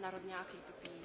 narodňáky pipí.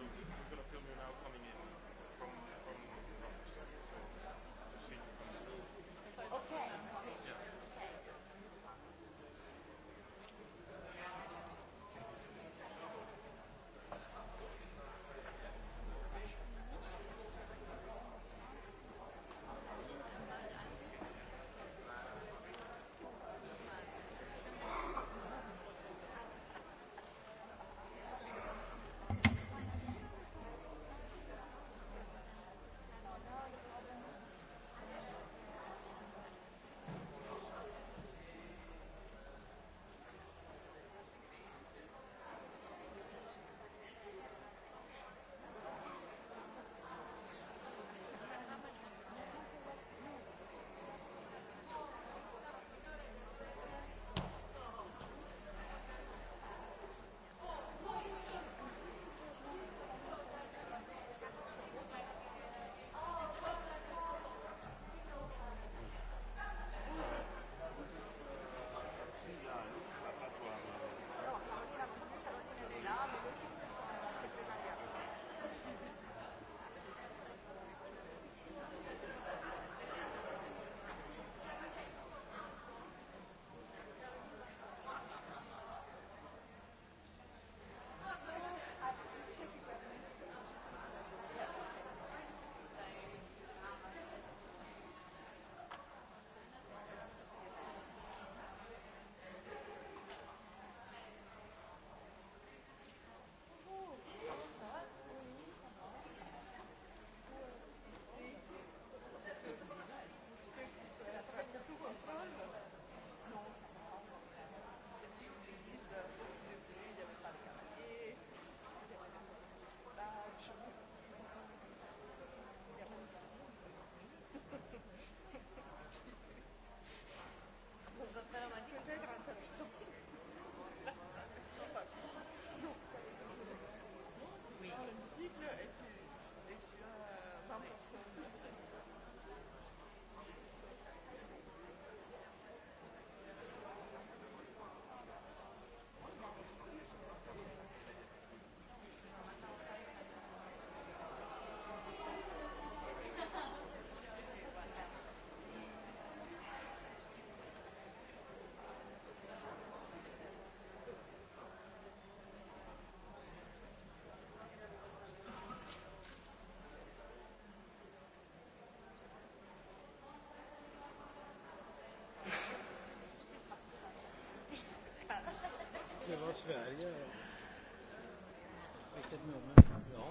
Thank you. var Sverige. Vilket nummer? Ja.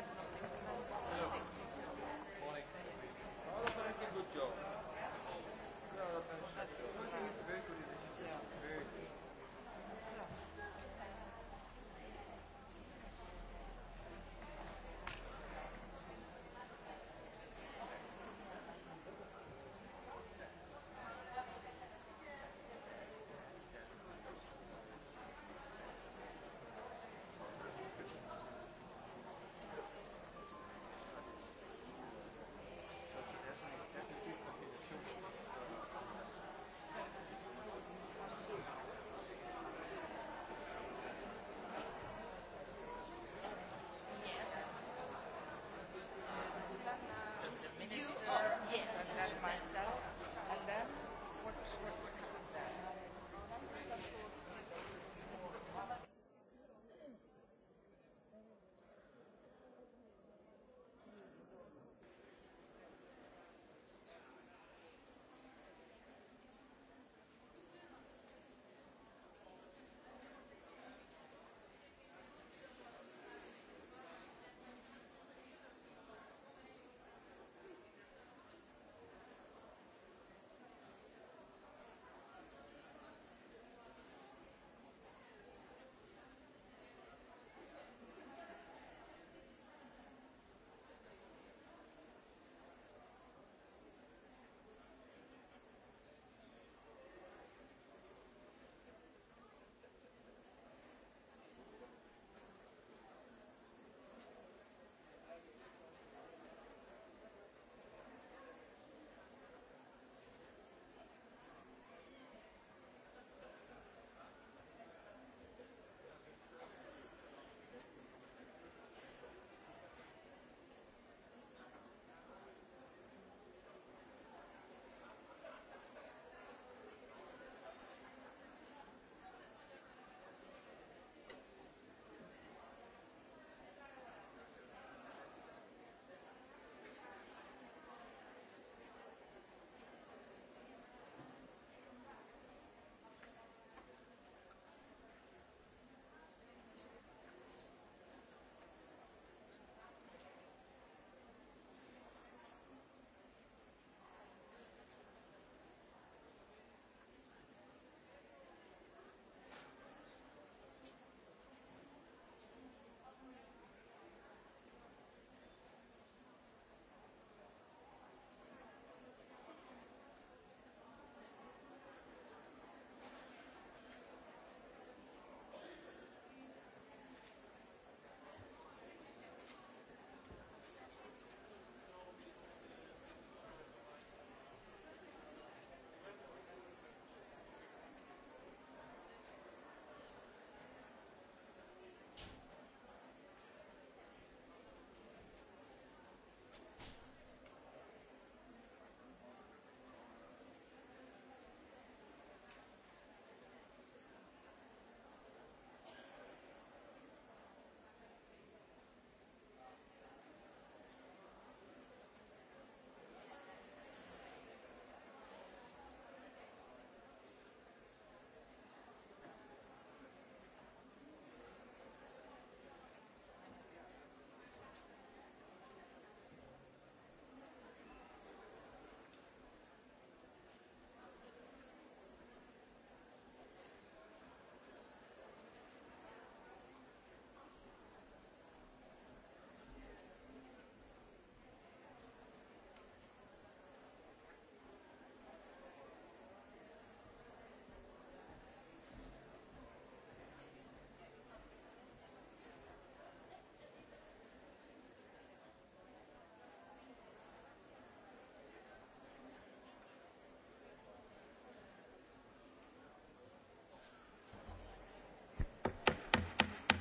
Grazie.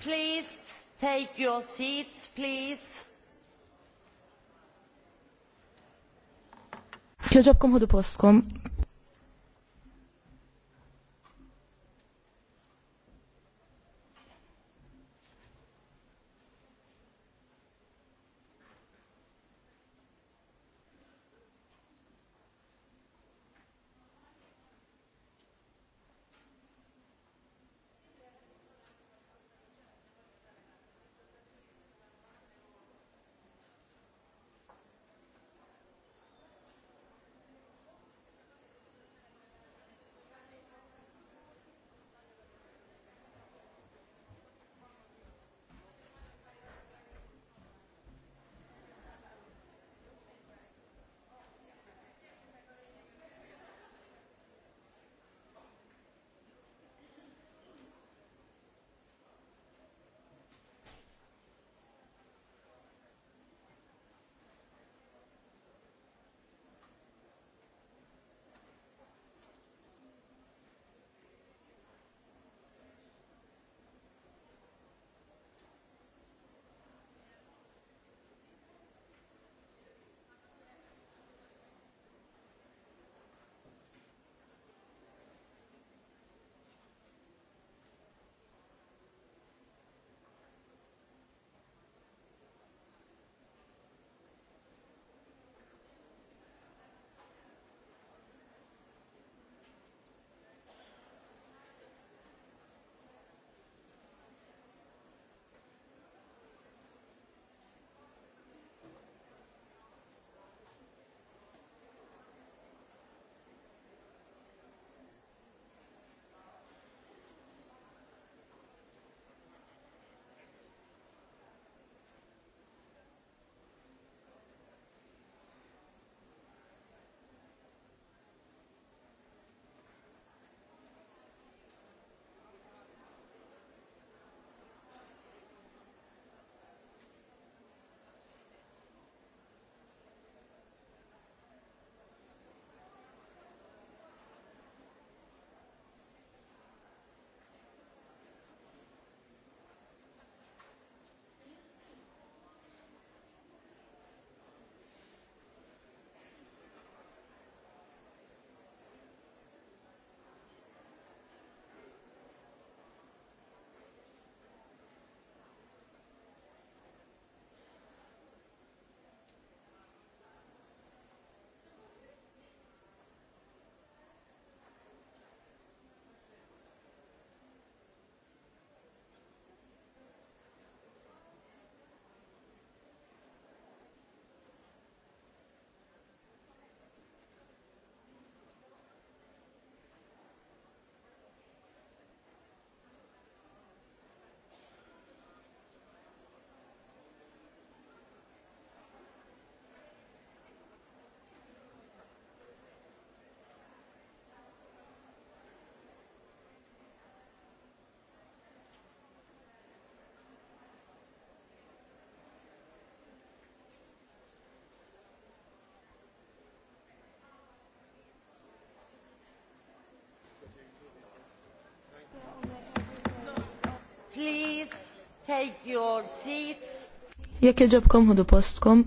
Please take your seats, please. Kjoġobkom ħodu postkom. please take your seats. Jekk iġobkom ħodu postkom.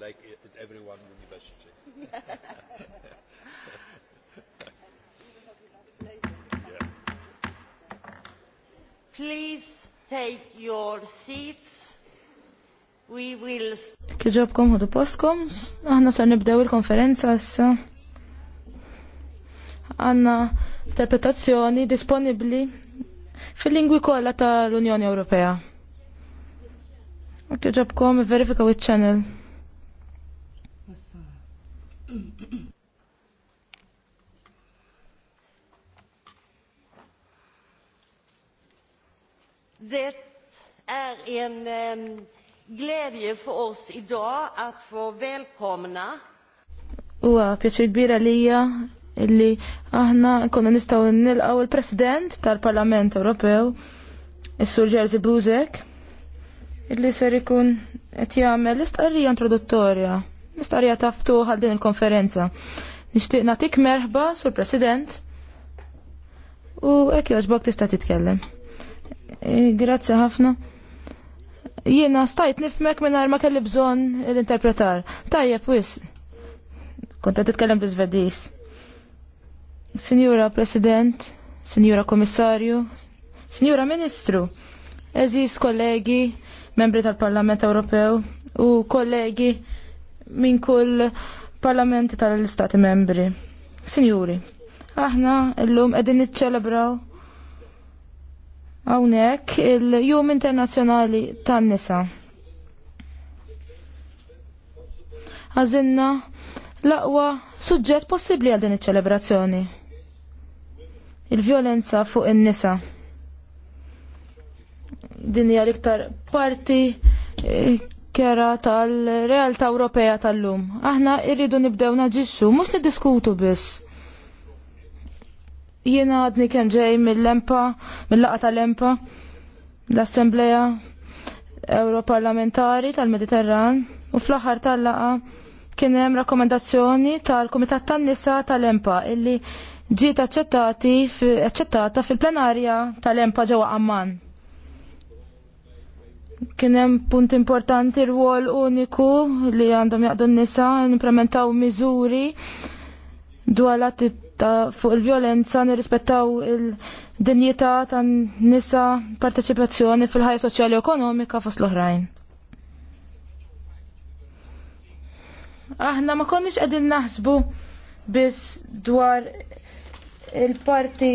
like at everyone university. Please take your seats. We will... Kieġobkom għadu postkom, għanna sa' nibdew il-konferenza issa. Għanna interpretazzjoni disponibli fil-lingwi kollha tal-Unjoni Ewropea. Kiġobkom, verifika il-channel. Det är en glädje för oss idag att få välkomna Uwa, pjaċir kbira lija illi aħna konna nistaw nilqaw il-President tal-Parlament Ewropew, is-Sur Jerzy Buzek, illi ser ikun qed jagħmel l-istqarrija introduttorja, l-istqarrija taftu għal din il-konferenza. Nixtieq nagħtik merħba sur President u hekk jogħġbok tista' titkellem. Eh, grazzi ħafna. Jiena stajt nifmek minn ma kelli bżon l-interpretar. Tajjeb wis. Konta titkellem bizvedis. Signora President, Signora Komissarju, Signora Ministru, eżis kollegi, membri tal-Parlament Ewropew u kollegi minn kull parlamenti tal-Istati membri. Sinjuri, aħna l-lum edin niċċelebraw Hawnhekk il-Jum Internazzjonali tan-nisa. Għazinna l-aqwa suġġett possibbli għal din iċ-ċelebrazzjoni. Il-vjolenza fuq in-nisa. Din hija l-iktar parti eh, kera tal-realtà Ewropea tal-lum. Aħna irridu nibdew naġixxu, mhux niddiskutu biss Jiena għadni kemm ġej mill-Lempa, mill-laqa tal-Lempa, l-Assembleja Europarlamentari tal-Mediterran, u fl-aħħar tal-laqa kien hemm rakkomendazzjoni tal-Kumitat tan-Nisa tal-Lempa illi ġiet aċċettata fil-plenarja tal-Empa ġewwa Amman. Kien hemm punt importanti rwol uniku li għandhom jaqdu n-nisa implementaw miżuri dwar l-atti Ta' fuq il-violenza, nirrispettaw il-dinjità tan nisa parteċipazzjoni fil-ħajja soċjali u ekonomika fost l-oħrajn. Aħna ma konniex qegħdin naħsbu biss dwar il-parti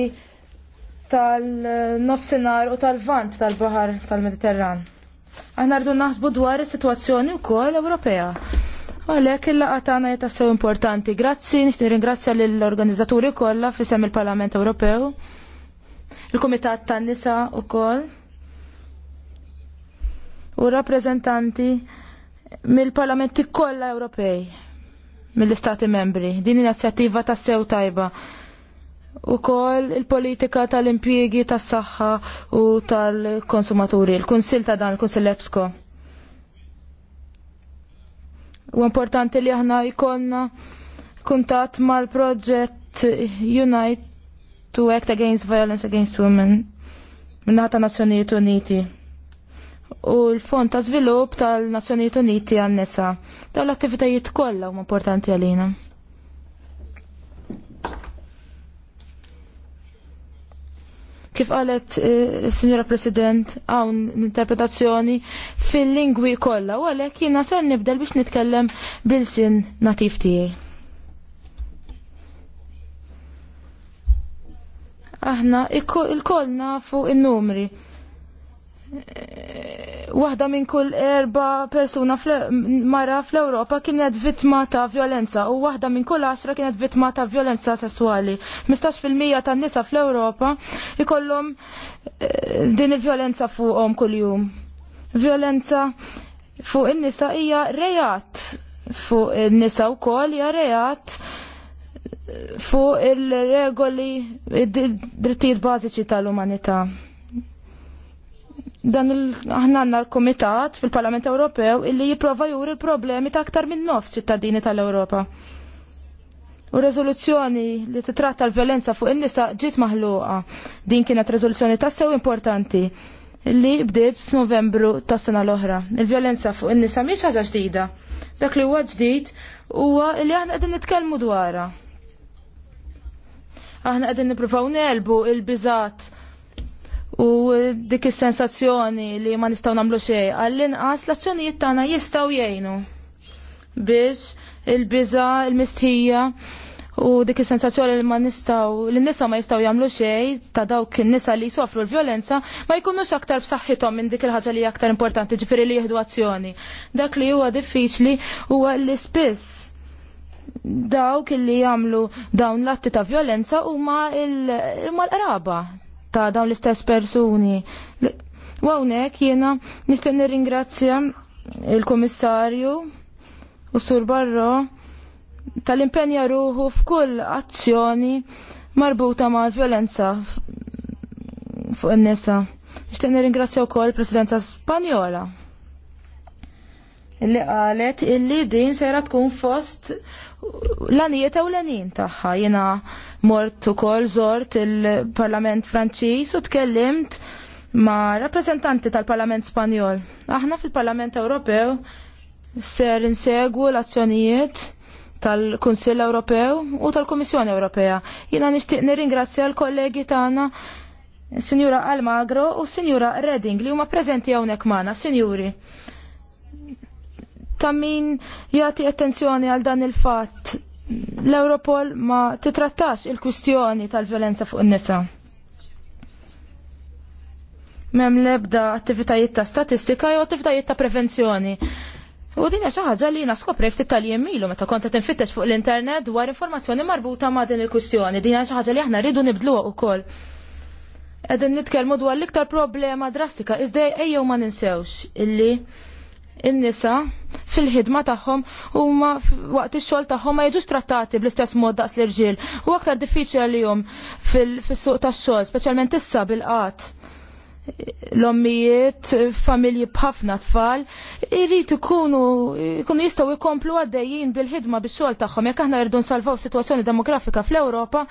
tal-nofsinar u tal-vant tal-bahar tal-Mediterran. Aħna rridu naħsbu dwar is-sitwazzjoni wkoll Ewropea. Għalhekk il għatana tagħna hija importanti. Grazzi, nixtieq ringrazzja lill-organizzaturi kollha fisem il-Parlament Ewropew. Il-Kumitat tan-nisa wkoll. U rappreżentanti mill-parlamenti kollha Ewropej mill-istati membri. Din inizjattiva tassew tajba u kol il-politika tal-impjiegi tas-saħħa u tal-konsumaturi. Il-Kunsil ta' dan, il konsil EBSCO. U importanti li aħna jkollna kuntat mal-proġett Unite to Act Against Violence Against Women minnaħta Nazzjonijiet Uniti u l-Fond ta' Zvilupp tal-Nazzjonijiet Uniti għan nesa Dawn l-attivitajiet kollha huma importanti għalina. Kif qalet eh, Signora President, hawn interpretazzjoni fil-lingwi kollha u għalhekk jiena ser nibdel biex nitkellem bil-sin natif tiegħi. Aħna il kol nafu in-numri waħda minn kull erba persuna mara fl-Ewropa kienet vittma ta' violenza u waħda minn kull għaxra kienet vittma ta' violenza sessuali. 15% tan nisa fl-Ewropa ikollhom eh, din il-violenza fuqhom kuljum. Violenza fuq in-nisa hija rejat fuq in-nisa wkoll hija rejat fuq il-regoli id-drittijiet bażiċi tal-umanità dan aħna għanna l-Komitat fil-Parlament Ewropew illi jiprofa jur l-problemi ta' aktar minn nofs ċittadini tal-Ewropa. U rezoluzzjoni li titratta l-violenza fuq in-nisa ġiet maħluqa. Din kienet rezoluzzjoni sew importanti li bdiet f'Novembru tas sena l-oħra. Il-violenza fuq in-nisa mhix ħaġa ġdida. Dak li huwa ġdid huwa li aħna qegħdin nitkellmu dwarha. Aħna qegħdin nippruvaw nelbu il-biżat u dik is-sensazzjoni li ma nistgħu nagħmlu xejn, għall-inqas l-azzjonijiet tagħna jistgħu jgħinu biex il-biża, il-mistħija u dik is-sensazzjoni li ma nistgħu li nisa ma jistgħu jagħmlu xejn ta' dawk in-nisa li jsofru l-vjolenza ma jkunux aktar b'saħħithom minn dik il-ħaġa li hija aktar importanti, ġifieri li jieħdu azzjoni. Dak li huwa diffiċli huwa li spiss dawk li jagħmlu dawn l-atti ta' vjolenza huma l-qraba ta' dawn l-istess persuni. U hawnhekk jiena nixtieq nirringrazzja il-Kummissarju u Sur Barro tal-impenja ruħu f'kull azzjoni marbuta ma' violenza fuq in-nisa. Nixtieq nirringrazzja wkoll il-Presidenza Spanjola illi qalet illi din sejra tkun fost l-għanijiet u l anijin taħħa. Jena mort u kol zort il-Parlament Franċis u tkellimt ma rappresentanti tal-Parlament Spanjol. Aħna fil-Parlament Ewropew ser insegu l-azzjonijiet tal-Kunsill Ewropew u tal-Kummissjoni Ewropea. Jena nishtiq nirringrazzja l-kollegi tagħna Sinjura Almagro u Sinjura Redding li huma preżenti hawnhekk magħna, Sinjuri ta' min jagħti attenzjoni għal dan il-fatt. L-Europol ma titrattax il-kwistjoni tal-violenza fuq n nisa Mem lebda attivitajiet ta' statistika jew attivitajiet ta' prevenzjoni. U din xi ħaġa li jiena skopri ftit tal ilu meta kont qed infittex fuq l-internet dwar informazzjoni marbuta ma' din il-kwistjoni. Din hija xi ħaġa li aħna rridu nibdluha wkoll. Qegħdin nitkellmu dwar l-iktar problema drastika iżda ejjew ma ninsewx illi in-nisa fil-ħidma tagħhom huma waqt ix-xogħol tagħhom ma jiġux trattati bl-istess mod daqs l-irġiel. U aktar diffiċli għalihom fis-suq tax-xogħol, speċjalment issa bil-qatt l-ommijiet, familji bħafna tfal, irrit ikunu, ikunu jistaw ikomplu għaddejjin bil-ħidma bix xogħol tagħhom. Jekk aħna rridu nsalvaw sitwazzjoni demografika fl-Ewropa,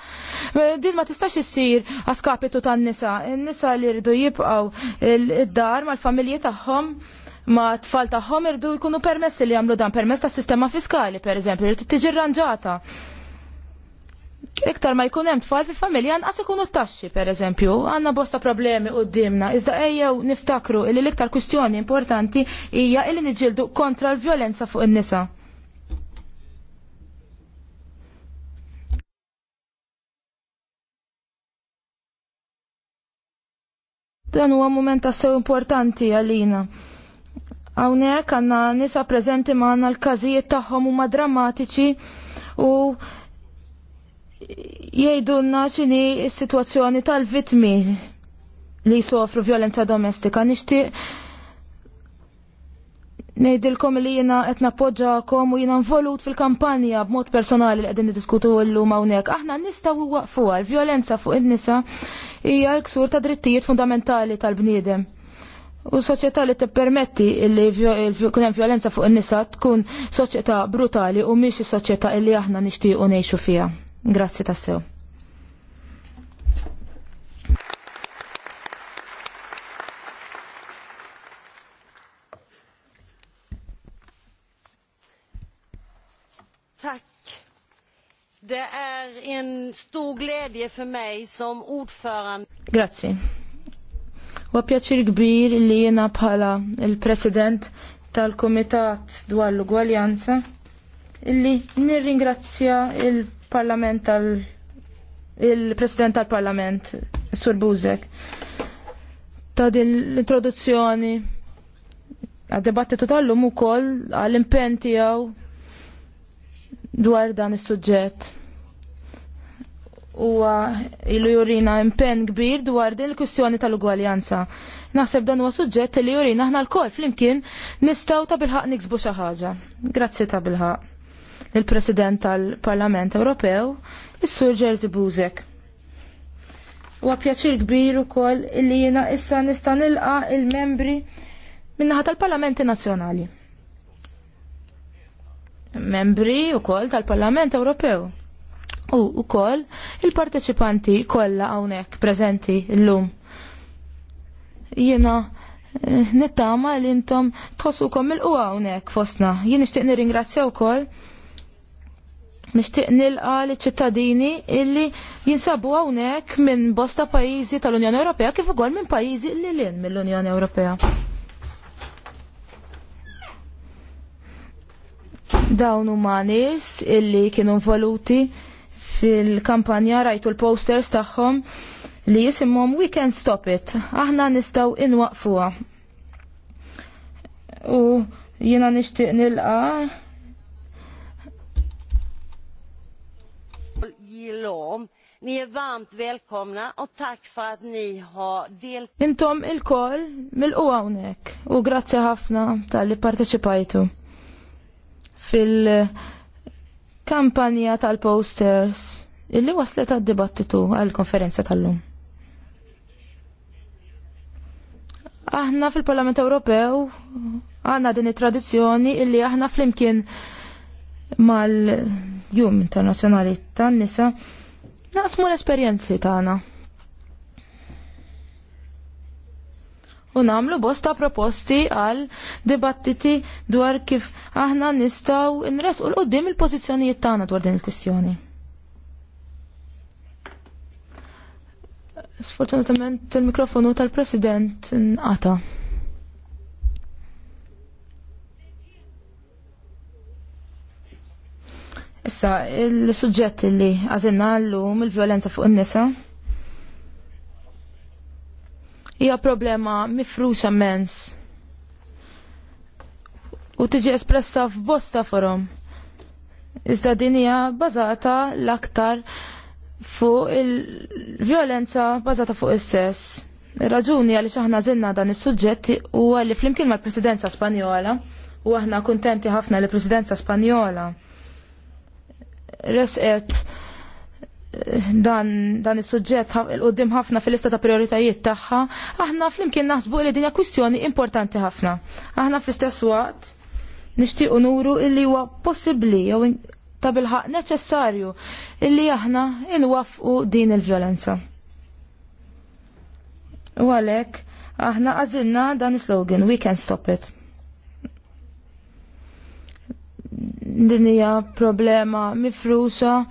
din ma tistax issir kapitu tan-nisa. in nisa li jridu jibqgħu id-dar mal-familji tagħhom ma tfal tagħhom irdu jkunu permessi li jagħmlu dan permess tas sistema fiskali pereżempju li tiġi rranġata. Iktar ma jkun hemm tfal fil-familja anqas ikunu t-taxxi pereżempju, għandna bosta problemi qudiemna, iżda ejjew niftakru li l-iktar kwistjoni importanti hija li niġildu kontra l-vjolenza fuq in-nisa. Dan huwa mument tassew importanti għalina. Hawnhekk għandna nisa preżenti magħna l-każijiet tagħhom huma drammatiċi u jgħidulna x'inhi s-sitwazzjoni tal-vittmi li jsofru violenza domestika. Nixtieq ngħidilkom li jiena qed nappoġġakom u jiena involut fil-kampanja b'mod personali li qegħdin niddiskutu llum hawnhekk. Aħna nistgħu waqfuha l-vjolenza fuq in-nisa hija l-ksur ta' drittijiet fundamentali tal-bniedem U soċjetà li tippermetti li kun hemm violenza fuq in-nisa tkun soċjetà brutali u mhix is-soċjetà li aħna nixtiequ ngħixu fiha. Grazzi tassew. Det är en stor glädje för mig som ordförande. Grazie. U pjaċir kbir li jiena bħala il-President tal-Kumitat dwar l-Ugwaljanza illi nirringrazzja il-Parlament tal- il-President tal-Parlament, Sur Buzek, ta' din l-introduzzjoni għad-debattitu tal-lum u koll għall-impen dwar dan is-suġġett huwa ilu jurina impenn kbir dwar din il-kwistjoni tal-ugwaljanza. Naħseb dan huwa suġġett li jurina aħna l-kol flimkien nistgħu ta' bilħaq niksbu xi ħaġa. Grazzi ta' bilħaq. Il-President tal-Parlament Ewropew, is-Sur Jerzy Buzek. Huwa pjaċir kbir ukoll li jiena issa nista' nilqa il-membri minnaħa tal-Parlamenti Nazzjonali membri u kol tal-Parlament Ewropew u wkoll il-parteċipanti kollha hawnhekk preżenti llum. Jiena eh, nittama li intom tħossukom il-qwa hawnhekk fostna. Jien nixtieq nirringrazzja wkoll nixtieq nilqa li ċittadini illi jinsabu hawnhekk minn bosta pajjiżi tal-Unjoni Ewropea kif ukoll minn pajjiżi li lin mill-Unjoni Ewropea. Dawn huma nies illi kienu involuti fil-kampanja rajtu l-posters tagħhom li jisimhom We Can Stop It. Aħna nistgħu inwaqfuha. U jiena nixtieq nilqa Jilom, ni är varmt välkomna och tack för att ni har delt. Intom il-koll mill-qu hawnhekk u grazzi ħafna tal-li parteċipajtu fil- kampanja tal-posters illi waslet għad-dibattitu għal-konferenza tal-lum. Aħna fil-Parlament Ewropew għanna din it-tradizzjoni illi aħna flimkien mal-Jum Internazzjonali tan-nisa naqsmu l-esperjenzi tagħna. u namlu bosta proposti għal dibattiti dwar kif aħna nistaw inres u l-qoddim il-pozizjonijiet tagħna dwar din il-kwistjoni. Sfortunatament il-mikrofonu tal-President nqata. Issa, il sujġet li għazinna l-lum il-violenza fuq in-nisa. il violenza fuq n nisa il nisa hija problema mifruxa mens. U tiġi espressa f'bosta forom. Iżda din hija bażata l-aktar fuq il-vjolenza bażata fuq is-sess. Raġuni għaliex aħna żinna dan is-suġġett huwa li flimkien mal-Presidenza Spanjola u aħna kuntenti ħafna li Presidenza Spanjola resqet dan, dan is-suġġett il-qoddim ħafna fil-lista ta' prioritajiet tagħha, aħna flimkien naħsbu li dinja kwistjoni importanti ħafna. Aħna fl-istess waqt nixtiequ nuru illi huwa possibbli jew ta' bilħaq neċessarju illi aħna inwaffqu din il-vjolenza. U għalhekk aħna għażilna dan is-slogan We can stop it. Din hija problema mifrusa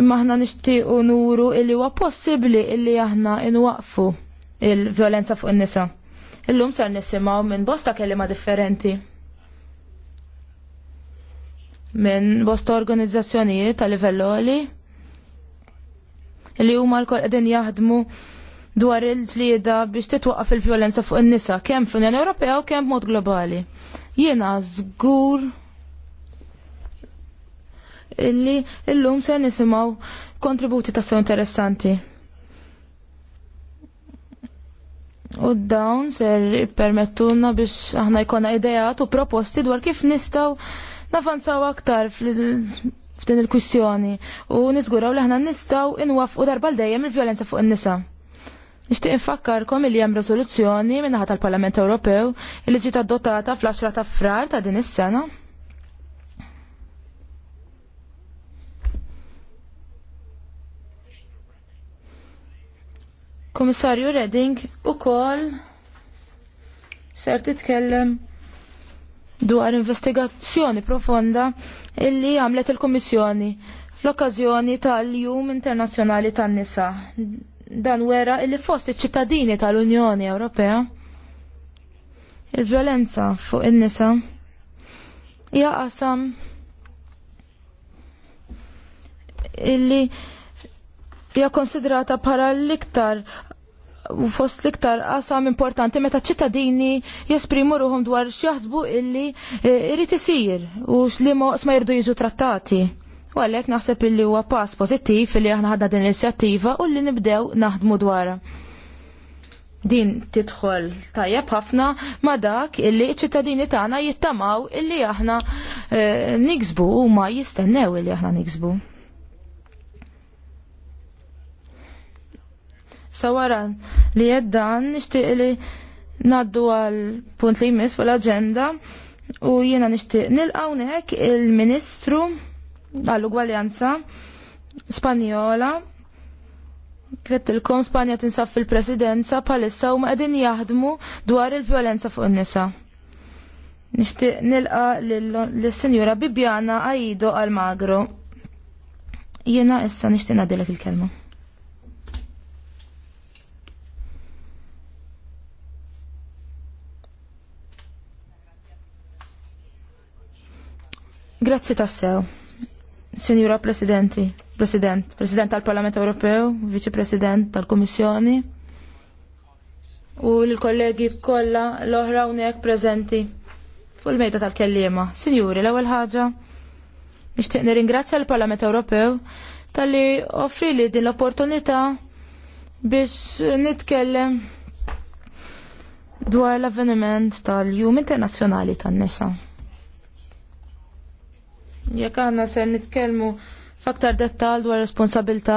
Imma aħna nixtiequ nuru illi huwa possibbli illi aħna inwaqfu il-violenza fuq in-nisa. Illum sar nisimgħu minn bosta kelima differenti. Minn bosta organizzazzjonijiet ta' oli li huma l qegħdin jaħdmu dwar il-ġlieda biex titwaqqaf il-vjolenza fuq in-nisa kemm fl-Unjoni Ewropea u kemm mod globali. Jiena żgur illi illum ser nisimgħu kontributi ta' so interessanti. U dawn ser permettuna biex aħna jkollna idejat u proposti dwar kif nistgħu nafanzaw aktar f'din il-kwistjoni u niżguraw li aħna nistgħu inwafqu darba dejjem il-vjolenza fuq in-nisa. Nixtieq infakkarkom il hemm riżoluzzjoni min-naħa tal-Parlament Ewropew li ġiet adottata fl-10 ta' frar ta' din is-sena. Komissarju Redding u kol ser titkellem dwar investigazzjoni profonda illi għamlet il-Komissjoni fl-okkazjoni tal-Jum Internazzjonali tan-Nisa. Dan wera illi fost iċ-ċittadini tal-Unjoni Ewropea il-violenza fuq in-nisa hija qasam illi hija konsidrata bħala l-iktar u fost l-iktar qasam importanti meta ċittadini jesprimu ruhom dwar x'jaħsbu illi e, irid isir u moqs ma jirdu jiġu trattati. U għalhekk naħseb illi huwa pass pożittiv illi aħna ħadna din l-inizjattiva u li nibdew naħdmu dwarha. Din tidħol tajjeb ħafna ma dak illi ċ-ċittadini tagħna jittamaw illi aħna e, niksbu u ma jistennew illi aħna niksbu. Sawaran li jeddan nixtieq li naddu għal punt li jmiss fil-agenda u jiena nixtieq nilqaw hawnhekk il-Ministru għall-Ugwaljanza Spanjola il-kom Spanja tinsab fil-presidenza palissa u maqedin jaħdmu dwar il-violenza fuq n-nisa. Nixtieq nilqa l-Sinjura Bibjana Aido għall-magro. Jiena issa nixtieq nadilek il-kelma. Grazzi tassew. Signora Presidenti, President, President tal-Parlament Ewropew, Vice President tal-Komissjoni u l-kollegi kollha l-oħra hawnhekk prezenti fuq il-mejda tal-kellima. Sinjuri, l-ewwel ħaġa nixtieq nirringrazzja l-Parlament Ewropew talli offri li din l-opportunità biex nitkellem dwar l-avveniment tal-Jum Internazzjonali tan-Nisa. Jekk għanna ser nitkellmu f'aktar dettal dwar responsabilità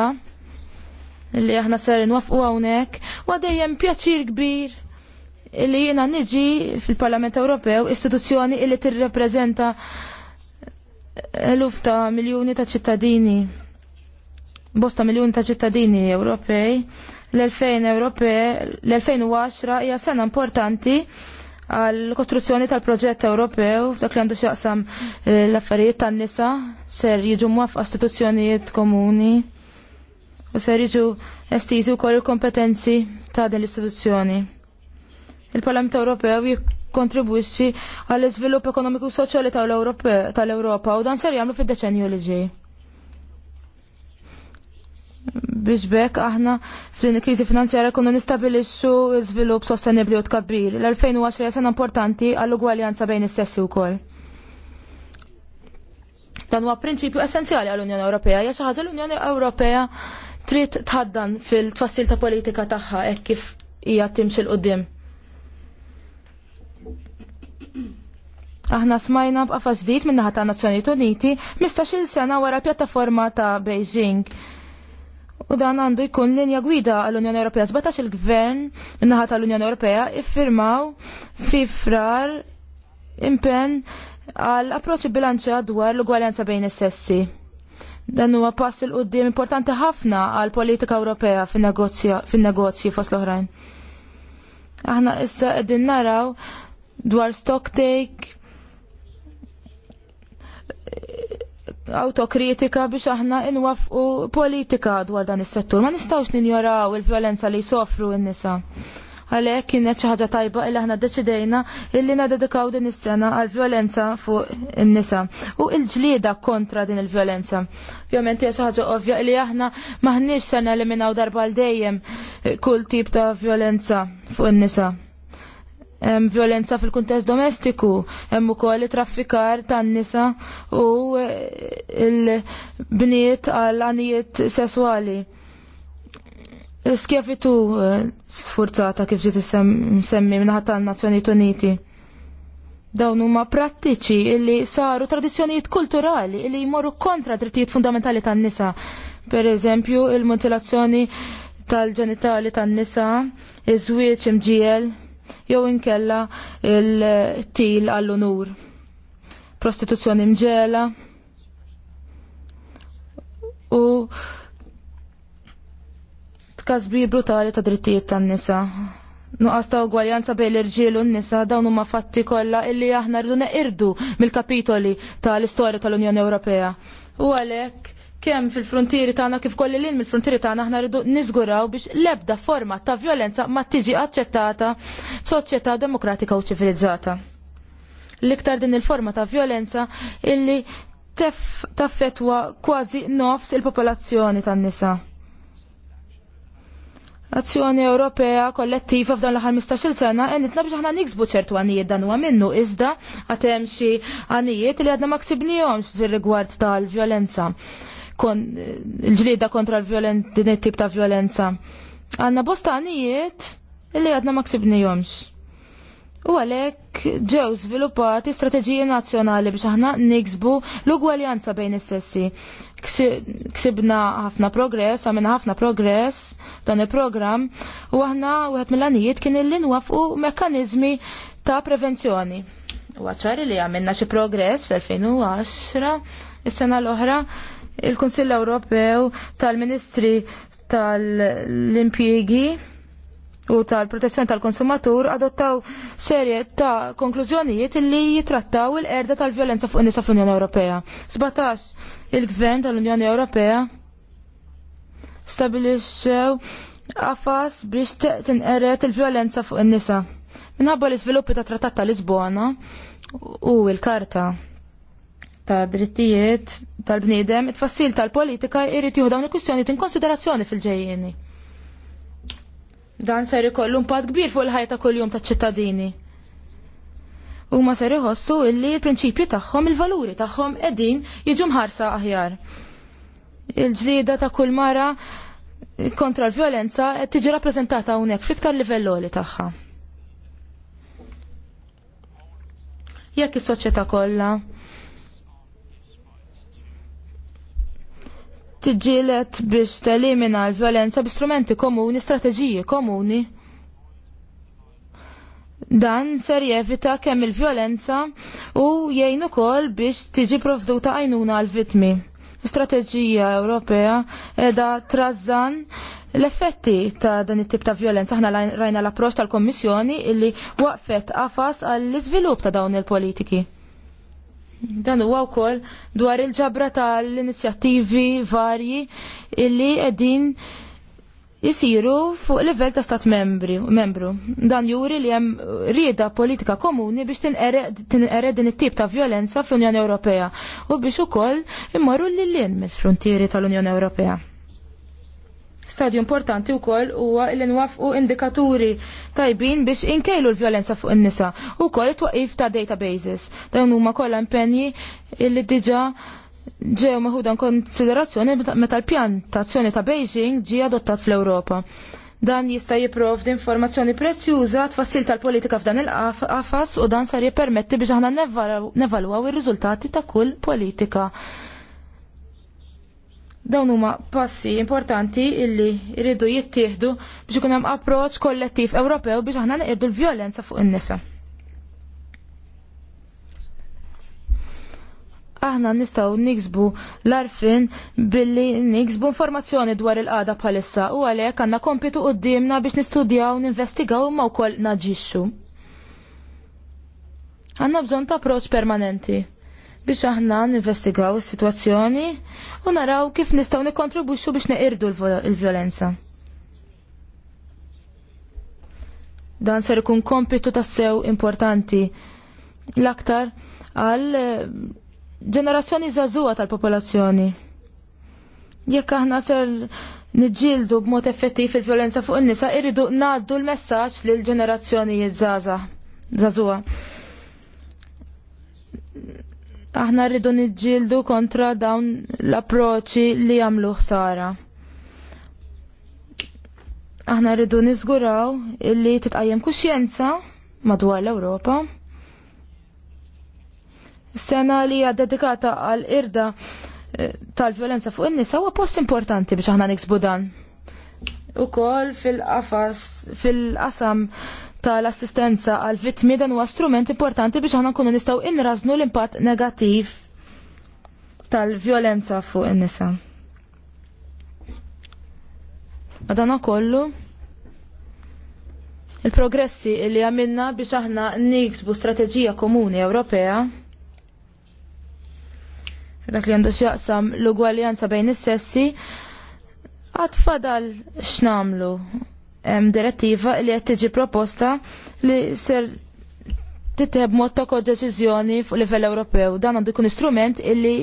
li aħna ser nwafqu hawnhekk, u dejjem pjaċir kbir li jiena niġi fil-Parlament Ewropew istituzzjoni li tirrepreżenta eluf ta' miljuni ta' ċittadini. Bosta miljoni ta' ċittadini Ewropej. L-2010 hija sena importanti għal kostruzzjoni tal-proġett Ewropew dak li għandu xaqsam eh, l-affarijiet tan-nisa ser jiġu muaf istituzzjonijiet komuni u ser jiġu estiżi wkoll il-kompetenzi ta' din l-istituzzjoni. Il-Parlament Ewropew jikkontribwixxi għall iżvilupp ekonomiku soċjali tal-Ewropa u dan ser jagħmlu fid-deċenju li ġej biex bekk aħna f'din il-kriżi finanzjarja kunu nistabilixxu żvilupp sostenibbli u tkabbir. L-2010 hija sena importanti għall-ugwaljanza bejn is-sessi wkoll. Dan huwa prinċipju essenzjali għall-Unjoni Ewropea, ja xi ħaġa l-Unjoni Ewropea trid tħaddan fil tfassil ta' politika tagħha hekk kif hija timxi l qudiem Aħna smajna b'qafa ġdid minnaħa ta' Nazzjonijiet Uniti mistax il sena wara pjattaforma ta' Beijing U dan għandu jkun linja gwida għall-Unjoni Ewropea. Sbatax il-Gvern in-naħa tal-Unjoni Ewropea iffirmaw fi frar impen għal approċċi bilanċa dwar l-ugwaljanza bejn is-sessi. Dan huwa pass il qudiem importanti ħafna għal politika Ewropea fin-negozji fost l-oħrajn. Aħna issa qegħdin naraw dwar stock take autokritika biex aħna inwafqu politika dwar dan is-settur. Ma nistgħux ninjoraw il-vjolenza li jsofru n-nisa. Għalhekk kienet xi ħaġa tajba illi aħna ddeċidejna illi nadedikaw din is-sena għal vjolenza fuq in-nisa u l-ġlieda kontra din il-vjolenza. Ovvjament hija xi ħaġa ovvja li aħna maħniex se neliminaw darba għal dejjem kull tip ta' vjolenza fuq in-nisa hemm violenza fil-kuntest domestiku, hemm ukoll traffikar tan-nisa u e, l-bniet għal anijiet sesswali. Skjafitu e, sfurzata kif ġiet semmi minnaħat tan-Nazzjonijiet Uniti. Dawn huma prattiċi illi saru tradizzjonijiet kulturali illi jmorru kontra drittijiet fundamentali tan-nisa. Per eżempju, il-mutilazzjoni tal-ġenitali tan-nisa, iż-żwieġ imġiel, jew inkella il-til għall-unur. Prostituzzjoni mġela u tkazbi brutali ta' drittijiet tan-nisa. Nuqqas ta' ugwaljanza bejn l-irġiel u n-nisa dawn huma fatti kollha illi aħna rridu neqirdu mill-kapitoli tal-istorja tal-Unjoni Ewropea. U għalhekk kemm fil-frontieri tagħna kif kolli lil mill-frontieri tagħna aħna rridu niżguraw biex l-ebda forma ta' violenza ma tiġi aċċettata f'soċjetà demokratika u ċivilizzata. L-iktar din il-forma ta' violenza illi taffetwa kważi nofs il-popolazzjoni tan-nisa. Azzjoni Ewropea kollettiva f'dan l-aħħar 15-il sena għenitna biex aħna niksbu ċertu għanijiet dan huwa minnu iżda għatem xi għanijiet li għadna ma ksibnihomx fir-rigward tal-vjolenza kon, il-ġlida kontra l-din tip ta' violenza. Għanna bostanijiet illi għadna ma ksibnijomx. U għalek ġew sviluppati strategiji nazzjonali biex aħna niksbu l-ugwaljanza bejn is-sessi. Ksibna ħafna progress, għamilna ħafna progress dan il-programm u aħna wieħed mill-għanijiet kien illi nwafqu mekkaniżmi ta' prevenzjoni. U għacċari li għamilna xi progress fl-2010 is-sena l-oħra il-Kunsill Ewropew tal-Ministri tal-Impjiegi u tal-protezzjoni tal-konsumatur adottaw serje ta' konklużjonijiet li jitrattaw il-erda tal-vjolenza fuq nisa fl-Unjoni Ewropea. 17 il-Gvern tal-Unjoni Ewropea stabilixxew għafas biex tinqeret il-vjolenza fuq in-nisa. Minħabba l-iżviluppi ta' Trattat ta' Lisbona u l-Karta ta' drittijiet tal-bniedem, it-fassil tal-politika irrit jieħu dawn il-kwistjoni tinkonsiderazzjoni fil-ġejjieni. Dan ser ikollu impatt kbir fuq il-ħajta kuljum taċ-ċittadini. Huma ser iħossu illi l prinċipju tagħhom, il-valuri tagħhom qegħdin jiġu mħarsa aħjar. Il-ġlieda ta' kull mara kontra l-violenza qed tiġi rappreżentata hawnhekk fl-iktar livelloli tagħha. Jekk is-soċjetà kollha tiġilet biex telimina l-violenza b'istrumenti komuni, strateġiji komuni. Dan ser jevita kemm il-violenza u jgħin ukoll biex tiġi provduta għajnuna għal-vitmi. Strateġija Ewropea edha trażan L-effetti ta' dan it-tip ta' violenza aħna rajna l approċċ tal-Kommissjoni illi waqfet qafas għall-iżvilupp ta' dawn il-politiki. Dan huwa wkoll dwar il-ġabra tal-inizjattivi varji illi qegħdin jisiru fuq livell ta' stat membru. Dan juri li hemm rieda politika komuni biex tinqered din it-tip ta' violenza fl-Unjoni Ewropea u biex ukoll immorru lil lin mill-frontieri tal-Unjoni Ewropea. Stadju importanti wkoll huwa li nwafqu indikaturi tajbin biex inkejlu l-vjolenza fuq in-nisa u koll it-twaqif ta' databases. Dawn huma kollha impenji li diġà ġew maħudan konsiderazzjoni meta l-pjan ta' azzjoni ta' Beijing ġie adottat fl-Ewropa. Dan jista' jipprovdi informazzjoni prezzjuża tfassil tal-politika f'dan il-qafas u dan sar jippermetti biex aħna nevalwaw ir-riżultati ta' kull politika. Dawn huma passi importanti illi jridu jittieħdu biex ikun hemm approċċ kollettiv Ewropew biex aħna neqirdu l-vjolenza fuq in-nisa. aħna nistgħu niksbu l-arfin billi niksbu informazzjoni dwar il-qada bħalissa u għalhekk għandna kompitu qudiemna biex nistudjaw, ninvestigaw ma wkoll naġixxu. Għandna bżonn ta' approċċ permanenti biex aħna ninvestigaw is-sitwazzjoni u naraw kif nistgħu nikkontribwixxu biex neqirdu l-vjolenza. Dan ser ikun kompitu tassew importanti l-aktar għal eh, ġenerazzjoni żagħżugħa tal-popolazzjoni. Jekk aħna ser niġġieldu b'mod effettiv il-vjolenza fuq in-nisa irridu ngħaddu l-messaġġ lil ġenerazzjonijiet żgħażagħ żagħżugħa. Aħna rridu niġġieldu kontra dawn l-approċċi li jagħmlu ħsara. Aħna rridu niżguraw illi titqajjem kuxjenza madwar l-Ewropa. Sena li hija dedikata għal irda eh, tal-violenza fuq in-nisa huwa post importanti biex aħna niksbu dan. Ukoll fil-qafas fil-qasam fil qasam tal-assistenza għal vittmi dan huwa strument importanti biex aħna nkunu nistgħu inraznu l-impatt negattiv tal-vjolenza fuq in-nisa. Madana kollu il-progressi li għamilna biex aħna niksbu strateġija komuni Ewropea dak li għandu xjaqsam l-ugwaljanza bejn is-sessi għad fadal x'namlu direttiva li qed tiġi proposta li ser titħeb mod ta' kodeċiżjoni fuq livell Ewropew. Dan għandu jkun istrument illi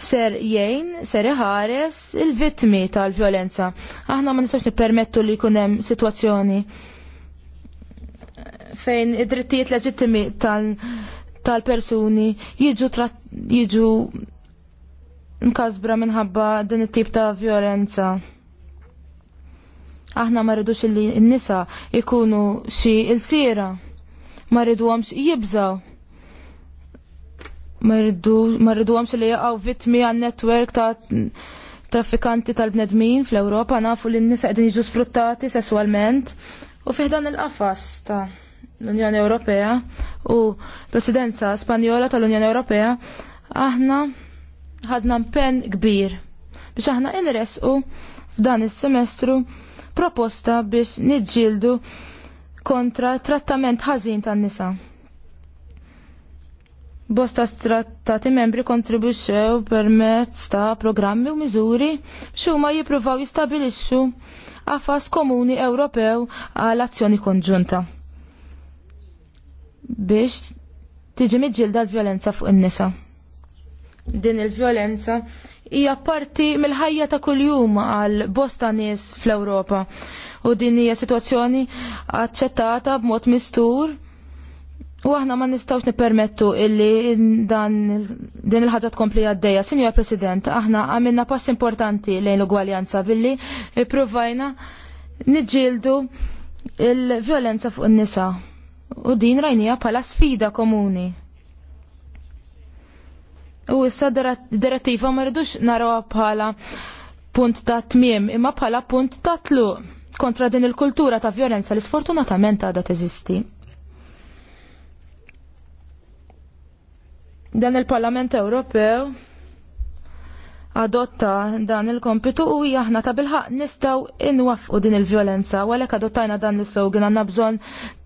ser jgħin, ser iħares il-vittmi tal-vjolenza. Aħna ma nistax nippermettu li jkun hemm sitwazzjoni fejn id-drittijiet leġittimi tal-persuni tal jiġu jiġu mkasbra minħabba din it-tip ta' vjolenza. Aħna ma rridux illi n-nisa ikunu xi il-sira. Ma rriduhomx jibżaw. Ma għamx li jaqgħu vittmi għan-netwerk ta' traffikanti tal-bnedmin fl-Ewropa nafu li n-nisa qegħdin jġu sfruttati sesswalment u fiħdan il-qafas ta' l-Unjoni Ewropea u Presidenza Spanjola tal-Unjoni Ewropea aħna ħadna pen kbir biex aħna inresqu f'dan is-semestru proposta biex niġġieldu kontra trattament ħażin tan-nisa. Bosta strattati membri kontribuxxew permezz ta' programmi u miżuri xuma jippruvaw jistabilixxu għafas komuni Ewropew għal azzjoni konġunta. Biex tiġi miġġilda l-vjolenza fuq in-nisa din il-vjolenza hija parti mill-ħajja ta' kuljum għal bosta nies fl-Ewropa. U din hija sitwazzjoni aċċettata b'mod mistur u aħna ma nistgħux nippermettu illi dan din il-ħaġa tkompli għaddejja. Sinjor President, aħna għamilna pass importanti lejn l-ugwaljanza billi ippruvajna niġġieldu il-vjolenza fuq in-nisa. U din rajnija bħala sfida komuni. U issa direttiva ma rridux narawha bħala punt ta' tmiem imma bħala punt ta' tluq kontra din il-kultura ta' violenza li sfortunatament għadha teżisti. Dan il-Parlament Ewropew adotta dan il-kompitu u jahna ta' bilħaq nistaw inwafqu din il-violenza u għalek adottajna dan l-slogan għanna bżon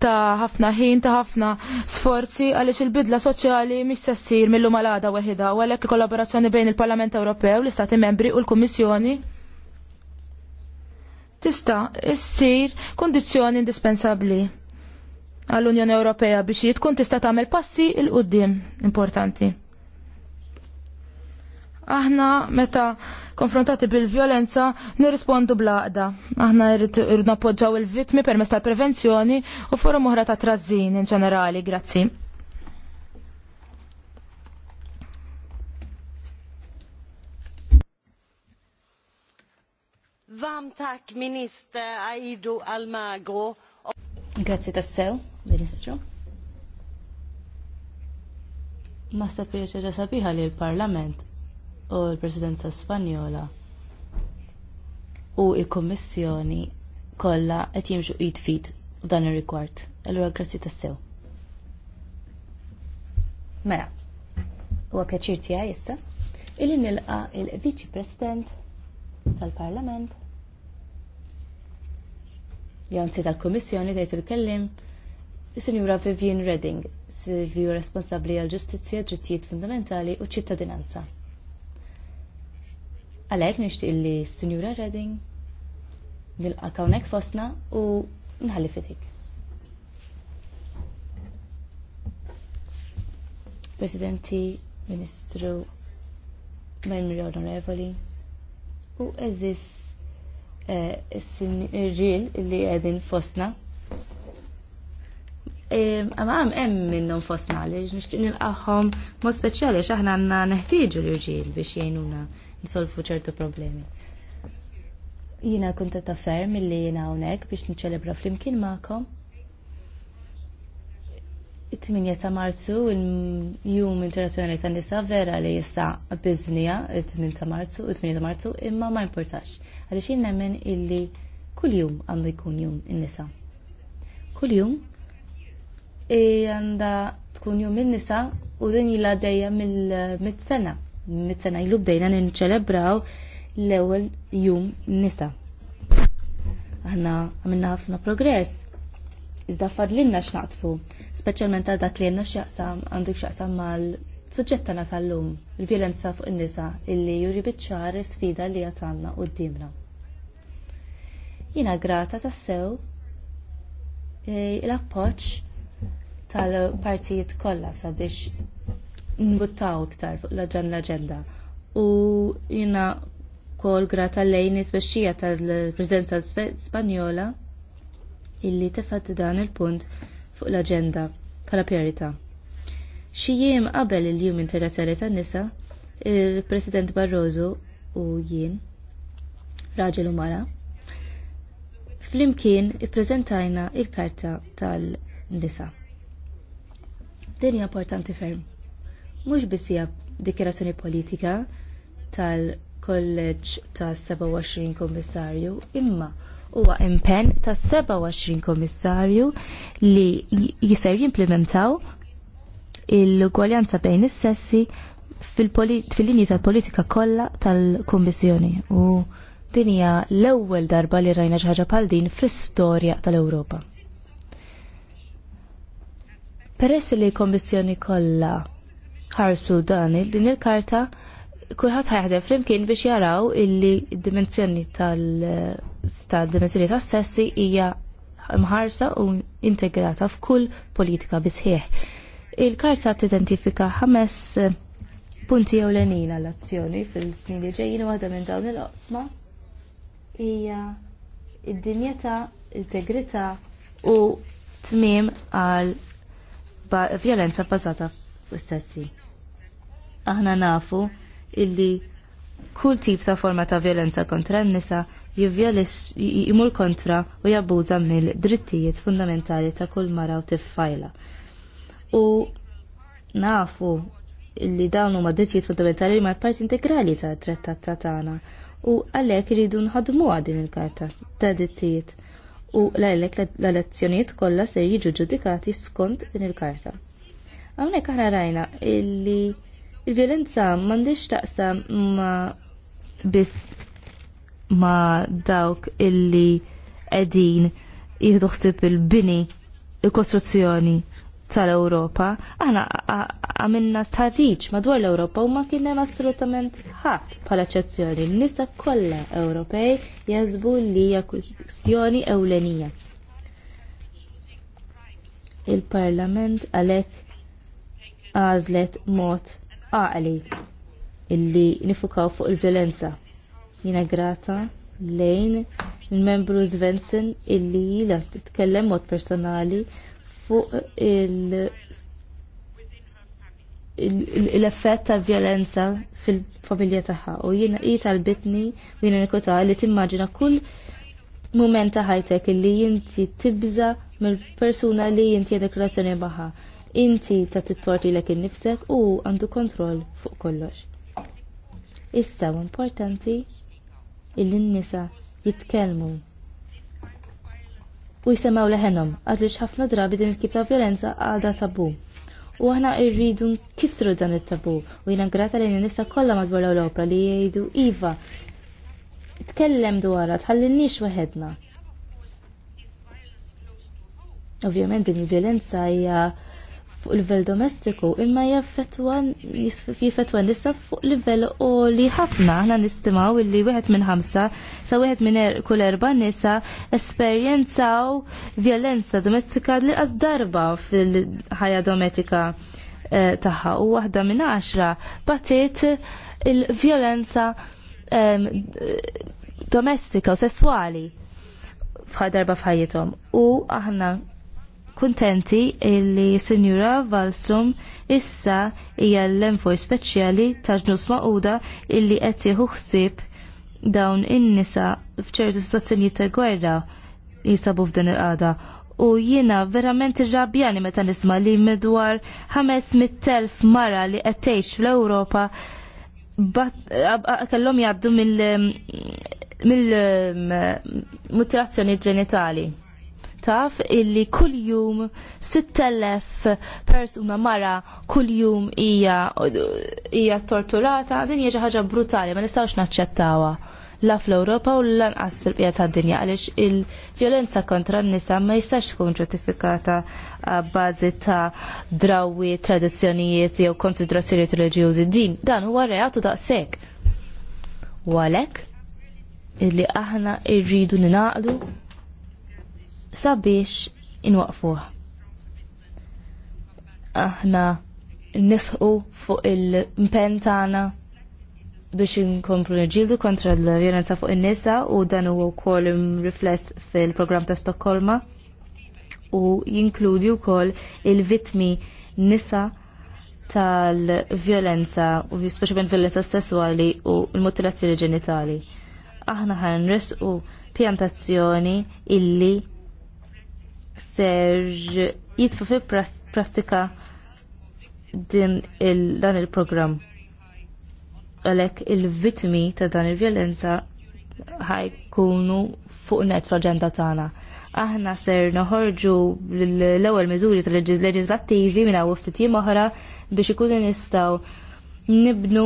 ta' ħafna ħin, ta' ħafna sforzi għalix il-bidla soċjali mis sessir mill malada weħida u għalek kollaborazzjoni bejn il-Parlament Ewropew, l-Istati membri u l-Kommissjoni tista' issir kondizzjoni indispensabbli għall-Unjoni Ewropea biex jitkun tista' tagħmel passi il qudiem importanti. Aħna meta konfrontati bil-violenza nirrispondu blaqda. Aħna irridu nappoġġaw il-vittmi permezz tal-prevenzjoni u forum oħra ta' trażin in ġenerali, grazzi. Vam tak minister Aidu Almagro. Grazzi tassew, ministru. Nasta ġa sabiħa li l-parlament u l-Presidenza Spanjola u l kummissjoni kollha qed jimxu id fit f'dan ir-rigward. Allura grazzi tassew. Mela, huwa pjaċir tiegħi issa illi nilqa il-Viċi President tal-Parlament janzi tal kummissjoni tgħid il-kellim is-Sinjura Vivian Redding, Sinjura responsabbli għall ġustizzja, drittijiet fundamentali u ċittadinanza. Għalhekk nishtiq li s-Sinjura Redding nilqakawnek fosna u nħalli fitik. Presidenti, Ministru, Membri Onorevoli u eżis eh, il-ġil li għedin fosna. Għamam em minnum fosna li nishtiq nil-qaħħom speċjali xaħna għanna neħtieġu l-ġil biex jgħinuna nsolfu ċertu problemi. Jina kunta ta' ferm illi jina hawnhekk biex niċċelebra flimkien ma'kom. It-8 ta' Marzu il-jum internazjonali tan nisa vera li jista' biznija, it-8 ta' Marzu, it-8 ta' Marzu, imma ma importax. Għaliex jien nemmen illi kuljum għandu jkun jum in-nisa. Kuljum e għanda tkun jum il nisa u din jila dejja mill-mit-sena mit-sena ilu bdejna ninċelebraw l-ewwel jum nisa. Aħna għamilna ħafna progress. Iżda fadlinna x'naqtfu, speċjalment għal dak li għandna x'jaqsam għandek x'jaqsam mal suġġetta tagħna tal-lum, il-vjolenza fuq in-nisa illi juri biċ sfida li u d-dimna. Jiena grata tassew eh, l-appoġġ tal-partijiet kollha sabiex nbuttaw iktar fuq l-ġan l-agenda. U jina kol grata lejn isbexxija tal-Presidenza Spanjola illi tefat dan il-punt fuq l-agenda bħala priorita. Xi jiem qabel il-Jum internazjonali tan-nisa, il-President Barroso u jien raġel u mara. Flimkien ippreżentajna il-karta tal-nisa. Din hija importanti ferm mhux bisija hija dikjarazzjoni politika tal-kolleġġ ta' 27 kommissarju, imma huwa impenn ta' 27 kommissarju li jiser jimplementaw il-gwaljanza bejn is-sessi fil-linji tal-politika kollha tal-Kummissjoni u din hija l-ewwel darba li rajna xi ħaġa bħal din fl-istorja tal-Ewropa. Peress li l-Kommissjoni kollha ħarsu dan din il-karta kulħadd ħajħdem flimkien biex jaraw illi d-dimensjoni tal-dimensjoni tas-sessi hija mħarsa u integrata f'kull politika bisħieħ. Il-karta t-identifika ħames punti ewlenin għall-azzjoni fil-snin li ġejjin u għadha minn dawn il-qosma hija id-dinjeta, integrità u tmiem għal violenza bbażata fuq sessi aħna nafu illi kull tip ta' forma ta' violenza kontra n-nisa jmur kontra u jabbuża mill-drittijiet fundamentali ta' kull mara u tiffajla. U nafu illi dawn huma drittijiet fundamentali ma' parti integrali ta' trattat ta' tagħna u għalhekk iridu nħadmu din il-karta ta' drittijiet u għalhekk l-elezzjonijiet kollha se jiġu ġudikati skont din il-karta. Hawnhekk aħna rajna illi Il-violenza m'għandix taqsam ma biss ma dawk illi qegħdin jieħdu ħsieb il-bini, il-kostruzzjoni tal-Ewropa, aħna għamilna starriċ madwar l-Ewropa u ma kien hemm assolutament ħadd bħala eċċezzjoni. Nisa kollha Ewropej jazbu li hija kwistjoni ewlenija. Il-Parlament għalhekk għażlet mod għaqli illi nifukaw fuq il-violenza. Jina grata lejn il-membru Svensson illi jila titkellem mod personali fuq il- l-effett tal violenza fil-familja tagħha u jina i talbitni u jina nikota li timmaġina kull mument ta' ħajtek illi jinti tibża mill-persuna li jinti għedek relazzjoni magħha inti ta' t-torti lek innifsek u għandu kontroll fuq kollox. Issa u importanti illi n-nisa jitkellmu u jisemaw leħenom għadli ħafna drabi din il-kib ta' violenza għadha tabu u aħna rridu nkissru dan it-tabu u jina grata li nisa kollha madwar l-Ewropa li jgħidu iva tkellem dwarha tħallinniex waħedna. Ovvjament din il-violenza hija fuq livell domestiku imma jaffetwa nisa fuq livell u li ħafna aħna nistimaw illi wieħed minn ħamsa sa wieħed minn er-, kull erba' nisa esperjenzaw violenza domestika li qas darba fil-ħajja domestika eh, tagħha u waħda minn għaxra batiet il-violenza domestika u sesswali f'ħadarba f'ħajjithom u aħna kuntenti illi Sinjura Valsum issa hija l-envoj speċjali ta' ġnus maquda illi qed jieħu ħsieb dawn in-nisa f'ċertu situazzjonijiet ta' gwerra jisabu f'din il-qada u jiena verament irrabjani meta nisma li midwar 500.000 mara li qed tgħix fl-Ewropa kellhom jgħaddu mill mutilazzjoni ġenitali taf illi kuljum 6000 persuna mara kuljum hija ija torturata, din hija ħaġa brutali, ma nistgħux naċċettawha la fl-Ewropa u lanqas fil-qija tad-dinja għaliex il-vjolenza kontra n-nisa ma jistax tkun ġustifikata b'bażi ta' drawi, tradizzjonijiet jew konsiderazzjonijiet reliġjużi. Din dan huwa reatu daqshekk. U għalhekk illi aħna irridu ninaqdu sabiex inwaqfuh. Aħna nisħu fuq il mpentana tagħna biex inkomplu nġildu kontra l-vjolenza fuq in-nisa u dan huwa wkoll rifless fil-programm ta' Stokkolma u jinkludi wkoll il-vitmi nisa tal-vjolenza u speċjalment violenza sessuali u l-mutilazzjoni ġenitali. Aħna ħanres u pjantazzjoni illi ser jitfu fi prastika din il dan il-program. Għalek il-vitmi ta' dan il-violenza ħajkunu fuq net fl-agenda tagħna. Aħna ser noħorġu l-ewwel miżuri tal-leġislattivi minn hawn ftit jiem oħra biex ikunu nistgħu nibnu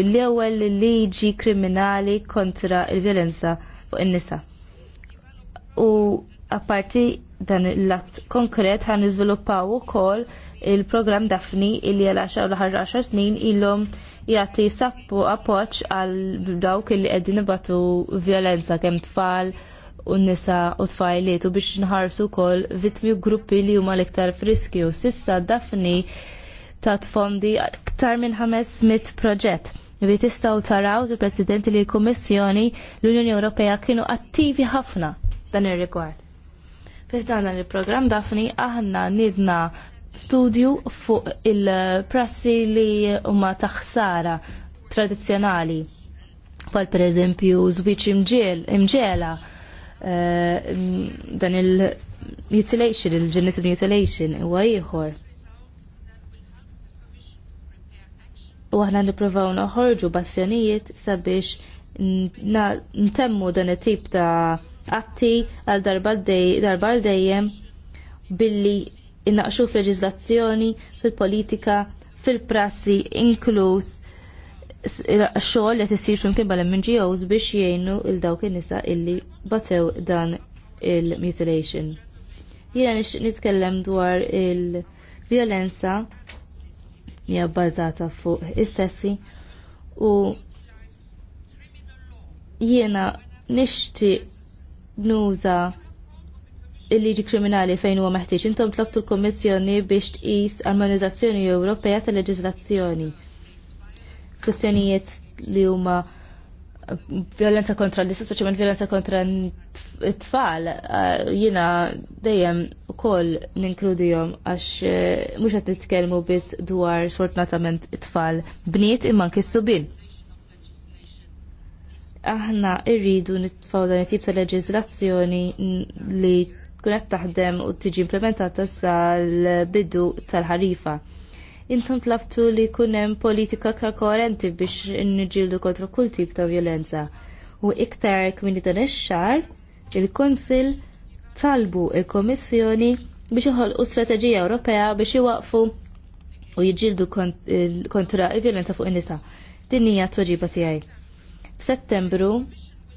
l-ewwel liġi kriminali kontra il-violenza fuq in-nisa u apparti dan il-lat konkret ħan niżviluppaw ukoll il-programm Dafni illi għal 10 l 10 snin ilhom jagħti sappu appoġġ għal dawk li qegħdin ibatu violenza kemm tfal u nisa u tfajliet u biex nħarsu wkoll vittmi gruppi li huma l-iktar friskju. Sissa Dafni ta tfondi aktar minn 500 proġett. Vi tistgħu taraw il-Presidenti li l-Kummissjoni l-Unjoni Ewropea kienu attivi ħafna dan ir rekord Fiħdan dan il-programm dafni aħna nidna studju fuq il-prassi li huma taħsara tradizzjonali. Pal per eżempju żwieġ imġiel, imġela eh, dan il-mutilation, il-genital mutilation huwa ieħor. U aħna nippruvaw noħorġu bazzjonijiet sabiex ntemmu dan it-tip ta' atti għal darba dejjem billi innaqxu f'leġiżlazzjoni fil-politika fil-prassi inkluż xogħol qed isir flimkien minn ngos biex jgħinu il dawk in-nisa illi batew dan il-mutilation. Jiena nixtieq nitkellem dwar il-vjolenza hija bbażata fuq is-sessi u jiena nixtieq nuża il-liġi kriminali fejn huwa meħtieġ. Intom tlabtu l-Kommissjoni biex tqis armonizzazzjoni Ewropea tal-leġiżlazzjoni. Kwistjonijiet li huma violenza kontra l-istess, speċjalment violenza kontra t-tfal, eh, jina dejjem ukoll ninkludihom għax eh, mhux qed nitkellmu biss dwar sfortunatament it-tfal bniet imma nkissu bin aħna irridu nitfaw dan it-tip ta' leġislazzjoni li tkun qed taħdem u tiġi implementata sal-bidu tal-ħarifa. Intom tlaftu li jkun hemm politika koerenti biex niġildu kontra kull tip ta' violenza. U iktar kmini dan ix-xahar, il-Konsil talbu il-Komissjoni biex iħolqu strateġija Ewropea biex iwaqfu u jiġildu kontra il-violenza fuq in-nisa. Din hija tweġiba tiegħi F'Settembru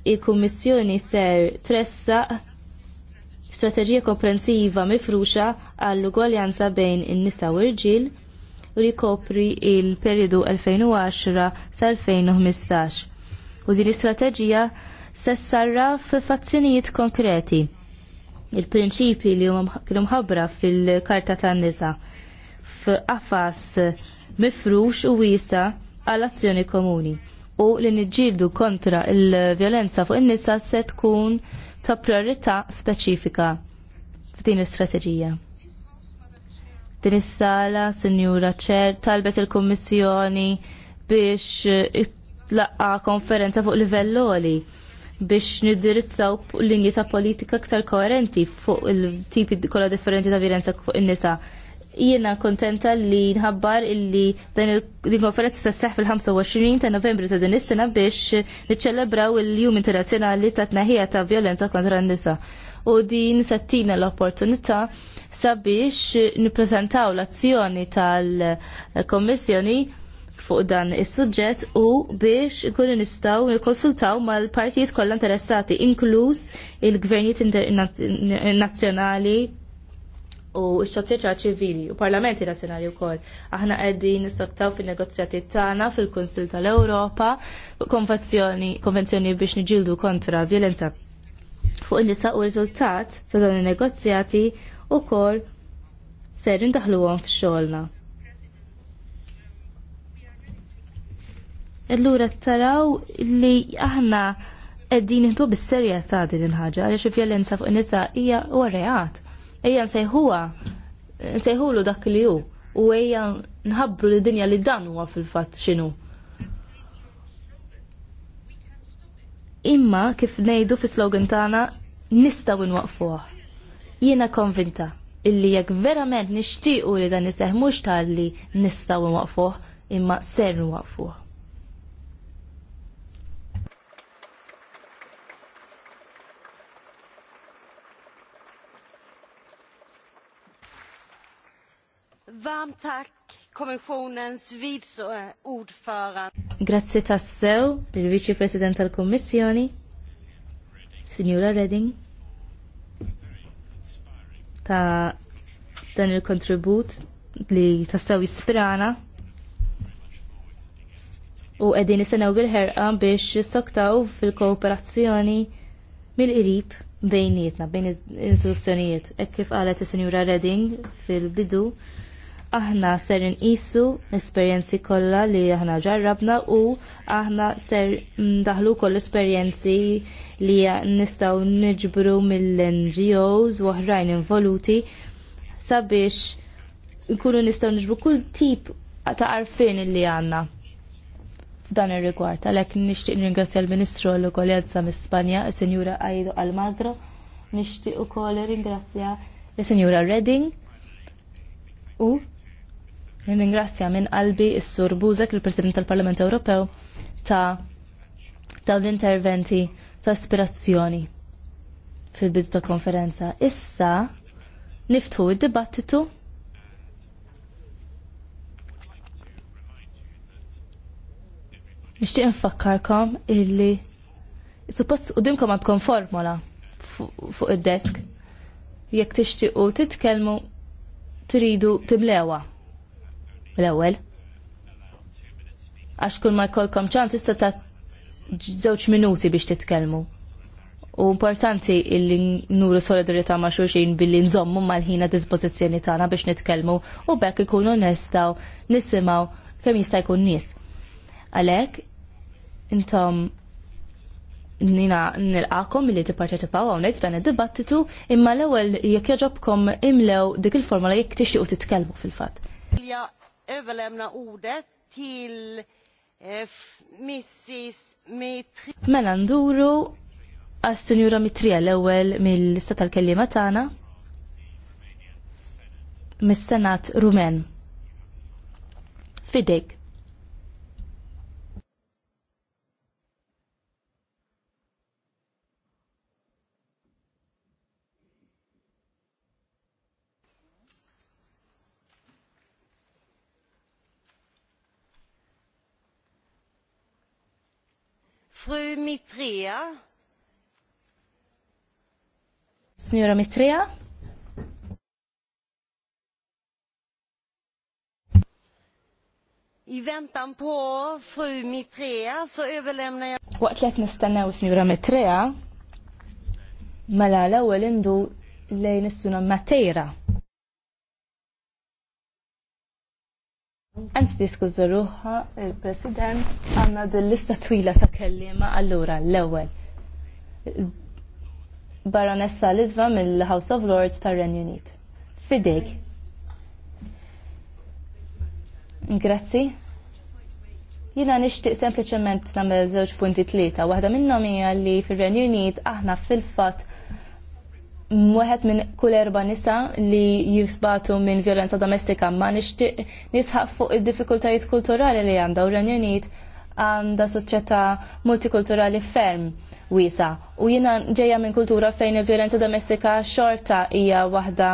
il-Kummissjoni ser tressaq strateġija komprensiva mifruxa għall-ugwaljanza bejn in-nisa u l-irġiel u rikopri il-periodu 2010 sa 2015. U din l-istrateġija se sarra f'azzjonijiet konkreti. Il-prinċipi li kienu mħabbra fil-Karta tan-nisa f'qafas mifrux u wiesa għall-azzjoni komuni u li niġġieldu kontra il-vjolenza fuq in-nisa se tkun ta' priorità speċifika f'din l-istrateġija. Din is-sala, Sinjura Ċer, talbet il-Kummissjoni biex tlaqqa konferenza fuq livelloli biex nidirizzaw linji ta' politika aktar koerenti fuq il-tipi kollha differenti ta' violenza fuq in-nisa jiena kontenta li nħabbar illi dan il-konferenza se seħ fil-25 ta' novembru ta' din is-sena biex niċċelebraw il-Jum Internazzjonali ta' tnaħija ta' violenza kontra n-nisa. U din sattina l-opportunità sabiex nippreżentaw l-azzjoni tal-Kommissjoni fuq dan is-suġġett u biex ikunu nistgħu nikkonsultaw mal-partijiet kollha interessati inkluż il-gvernijiet nazzjonali u s soċjetà ċivili u parlamenti nazzjonali wkoll. Aħna qegħdin nissottaw fin-negozjati tagħna fil konsil tal-Ewropa konvenzjoni biex niġildu kontra violenza fuq in-nisa u riżultat ta' dawn in-negozjati wkoll ser indaħluhom għom xogħolna Allura taraw li aħna qegħdin nieħdu bis-serjetà din il-ħaġa għaliex il-vjolenza fuq in-nisa hija huwa reat ejja nsejħuha nsejħulu dak li hu u ejja nħabbru li dinja li dan huwa fil-fatt x'inhu. Imma kif ngħidu fis-slogan tagħna nistgħu nwaqfuha. Jiena konvinta illi jekk verament nixtiequ li dan iseħħ mhux tal-li nistgħu nwaqfuh imma ser nwaqfuh. Varmt tack kommissionens vice ordförande. Grazie tassew per vice President al commissioni. Signora Redding, ta' dan il contribut li tassew isprana. u qegħdin nistennew bil-ħerqa biex soktaw fil-kooperazzjoni mill irib bejnietna, bejn l-istituzzjonijiet. Hekk kif qalet is-Sinjura Redding fil-bidu aħna ser inqisu l-esperjenzi kollha li aħna ġarrabna u aħna ser ndaħlu koll esperjenzi li nistgħu niġbru mill-NGOs u oħrajn involuti sabiex nkunu nistgħu niġbru kull tip ta' arfin li għandna f'dan ir-rigward. Għalhekk nixtieq ringrazzja l-Ministru l ukoljenza mis-Spanja, is-Sinjura Aido Almagro, nixtieq ukoll ringrazzja is-Sinjura Redding u Ringrazzja minn qalbi is-Sur Buzek, il-President tal-Parlament Ewropew, ta' dawn l-interventi ta' ispirazzjoni fil-bidu ta' konferenza. Issa niftu id-dibattitu Nishtiq nfakkarkom illi suppost qudimkom għandkom formola fuq id-desk jekk tixtiequ titkellmu tridu timlewa l-ewwel. Għax kull ma jkollkom ċans tista' ta' żewġ minuti biex titkellmu. U importanti illi nuru solidarjetà ma' xulxin billi nżommu mal ħin a dispożizzjoni tagħna biex nitkellmu u bekk ikunu nistgħu nisimgħu kemm jista' jkun nies. Għalhekk intom nina nilqakom li tipparteċipaw hawnhekk f'dan id-dibattitu imma l-ewwel jekk jaġobkom imlew dik il-formola jekk tixtiequ titkellmu fil-fatt överlämna ordet till eh, Mrs. Mitri. Mela nduru għas-Sinjura Mitrija l-ewwel mill-lista tal-kelliema tagħna senat Rumen. Fidek. Fru Mitrea. Signora Mitrea. I väntan på fru Mitrea så överlämnar jag... Waqt li qed nistennew Signora Mitrea, mela l-ewwel indu lejn is-suna Matera. Għanz diskużu ruħa, il-President, għanna dil-lista twila ta' kellima allura l-ewel. Baronessa Lizva mill-House of Lords tar renju Unit. Fidejk. Grazzi. Jina nishtiq sempliciment namel zewġ punti tlieta. Waħda minnhom hija li fir-Renju Unit aħna fil-fatt Mweħed minn kull erba nisa li jisbatu minn violenza domestika ma nixtieq nisħaq fuq id-diffikultajiet kulturali li għandha u Renjonit għandha soċjetà multikulturali ferm wiesa. U jiena ġejja minn kultura fejn il-violenza domestika xorta hija waħda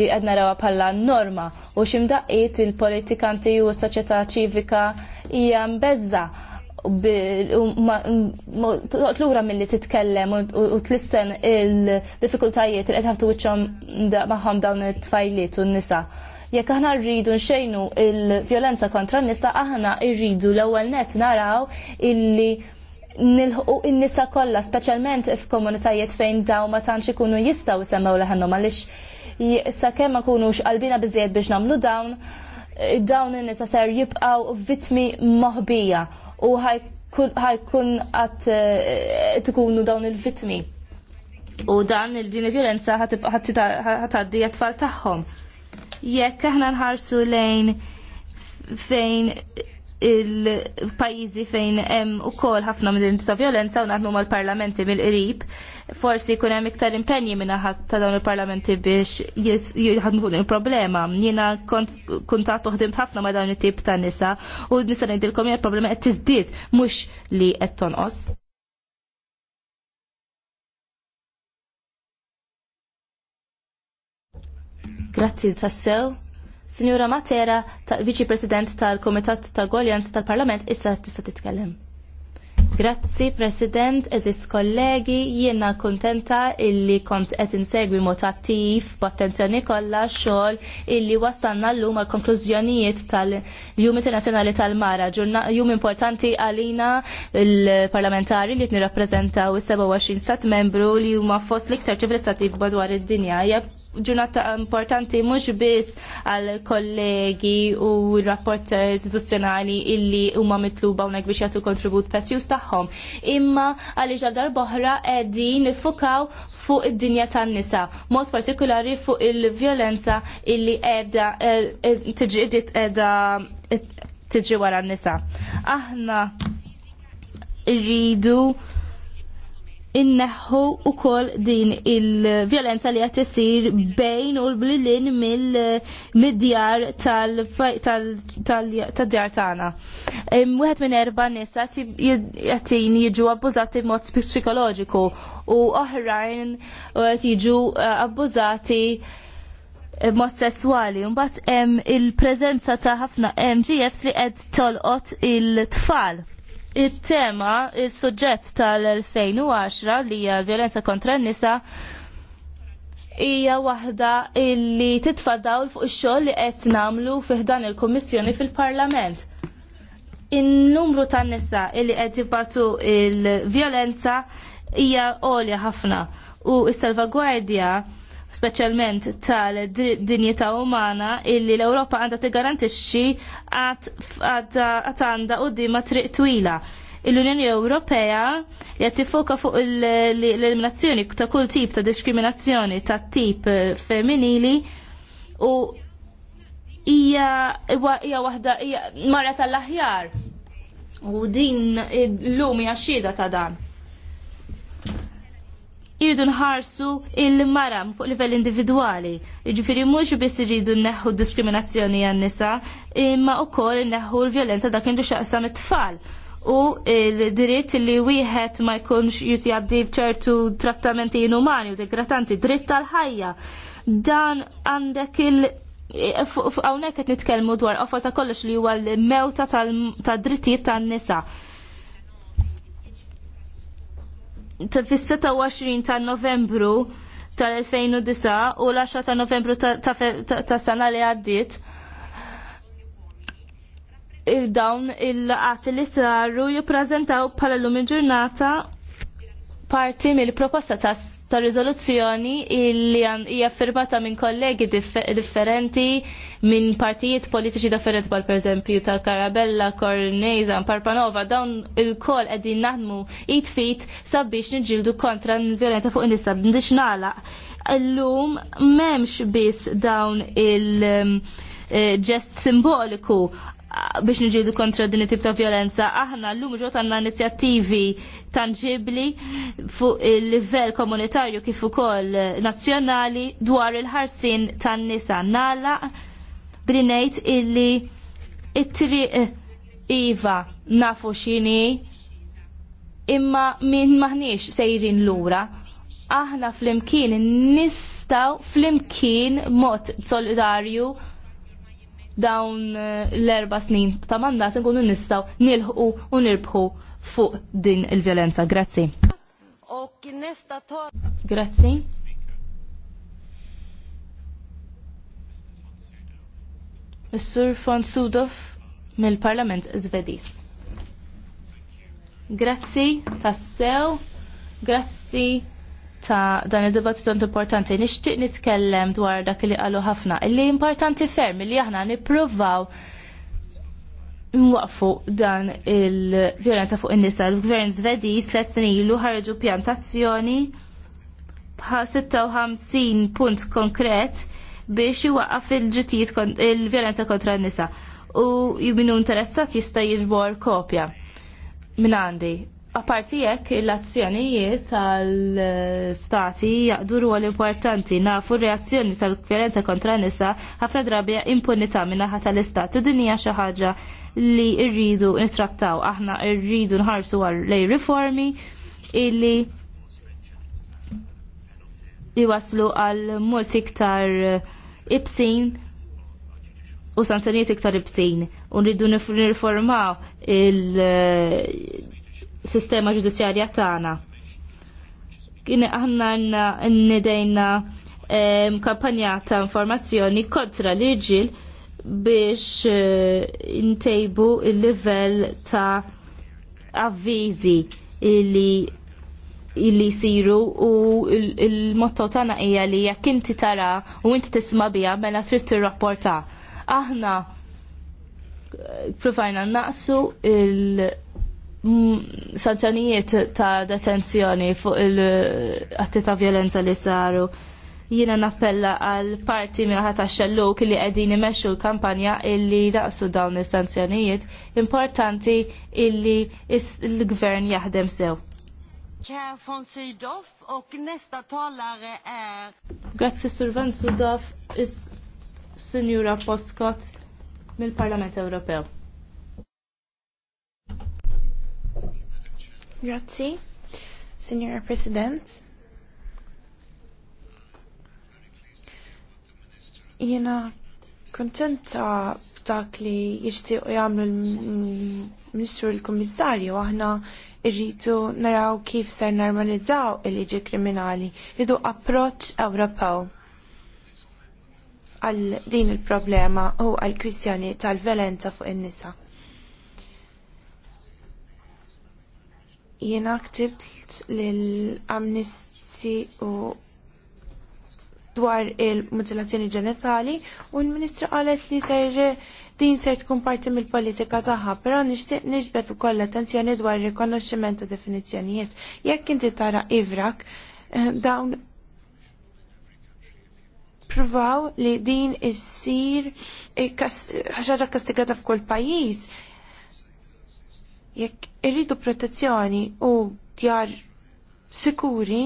li qed narawha bħala norma u x'imdaqqiet il-politikanti u s-soċjetà ċivika hija mbeżza Lura mill-li titkellem u tlisten il-difikultajiet il ħaftu wiċċhom magħhom dawn it-tfajliet u n-nisa. Jekk aħna rridu nxejnu il-vjolenza kontra n-nisa, aħna rridu l-ewwel net naraw illi nilħu n-nisa kollha, speċjalment f'komunitajiet fejn daw ma tantx ikunu jistaw semmaw leħenhom għaliex lix jissa ma kunu xqalbina biżejjed biex nagħmlu dawn, dawn in-nisa ser jibqgħu vittmi moħbija u ħajkun għat eh, tkunu dawn il-vitmi. U dan il-din il-violenza ħat-għaddi għat-tfal taħħom. Jekk aħna nħarsu lejn fejn il-pajizi fejn hemm ukoll ħafna minn ta' violenza u naħdmu mal-parlamenti mill-qrib, forsi jkun hemm iktar impenji minn ta' dawn il-parlamenti biex jħadmu fuq il-problema. Jiena kont kuntat uħdimt ħafna ma' dawn it-tip ta' nisa u nisa ngħidilkom hija problema qed tiżdied mhux li qed tonqos. Grazzi tassew. Signora Matera, Viċi President tal-Komitat ta' goljans tal-Parlament, issa tista' titkellem. Grazzi, President, eżis kollegi, jiena kontenta illi kont qed insegwi mod attiv b'attenzjoni kollha xogħol illi wassalna llum għal konklużjonijiet tal-Jum Internazzjonali tal-Mara, jum importanti għalina il parlamentari li qed nirrappreżentaw is-27 stat membru li huma fost l-iktar ċivilizzati madwar id-dinja ġurnata importanti mhux biss għal kollegi u rapport istituzzjonali illi huma mitluba hawnhekk biex jagħtu kontribut prezzjuż tagħhom, imma għaliex għal oħra qegħdin nifukaw fuq id-dinja tan-nisa, mod partikolari fuq il-vjolenza illi qiegħda eh, eh, tiġi qiegħda eh, tiġi wara n-nisa. Aħna rridu inneħħu u koll din il-violenza li għat isir bejn u l-blilin mill-djar tal-djar tagħna. Wieħed minn erba' nisa jattin jiġu abbużati b'mod psikoloġiku u oħrajn jiġu eh, abbużati eh, mod sessuali. Mbagħad il-preżenza ta' ħafna MGFs li qed tolqot il-tfal il-tema, il suġġett tal-2010 li hija l-violenza kontra n-nisa hija waħda illi titfaddaw fuq ix-xogħol li qed nagħmlu fih dan il-Kummissjoni fil-Parlament. In-numru tan-nisa illi qed jibatu il-violenza hija għolja ħafna u s-salvagwardja speċjalment tal-dinjità umana illi l-Ewropa għandha tigarantixxi għad għandha dima triq twila. L-Unjoni Ewropea li qed tiffoka fuq l-eliminazzjoni ta' kull tip ta' diskriminazzjoni ta' tip eh, femminili u hija ija wahda ija marja tal-aħjar. U din l lumi għaxida xhieda ta' dan irridu nħarsu il-maram fuq livell individwali. Ġifiri mux biss nneħħu neħu diskriminazzjoni għan nisa, imma u koll neħu l-violenza dak indu xaqsam it-tfal. U l-dritt li wieħed ma jkunx jitjabdi bċertu trattamenti inumani u degratanti, dritt tal-ħajja. Dan għandek il- Għawnek għet nitkelmu dwar, għafa ta' kollox li huwa l-mewta tal-drittijiet tan-nisa fis-26 ta' Novembru tal-2009 u l-10 ta' Novembru ta' sena li għaddiet dawn il-qat li saru jippreżentaw bħala lum il-ġurnata parti mill-proposta ta' ta' rizoluzzjoni illi hija firmata minn kollegi differenti minn partijiet politiċi differenti bħal pereżempju ta' Karabella, Korneza, Parpanova, dawn il-kol qegħdin naħdmu it-fit sabiex nġildu kontra n vjolenza fuq in-nisa biex nagħlaq. lum m'hemmx biss dawn il- ġest um, eh, simboliku biex nġildu kontra din it-tip ta' violenza. Aħna l-lum ġot għanna inizjattivi tangibli fuq il-livell komunitarju kif ukoll nazzjonali dwar il-ħarsin tan-nisa. Nala b'rinejt ngħid illi it-triq iva nafu x'inhi imma min maħniex sejrin lura. Aħna flimkien nistaw flimkien mod solidarju dawn eh, l-erba snin ta' mandat nkunu nistaw nilħu u nirbħu fuq din il-violenza. Grazzi. Grazzi. Is-Sur Sudov mill-Parlament Żvediż. Grazzi tassew, grazzi ta' dan id-dibattitu importanti. Nixtieq nitkellem dwar dak li qalu ħafna. Illi importanti ferm li aħna nippruvaw nwaqfu dan il-vjolenza fuq in-nisa. Il-Gvern Żvediż tliet snin ilu ħarġu pjantazzjoni bħal 56 punt konkret biex iwaqqaf il ġitijiet il-vjolenza kontra n-nisa u jibinu interessat jista' jiġbor kopja minn għandi. Aparti jekk l-azzjonijiet tal-stati jaqdu rwol importanti nafu reazzjoni tal-violenza kontra nisa ħafna drabi impunità minnaħa tal-istat. Din hija xi ħaġa li rridu nittrattaw aħna rridu nħarsu għal lej riformi illi jwaslu għal multi iktar ibsin u sanzjoniet iktar ibsin u nridu nirriformaw il-sistema ġudizzjarja tagħna. Kien aħna nidejna kampanja ta' informazzjoni kontra l-irġil biex intejbu eh, il-livell ta' avvizi li illi jisiru u il-motto tagħna hija li jekk inti tara u inti tisma' biha mela trid tirrapporta. Aħna provajna naqsu il- sanzjonijiet ta' detenzjoni fuq il-atti ta' violenza li saru. Jiena nappella għal parti minnaħa ta' xelluk li għedin imexxu l-kampanja illi daqsu dawn il-sanzjonijiet importanti illi l-gvern jaħdem sew. Kär von Sydow och nästa talare är... Grazie Survan Sydow is Signora Poscott mill-Parlament Europeo. Grazie, Signora President. Jena kontenta dak li jishtiqu jagħmlu l-Ministru l-Kummissarju aħna irridu naraw kif ser normalizzaw il-liġi kriminali, rridu approċ Ewropew għal din il-problema u għal kwistjoni tal-violenza fuq in-nisa. Jiena ktibt lill-Amnesty u dwar il-mutilazzjoni ġenitali u l-Ministru qalet li ser din ser tkun parti mill-politika tagħha, però nixtieq niġbed ukoll attenzjoni dwar ir-rikonoxximent ta' definizzjonijiet. Jekk inti tara ivrak eh, dawn pruvaw li din issir eh, ħaxaġa kastigata f'kull pajjiż. Jekk irridu protezzjoni u djar sikuri,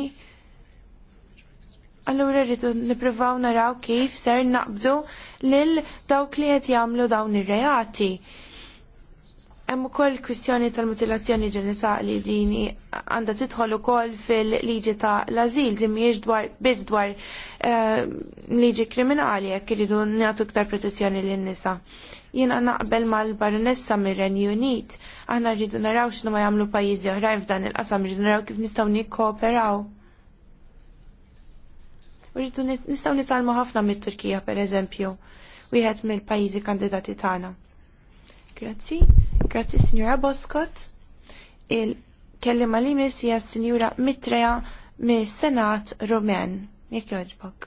Allura rridu nippruvaw naraw kif ser naqbdu lil dawk li qed jagħmlu dawn ir-reati. Hemm ukoll kwistjoni tal-mutilazzjoni ġenitali din għandha tidħol ukoll fil-liġi ta' l-azil din mhijiex dwar biss dwar eh, liġi kriminali jekk iridu nagħtu iktar protezzjoni lin-nisa. Jiena naqbel mal-Baronessa mir-Renju Unit, aħna rridu naraw x'nu ma jagħmlu pajjiżi oħrajn f'dan il-qasam, rridu naraw kif nistgħu nikkooperaw. U rridu nistgħu nitalmu ħafna mit-Turkija pereżempju, wieħed mill-pajjiżi kandidati tagħna. Grazzi, grazzi Sinjura Boskot. il kelli malimi miss hija Sinjura Mitrea mis-Senat Rumen. Jekk jogħġbok.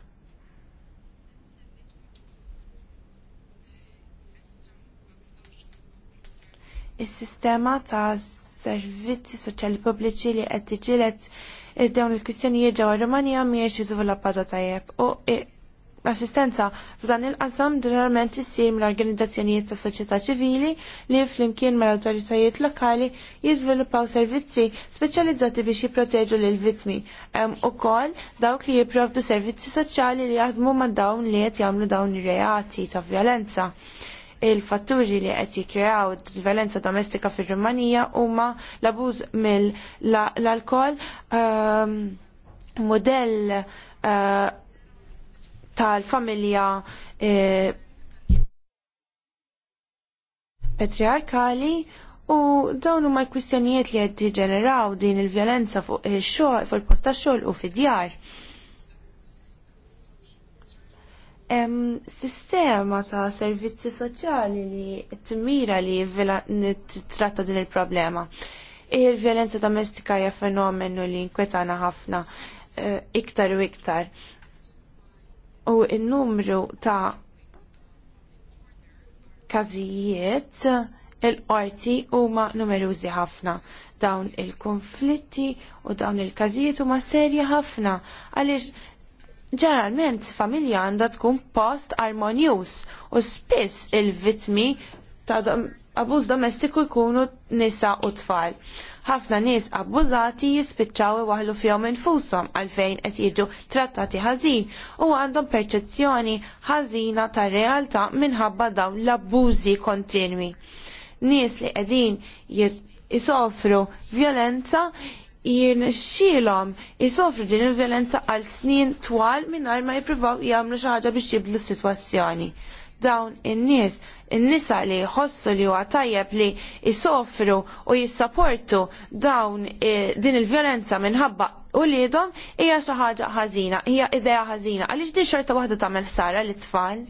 Is-sistema ta' servizzi soċjali pubbliċi li qed tiġilet dawn il-kwistjonijiet ġewwa Rumanija mhijiex iżviluppata tajjeb u e, assistenza f'dan il-qasam ġeneralment issir mill-organizzazzjonijiet ta' soċjetà ċivili li flimkien mal-awtoritajiet lokali jiżviluppaw servizzi speċjalizzati biex jipproteġu lil vittmi u ukoll dawk li jipprovdu servizzi soċjali li jaħdmu ma' dawn li qed jagħmlu dawn ir-reati ta' vjolenza il-fatturi li qed jikkreaw violenza domestika fir-Rumanija huma l-abuż mill-alkohol um, ehm, modell uh, tal-familja eh, patriarkali u dawn huma l-kwistjonijiet li qed jiġġeneraw din il-vjolenza fuq il-xogħol fuq il-post tax-xogħol u fid-djar sistema ta' servizzi soċjali li t-mira li tratta din il-problema. Il-violenza domestika hija fenomenu li nkwetana ħafna eh, iktar u iktar. U il-numru ta' kazijiet il-qorti huma numerużi ħafna. Dawn il-konflitti u dawn il-kazijiet huma serji ħafna għaliex Ġeneralment familja għandha tkun post armonjus u spiss il-vitmi ta' abuż domestiku jkunu nisa u tfal. Ħafna nies abbużati jispiċċaw waħlu fihom infushom għalfejn qed jiġu trattati ħażin u għandhom perċezzjoni ħażina tar-realtà minħabba dawn l-abbużi kontinwi. Nies li qegħdin jisofru violenza jirnexxilhom jisofru din il-violenza għal snin twal mingħajr ma jippruvaw jagħmlu xi ħaġa biex jibdlu s-sitwazzjoni. Dawn in-nies, in-nisa li jħossu li huwa tajjeb li jisofru u jissapportu dawn eh, din il-violenza minħabba u lidhom hija xi ħaġa ħażina, hija idea ħażina għaliex din xorta waħda tagħmel ħsara lit tfal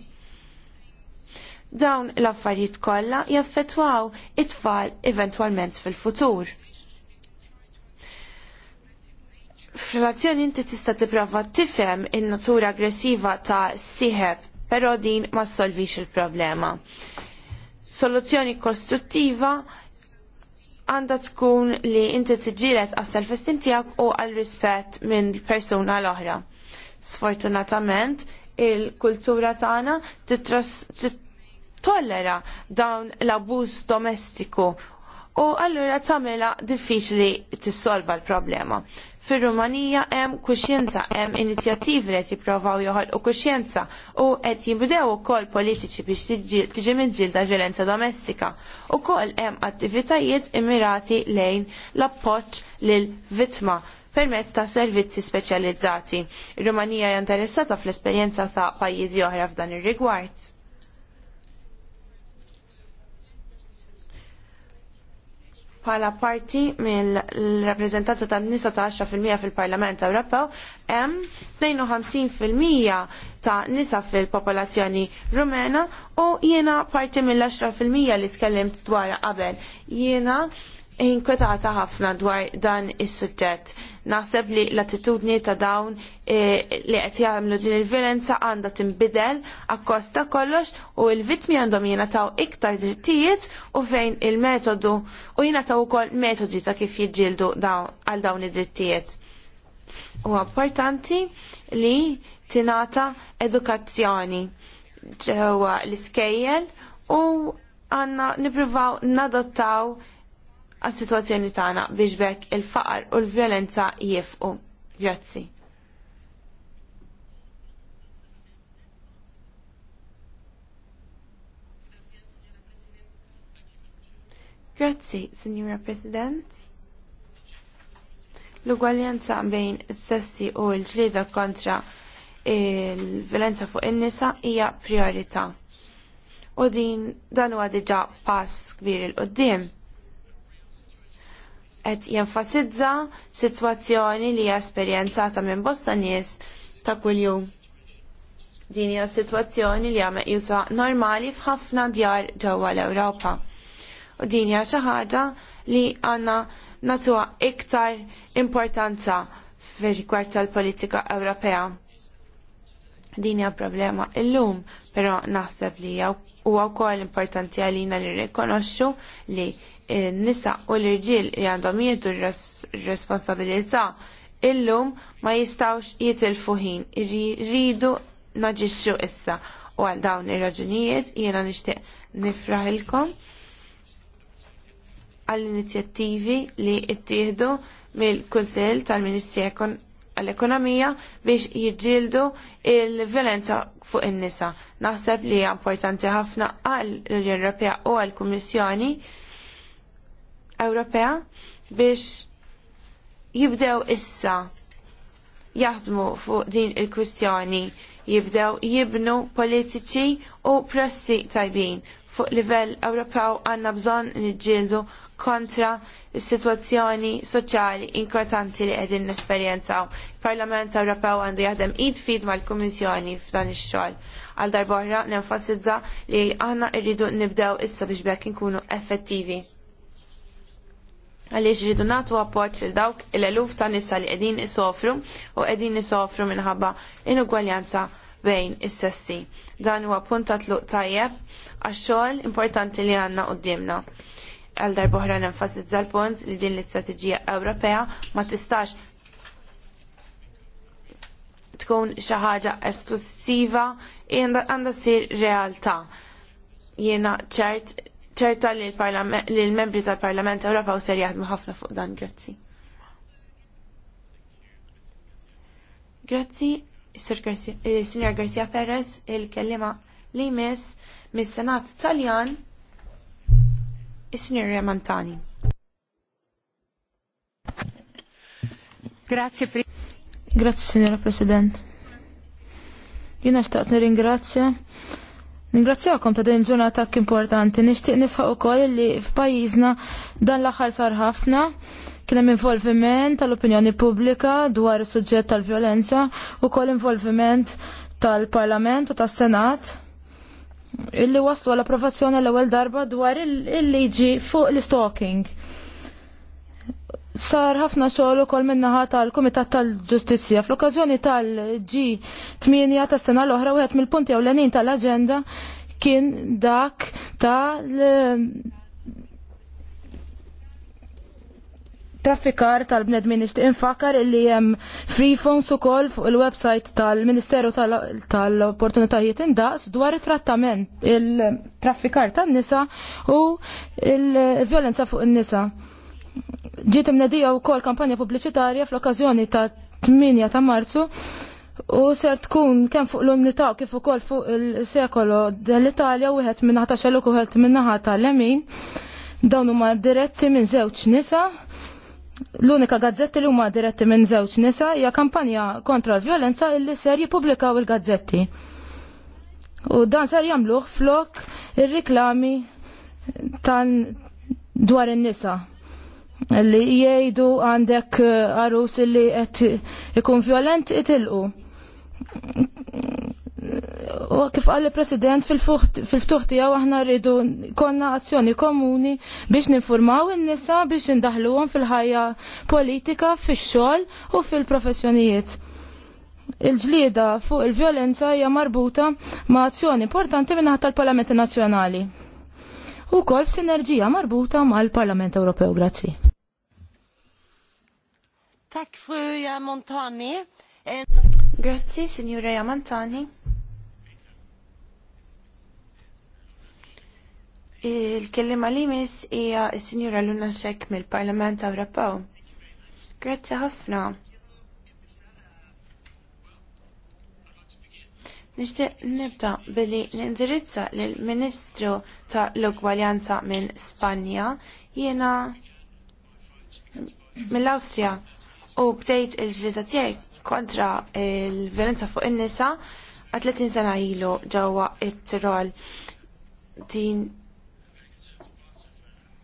Dawn l-affarijiet kollha jaffettwaw it-tfal eventwalment fil-futur F'relazzjoni inti tista' tipprova tifhem in-natura aggressiva ta' siħeb, però din ma solvix il-problema. Soluzzjoni kostruttiva għandha tkun li inti tiġġieled għas-self-esteem tiegħek u għall-rispett minn persuna l-oħra. Sfortunatament, il-kultura tagħna tollera dawn l-abuż domestiku u allura tagħmilha diffiċli tissolva l-problema. Fir-Rumanija hemm kuxjenza, hemm inizjattivi li qed jippruvaw joħolqu kuxjenza u qed jinbdew ukoll politiċi biex tiġi miġġielda violenza domestika. Ukoll hemm attivitajiet immirati lejn l-appoġġ lil vittma permezz ta' servizzi speċjalizzati. Ir-Rumanija hija interessata fl-esperjenza ta' pajjiżi oħra f'dan ir-rigward. bħala parti mill rappresentanza tan-nisa ta' 10% fil-Parlament Ewropew hemm 52% ta' nisa fil-popolazzjoni rumena u jiena parti mill-10% li tkellimt dwar qabel. Jiena inkwetata ħafna dwar dan is-suġġett. Naħseb li l-attitudni ta' dawn eh, li qed jagħmlu din il-violenza għandha tinbidel akkosta kollox u l-vittmi għandhom jingħataw iktar drittijiet u fejn il-metodu u jingħataw ukoll metodi ta' kif jiġġieldu għal dawn id-drittijiet. Huwa importanti li tingħata edukazzjoni ġewwa l-iskejjel u għandna nippruvaw nadottaw għas-sitwazzjoni tagħna biex bekk il-faqar u l-vjolenza jifqu. Grazzi. Grazzi, Signora President. L-ugwaljanza bejn is-sessi u l-ġlieda kontra il-violenza fuq in-nisa hija priorità. U din dan huwa diġà pass kbir il-qoddim qed jenfasizza sitwazzjoni li hija esperjenzata minn bosta nies ta' kuljum. Din hija sitwazzjoni li hija jusa normali f'ħafna djar ġewwa l-Ewropa. U din hija xi ħaġa li għandna natuha iktar importanza fir-rigward tal-politika Ewropea. Din hija problema illum, però naħseb li huwa wkoll importanti għalina li rikonoxxu li nisa u l-irġil li għandhom r responsabilità illum ma jistawx jitilfu ħin, rridu naġixxu issa u għal dawn ir-raġunijiet jiena nixtieq nifraħilkom għall-inizjattivi li ttieħdu mill-Kunsill tal-Ministri għall-Ekonomija biex jiġġieldu l violenza fuq in-nisa. Naħseb li hija importanti ħafna għall unjoni Ewropea u għall-Kummissjoni Ewropea biex jibdew issa jaħdmu fuq din il-kwistjoni jibdew jibnu politiċi u pressi tajbin fuq livell Ewropew għandna bżonn niġġieldu kontra s-sitwazzjoni soċjali inkwetanti li qegħdin nesperjenzaw. Il-Parlament Ewropew għandu jaħdem id fid mal-Kummissjoni f'dan ix-xogħol. Għal darbora nenfasizza li aħna rridu nibdew issa biex bekk inkunu effettivi għaliex ridu nagħtu appoġġ il dawk il-eluf ta' nisa li qegħdin isofru u qegħdin isofru minħabba inugwaljanza bejn is-sessi. Dan huwa punt ta' tluq tajjeb għax-xogħol importanti li għandna qudiemna. Għal darbohra nenfasizza l-punt li din l-istrateġija Ewropea ma tistax tkun xi ħaġa esklusiva għandha ssir realtà. Jiena ċert ċerta li l-membri tal-Parlament Ewropew ser jaħdmu ħafna fuq dan, grazzi. Grazzi, Sinjor eh, Garcia Perez, il-kellima li mis mis-Senat Taljan, is-Sinjor Remantani. Grazie, Grazie, Signora President. Jina xtaqt nir-ingrazzja Ningrazzjakom ta' din il-ġurnata importanti. Nixtieq nisħaq ukoll li f'pajjiżna dan l-aħħar sar ħafna kien hemm involviment tal-opinjoni pubblika dwar is-suġġett tal-vjolenza u koll involviment tal-Parlament u tas-Senat illi waslu għal approvazzjoni l-ewwel darba dwar il-liġi fuq l-stalking sar ħafna xogħol ukoll min-naħa tal-Kumitat tal-Ġustizzja. Fl-okkażjoni tal-G8 tas sena l-oħra wieħed mill-punti ewlenin tal-aġenda kien dak tal- traffikar tal-bnedmin nixtieq infakar illi hemm free phones ukoll fuq il-website tal-Ministeru tal-Opportunitajiet tal Indaqs dwar it-trattament il-traffikar tan-nisa u il-vjolenza fuq in-nisa. il fuq il vjolenza fuq in nisa ġiet imnedija wkoll kampanja pubbliċitarja fl-okkażjoni ta' 8 ta' Marzu U ser tkun kemm fuq l-unità kif ukoll fuq il-sekolo dell-Italja wieħed minn ta' xeluk wieħed minnaħa tal-lemin. Dawn huma diretti minn żewġ nisa. L-unika gazzetti li huma diretti minn żewġ nisa hija kampanja kontra l-vjolenza illi ser jippubblikaw il-gazzetti. U dan ser jagħmluh flok ir-riklami tan dwar in-nisa li jgħidu għandek eh, arus li qed ikun violent itilqu. U kif għalli president fil-ftuħ tiegħu aħna rridu konna azzjoni komuni biex ninformaw in-nisa biex indaħluhom fil-ħajja politika, fix-xogħol u fil-professjonijiet. Il-ġlieda fuq il-vjolenza hija marbuta ma' azzjoni importanti minnaħat tal-Parlamenti Nazzjonali u kol sinerġija marbuta mal-Parlament Ewropew. Grazzi. Tak, fru Montani. Grazzi, signora Yamantani. Il-kellima li mis hija s-Sinjura Luna Shek mill-Parlament Ewropew. Grazzi ħafna. Nixtieq nibda billi nindirizza lill ministru ta' l-Ugwaljanza minn Spanja jiena mill-Awstrija u bdejt il ġlita kontra il-violenza fuq in-nisa għal sena ilu ġewwa il tirol Din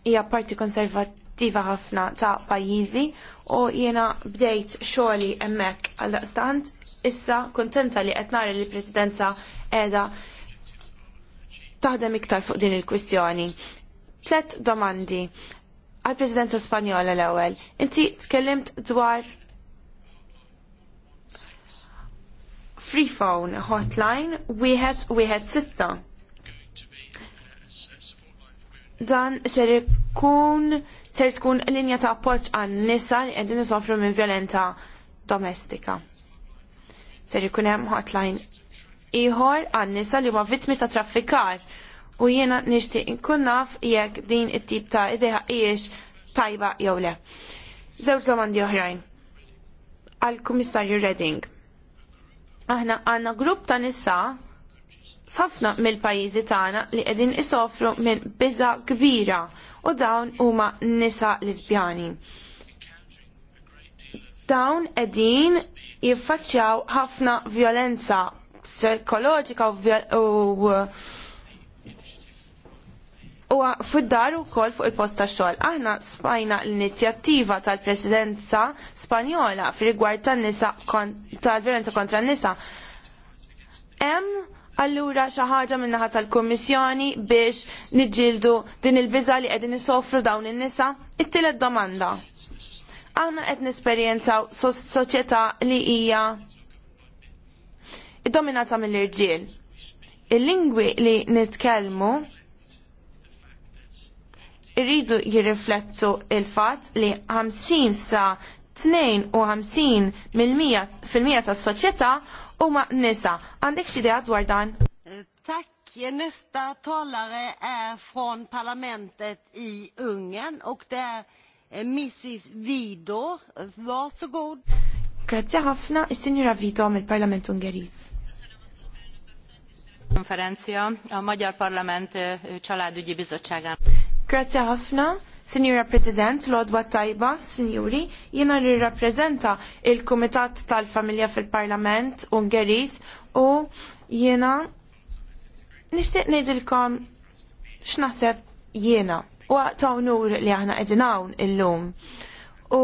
hija parti konservattiva ħafna ta' pajjiżi u jiena bdejt xogħli hemmhekk għal daqstant issa kontenta li qed nara li l-Presidenza qiegħda taħdem iktar fuq din il-kwistjoni. Tlet domandi għal-Presidenza Spanjola l-ewwel. Inti tkellimt dwar free phone hotline wieħed wieħed sitta. Dan ser ikun ser tkun linja ta' appoġġ għan nisa li qegħdin isofru minn violenza domestika ser ikun hemm hotline Iħor għan-nisa li ma vittmi ta' traffikar u jiena nixtieq inkun naf jekk din it-tip ta' idea hijiex tajba jew le. Żewġ domandi oħrajn. Għal-Kummissarju Redding. Aħna għandna grupp ta' nisa f'ħafna mill-pajjiżi tagħna li qegħdin isofru minn biża kbira u dawn huma nisa Lisbjani. Dawn qegħdin jiffaċċjaw ħafna violenza psikoloġika u u fid-dar u kol fuq il-post ta' xogħol. Aħna spajna l-inizjattiva tal-Presidenza Spanjola fir-rigward nisa tal-violenza kontra n-nisa. Hemm allura xi ħaġa min-naħa tal-Kummissjoni biex nidġildu din il-biża li qegħdin nisofru dawn in-nisa? It-tielet domanda. Aħna qed nesperjenzaw soċjetà li hija dominata mill-irġiel. Il-lingwi li nitkellmu irridu jirriflettu il-fatt li 50 sa 52 fil-mija tas-soċjetà huma nisa. Għandek xi idea dwar dan? Eh, tack, nästa talare är från parlamentet i Ungern och det är Eh, Mrs. Vido, vasugod. Grazie ħafna, il-Sinjura Vito mill-Parlament Ungeriż. Konferenzja, a Magyar Parlament eh, Családügyi Bizottságán. Grazie ħafna. Signora President, Lodwa Tajba, Sinjuri, jiena rirrappreżenta l kumitat tal-Familja fil-Parlament Ungeriż u jiena nixtieq ngħidilkom x'naħseb jiena u ta' unur li aħna qegħdin hawn illum. U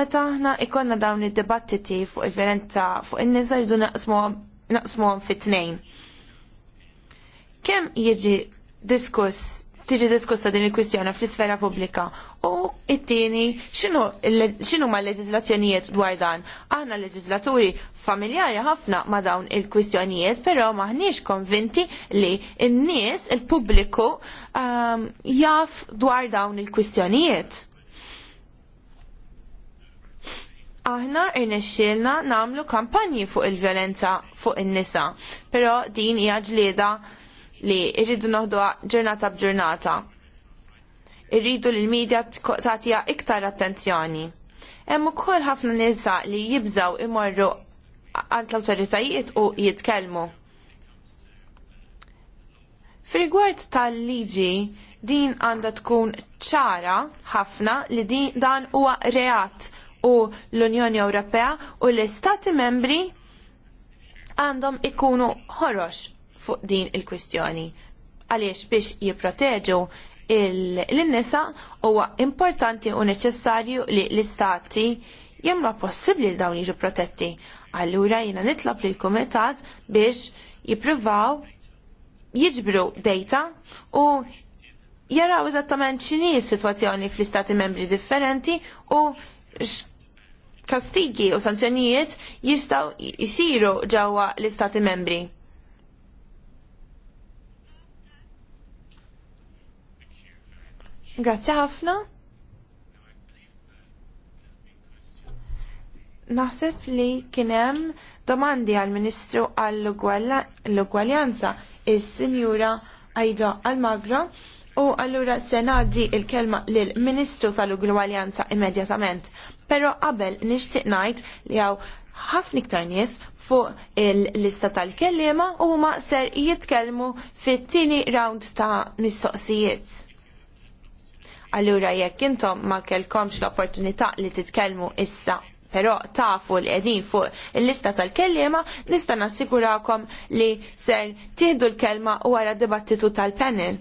meta aħna ikonna dawn id-dibattiti fuq il verenta fuq in niża jridu naqsmuhom fit-tnejn. Kemm jiġi diskuss tiġi diskussa din il-kwistjoni fl-isfera pubblika. U it-tieni, x'inhu ma leġizlazzjonijiet dwar dan? Aħna leġiżlaturi familjari ħafna ma dawn il-kwistjonijiet, però maħniex konvinti li n-nies, il-pubbliku, um, jaf dwar dawn il-kwistjonijiet. Aħna irnexxielna namlu kampanji fuq il-violenza fuq in-nisa, però din hija ġlieda li irridu noħdu ġurnata b'ġurnata. Irridu li l-medja tatija iktar attenzjoni. Hemm ukoll ħafna nisa li jibżaw imorru għand l-awtoritajiet u jitkellmu. Fir-rigward tal-liġi din għandha tkun ċara ħafna li din dan huwa reat u l-Unjoni Ewropea u l-Istati membri għandhom ikunu ħorox fuq din il-kwistjoni. Għaliex biex jipproteġu l-nisa huwa importanti u neċessarju li l-istati jemma possibli li dawn jiġu protetti. Allura jina nitlob li l-komitat biex jipruvaw jiġbru data u jaraw eżattament x'inhi s-sitwazzjoni fl-istati membri differenti u kastigi u sanzjonijiet jistgħu jsiru ġewwa l-istati membri. Grazzi ħafna. Naħseb li kienem domandi għal-Ministru għall-Ugwaljanza is-Sinjura Aida magra u allura se ngħaddi l kelma lill ministru tal-Ugwaljanza immedjatament. Però qabel nixtieq ngħid li hawn ħafna iktar nies fuq il-lista tal-kellima huma ser jitkellmu fit-tieni round ta' mistoqsijiet. Allura jekk intom ma kellkomx l-opportunità li titkellmu issa pero tafu li qegħdin fuq il-lista tal-kellima, nista' nassigurakom li ser tieħdu l-kelma wara dibattitu tal-panel.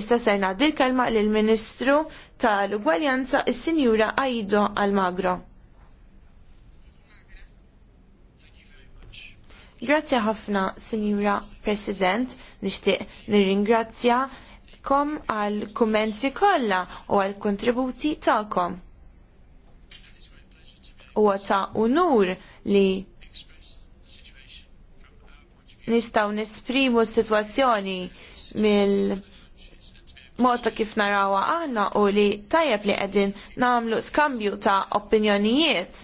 Issa ser ngħaddi l-kelma lill ministru tal-Ugwaljanza is-Sinjura Aido Almagro. Grazzi ħafna, Sinjura President, nixtieq nirringrazzja kom għal kummenti kollha u għal kontributi tagħkom. Huwa ta' unur li nistgħu nesprimu s-sitwazzjoni mill mota kif narawha aħna u li tajjeb li qegħdin nagħmlu skambju ta' opinjonijiet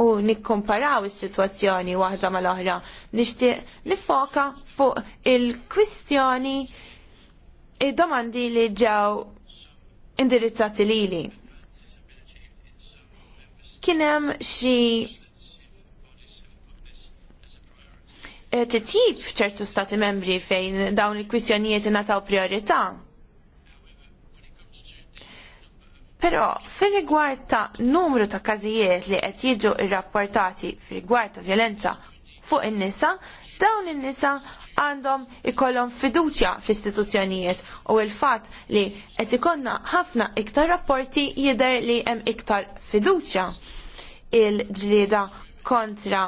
u nikkomparaw is-sitwazzjoni waħda mal-oħra. Nixtieq nifoka fuq il-kwistjoni il domandi li ġew indirizzati lili. Kien hemm xi eh, titjib f'ċertu stati membri fejn dawn il-kwistjonijiet ingħataw priorità. Però fir-rigward ta' numru ta' każijiet li qed jiġu rrapportati fil rigward ta' violenza fuq in-nisa, dawn in-nisa għandhom ikollhom fiduċja fl-istituzzjonijiet u l-fatt li qed ikonna ħafna iktar rapporti jidher li hemm iktar fiduċja il-ġlieda kontra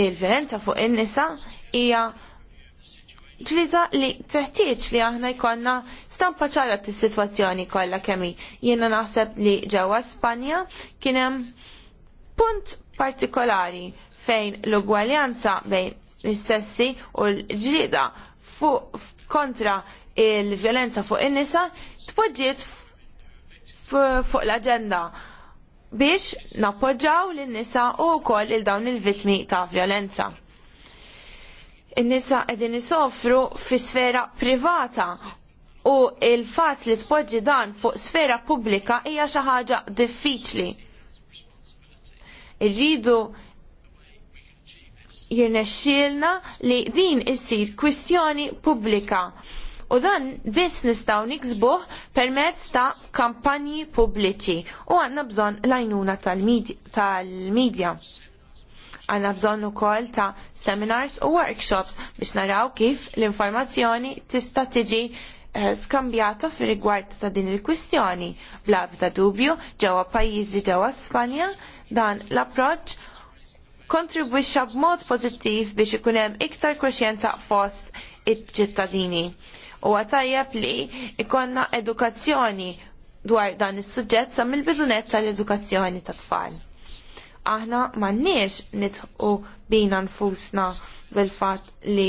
il-violenza fuq in-nisa hija ġlida li teħtieġ li aħna jkollna stampa ċara t-situazzjoni kollha kemmi. Jiena naħseb li ġewwa Spanja kien hemm punt partikolari fejn l-ugwaljanza bejn l-istessi u l-ġlida kontra il-violenza fuq in-nisa tpoġġiet fuq l-agenda biex nappoġġaw lin-nisa u wkoll il dawn il-vittmi ta' violenza. In-nisa qegħdin nisofru fi sfera privata u il-fatt li tpoġġi dan fuq sfera pubblika hija xi ħaġa diffiċli. Irridu jirnexxielna li din issir kwistjoni pubblika. U dan biss nistgħu niksbuh permezz ta' kampanji pubbliċi u għandna bżonn l-għajnuna tal-medja. Għandna bżonn ukoll ta' seminars u workshops biex naraw kif l-informazzjoni tista' tiġi eh, skambjata fi rigward ta' din il-kwistjoni. Bla bda dubju ġewwa pajjiżi ġewwa Spanja dan l-approċċ kontribwixxa b'mod pożittiv biex ikun hemm iktar kuxjenza fost iċ-ċittadini. U tajjeb li ikonna edukazzjoni dwar dan is-suġġett sa mill-bidunet tal-edukazzjoni ta' tfal. Aħna m'għandniex nitħu bina nfusna bil-fatt li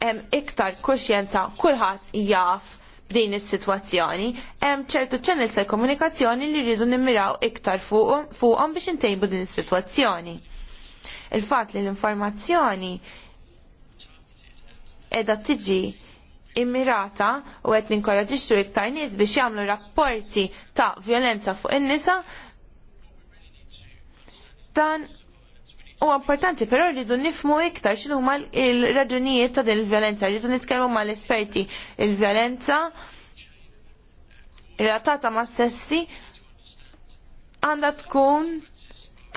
hemm iktar kuxjenza kulħadd jaf b'din is-sitwazzjoni, hemm ċertu ċannel tal komunikazzjoni li rridu nimmiraw iktar fuqhom fuqhom biex intejbu din is-sitwazzjoni. Il-fatt li l-informazzjoni edha tiġi immirata u qed ninkoraġixxu iktar nies biex jagħmlu rapporti ta' violenza fuq in-nisa dan huwa importanti però rridu nifmu iktar xinu huma il raġunijiet ta' din il-violenza, rridu nitkellmu mal-esperti il-violenza relatata ma' stessi għandha tkun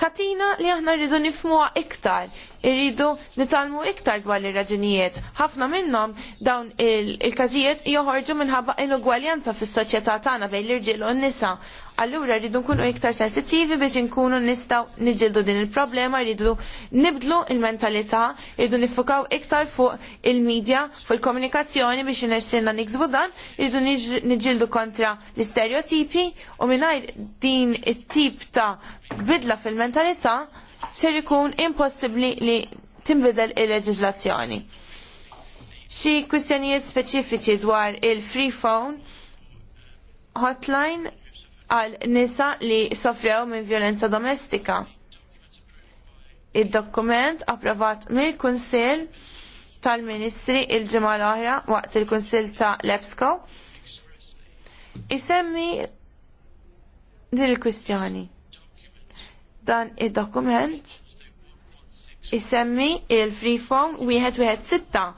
katina li aħna rridu nifmuha iktar, irridu nitalmu iktar dwar ir-raġunijiet. Ħafna minnhom dawn il-każijiet joħorġu minħabba inugwaljanza fis-soċjetà tagħna bejn l-irġiel u n-nisa allura rridu nkunu iktar sensittivi biex nkunu nistaw niġildu din il-problema, rridu nibdlu il-mentalità, rridu nifukaw iktar fuq il-medja, fuq il-komunikazzjoni biex nesċinna nikzbu dan, rridu niġildu kontra l-stereotipi u mingħajr din it-tip ta' bidla fil-mentalità ser ikun impossibli li timbidel il-leġizlazzjoni. Xi kwistjonijiet speċifiċi dwar il-free phone hotline għal nisa li sofrew minn violenza domestika. Id-dokument approvat mill-Kunsill tal-Ministri il-ġimgħa l-oħra waqt il-Kunsill ta' Lepsko isemmi din il-kwistjoni. Dan id-dokument isemmi il-Freeform wieħed wieħed sitta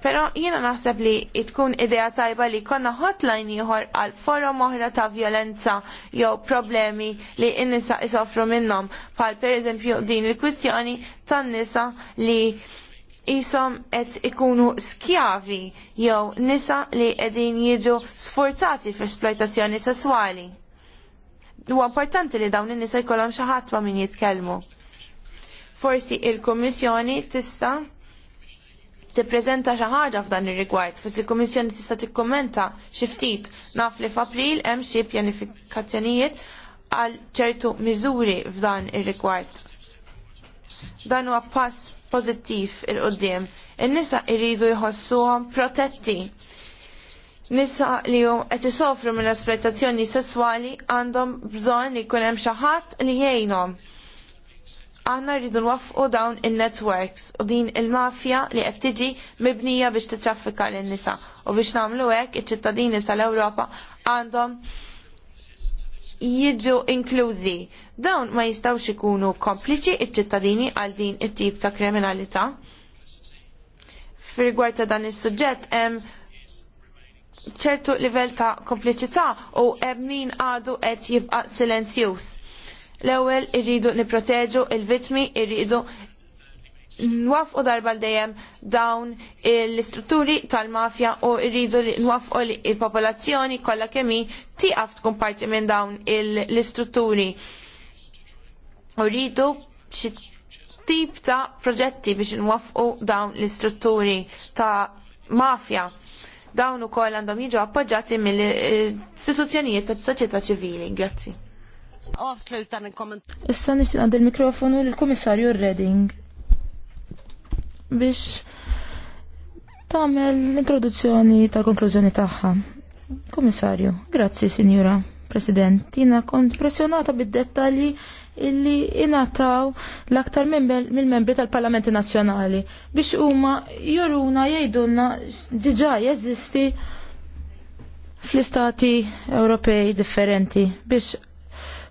Pero jiena naħseb li tkun idea tajba li konna hotline ieħor għal forum oħra ta' violenza jew problemi li n-nisa isofru minnhom per pereżempju din il-kwistjoni tan-nisa li jisom qed ikunu skjavi jew nisa li qegħdin jiġu sforzati fl-esploitazzjoni sesswali. Huwa importanti li dawn in-nisa jkollhom xi ħadd ma' min jitkellmu. Forsi il-Kummissjoni tista' tippreżenta xi ħaġa f'dan ir-rigward, fis il-Kummissjoni tista' tikkummenta xi ftit naf li f'April hemm xi pjanifikazzjonijiet għal ċertu miżuri f'dan ir-rigward. Dan huwa pass pożittiv il qudiem In-nisa jridu jħossuhom protetti. Nisa li hum qed isofru minn esploitazzjoni sesswali għandhom bżonn li jkun hemm xi ħadd li jgħinhom għanna rridu nwaffqu dawn il-networks u din il-mafja li qed tiġi mibnija biex titraffika lin nisa u biex nagħmlu hekk iċ-ċittadini tal-Ewropa għandhom jiġu inklużi. Dawn ma jistawx ikunu kompliċi iċ-ċittadini għal din it-tip ta' kriminalità. Fir-rigward ta' dan is-suġġett hemm ċertu livell ta' kompliċità u hemm min għadu qed jibqa' silenzjuż L-ewwel irridu nipproteġu il-vittmi, irridu nwafqu darba l-dejjem dawn l-istrutturi tal-mafja u rridu li nwafqu il-popolazzjoni kollha kemm tiqaf tkun parti minn dawn l-istrutturi. U rridu tip ta' proġetti biex nwafqu dawn l-istrutturi ta' mafja. Dawn ukoll għandhom jiġu appoġġati mill-istituzzjonijiet tas-soċjetà ċivili. Grazzi. Avslutande kommentar. Issa nixtieq għandi mikrofonu lill-Kummissarju Redding biex tagħmel l-introduzzjoni tal-konklużjoni tagħha. Kummissarju, grazzi Sinjura President, jina kont pressjonata bid-dettalji illi inataw l-aktar mill-membri tal-Parlamenti Nazzjonali biex huma joruna jgħidulna diġà jeżisti fl-istati Ewropej differenti biex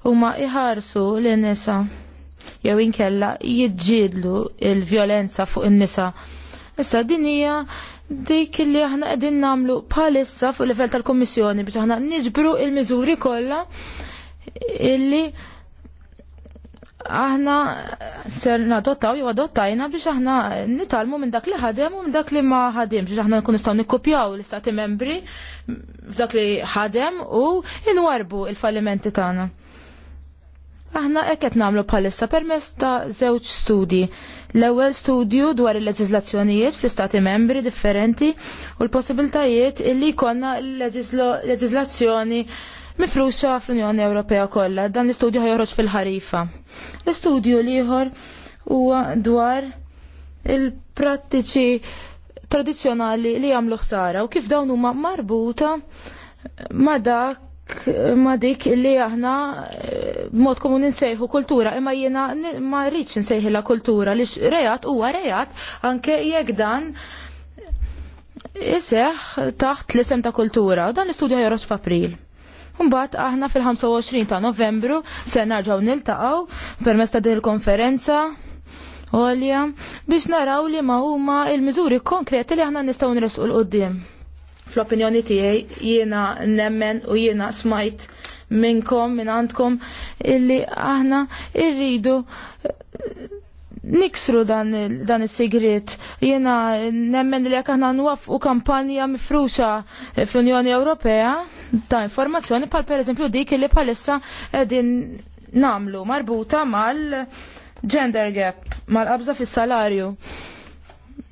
huma iħarsu lin-nisa jew inkella jiġġiedlu il-vjolenza fuq in-nisa. Issa din hija dik li aħna qegħdin nagħmlu bħalissa fuq livell tal-Kummissjoni biex aħna niġbru il-miżuri kollha illi aħna ser nadottaw jew adottajna biex aħna nitalmu minn dak li ħadem u minn dak li ma ħadem biex aħna nkun nistgħu nikkupjaw l-istati membri f'dak li ħadem u inwarbu il-fallimenti tagħna. Aħna hekk qed nagħmlu bħalissa permezz ta' żewġ studji. L-ewwel studju dwar il leġislazzjonijiet fl-istati membri differenti u l-possibiltajiet illi jkollna l leġislazzjoni mifruxa fl-Unjoni Ewropea kollha. Dan l-istudju ħajħroġ fil-ħarifa. L-istudju ieħor huwa dwar il-prattiċi tradizzjonali li jagħmlu ħsara u kif dawn huma marbuta ma dak ma dik li aħna eh, mod komun nsejħu kultura imma jiena ma rridx nsejħilha kultura li rejat huwa rejat anke jekk dan iseħ taħt l-isem ta' kultura u dan l-istudju ħajros f'April. Mbagħad aħna fil-25 ta' Novembru se narġgħu niltaqgħu permezz ta' din il-konferenza għolja biex naraw li ma huma il-miżuri konkreti li aħna nistgħu nresqu l-qudiem. Fl-opinjoni tiegħi jiena nemmen u jiena smajt minnkom minn għandkom illi aħna irridu eh, niksru dan, dan is-sigriet. Jiena nemmen li jekk aħna u kampanja mifruxa eh, fl-Unjoni Ewropea ta' informazzjoni bħal pereżempju dik li bħalissa qegħdin namlu marbuta mal gender gap, mal-qabża fis-salarju.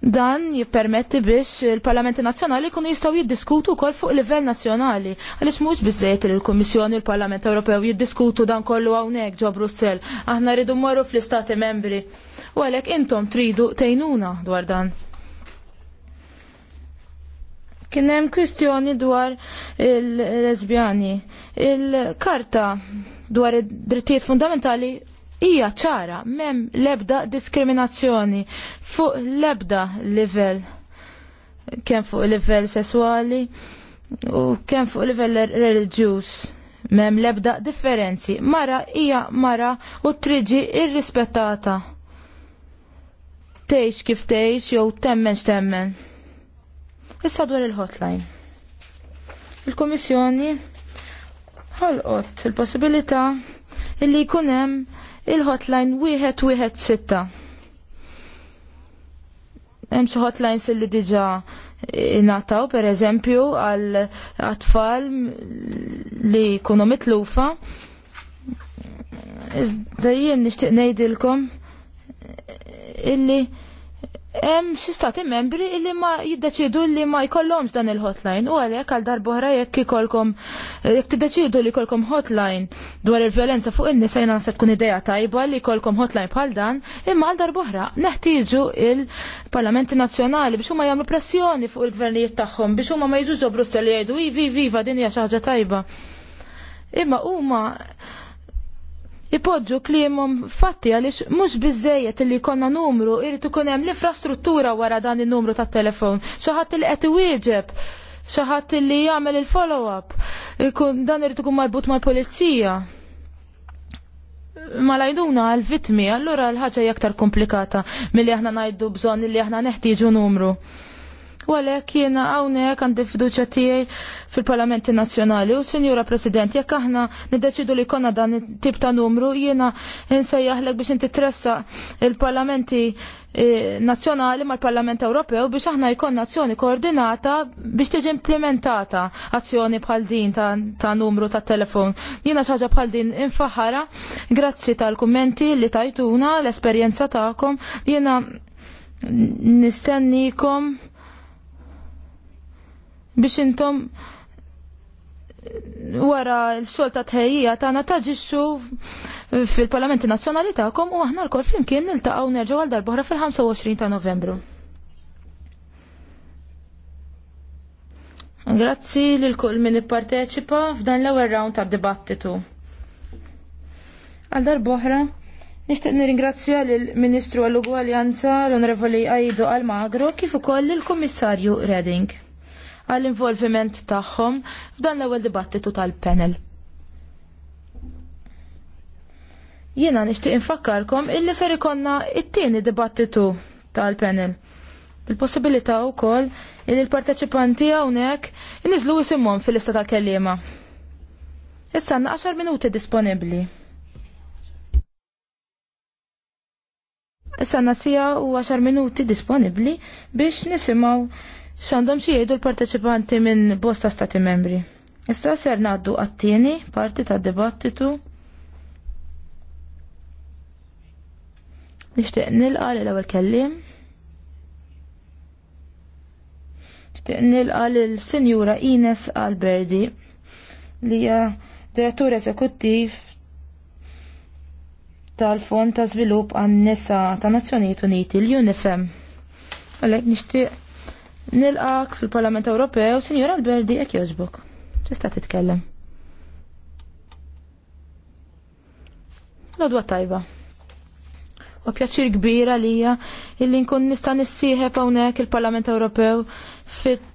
Dan jippermetti biex il-Parlamenti Nazzjonali kunu jistaw jiddiskutu kol fuq livell nazzjonali. Għalix mux bizzejt il komissjoni il-Parlament Ewropew jiddiskutu dan kollu għawnek ġo Brussel. Aħna rridu morru fl-Istati membri. U għalek intom tridu tejnuna dwar dan. Kienem kwistjoni dwar il-lesbjani. Il-karta dwar id-drittijiet fundamentali hija ċara mem lebda ebda diskriminazzjoni fuq l-ebda livell kemm fuq livell sesswali u kemm fuq livell reliġjuż m'hemm l-ebda differenzi. Mara hija mara u triġi irrispettata. Tejx kif tgħix jew temmen temmen. Issa dwar il-hotline. Il-Komissjoni ħolqot il-possibilità illi jkun hemm il-hotline wieħed wieħed sitta. Hemm xi hotlines li diġà ingħataw pereżempju għal atfal li jkunu mitlufa. Iżda jien nixtieq ngħidilkom illi hemm xi stati membri li ma jiddeċidu li ma jkollhomx dan il-hotline u għalhekk għal darb'oħra jekk ikolkom jekk tiddeċidu li jkollkom hotline dwar il-vjolenza fuq in-nisa jiena se tkun idea tajba li jkollkom hotline bħal dan, imma għal darb'oħra neħtieġu il-Parlamenti Nazzjonali biex huma jagħmlu pressjoni fuq il-gvernijiet tagħhom biex huma ma jiġux ġobru li jgħidu ivi viva din hija xi ħaġa tajba. Imma huma ipoġġu kliemhom fatti għaliex mhux bizzejet li jkollna numru irid ikun hemm l-infrastruttura wara dan in-numru tat-telefon. Xi ħadd li qed iwieġeb, xi li jagħmel il-follow-up. Dan irid ikun marbut mal-pulizija. Ma lajduna għal-vitmi, allura l-ħaġa hija aktar komplikata milli aħna ngħidu bżonn li aħna neħtieġu numru. U għalhekk jiena hawnhekk għandi fiduċja tiegħi fil-Parlamenti Nazzjonali u Sinjura President, jekk aħna niddeċidu li jkollna dan it-tip ta' numru, jiena insejjaħlek biex inti tressa il-Parlamenti eh, nazzjonali mal-Parlament Ewropew biex aħna jkollna azzjoni koordinata biex tiġi implementata azzjoni bħal din ta', ta numru ta' telefon. Jiena xaġa bħal din infaħara, grazzi tal-kummenti li tajtuna l-esperjenza tagħkom, jiena nistennikom biex intom wara l-xol ta' tħejjija tagħna ġissu fil-Parlamenti Nazzjonali tagħkom u aħna l-kol flimkien niltaqgħu nerġgħu għal darb'oħra fil-25 ta' Novembru. Grazzi lil kull min ipparteċipa f'dan l-ewwel round tad dibattitu. Għal darb'oħra, nixtieq nirringrazzja lill Ministru għall-Ugwaljanza l-Onorevoli Aido Almagro kif ukoll il-Kummissarju Reding għall-involviment tagħhom f'dan l-ewwel dibattitu tal-panel. Jiena nixtieq infakkarkom illi ser ikonna it-tieni dibattitu tal-panel. Il-possibilità wkoll li l-parteċipanti hawnhekk iniżlu isimhom fil-lista tal-kelliema. Issa 10 minuti disponibbli. Issa sija u 10 minuti disponibbli biex nisimgħu xandom xie jgħidu l-parteċipanti minn bosta stati membri. Issa ser naddu għattini parti ta' dibattitu nishtiq nilqa l ewwel kellim. Nishtiq nilqa l-Sinjura Ines Alberdi li hija direttur eżekuttiv tal-Fond ta' Zvilupp għan-Nisa ta' Nazzjonijiet Uniti l-UNIFEM. Għalhekk nixtieq Nilqak fil-Parlament Ewropew, sinjor Alberdi, ek joġbok. Tista' titkellem. Lodwa tajba. U pjaċir kbira lija illi nkun nista' nissieħeb hawnhekk il-Parlament Ewropew fit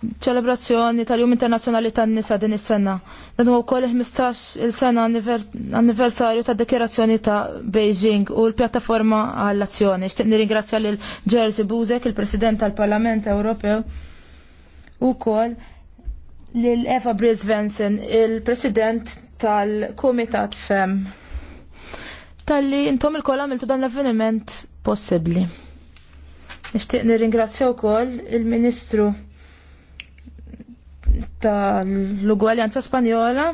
ċelebrazzjoni tal-Jum Internazzjonali tan-Nisa din is-sena. Dan huwa wkoll 15 il-sena anniversarju tad-Dikjerazzjoni ta' Beijing u l-pjattaforma għall-azzjoni. Xtieq nirringrazzja lil Jerzy Buzek, il-President tal-Parlament Ewropew, ukoll lil Eva Brisvensen, il-President tal-Kumitat FEM. Talli intom il-kol għamiltu dan l-avveniment possibbli. Nixtieq nirringrazzja wkoll il-Ministru tal-ugwaljanza Spanjola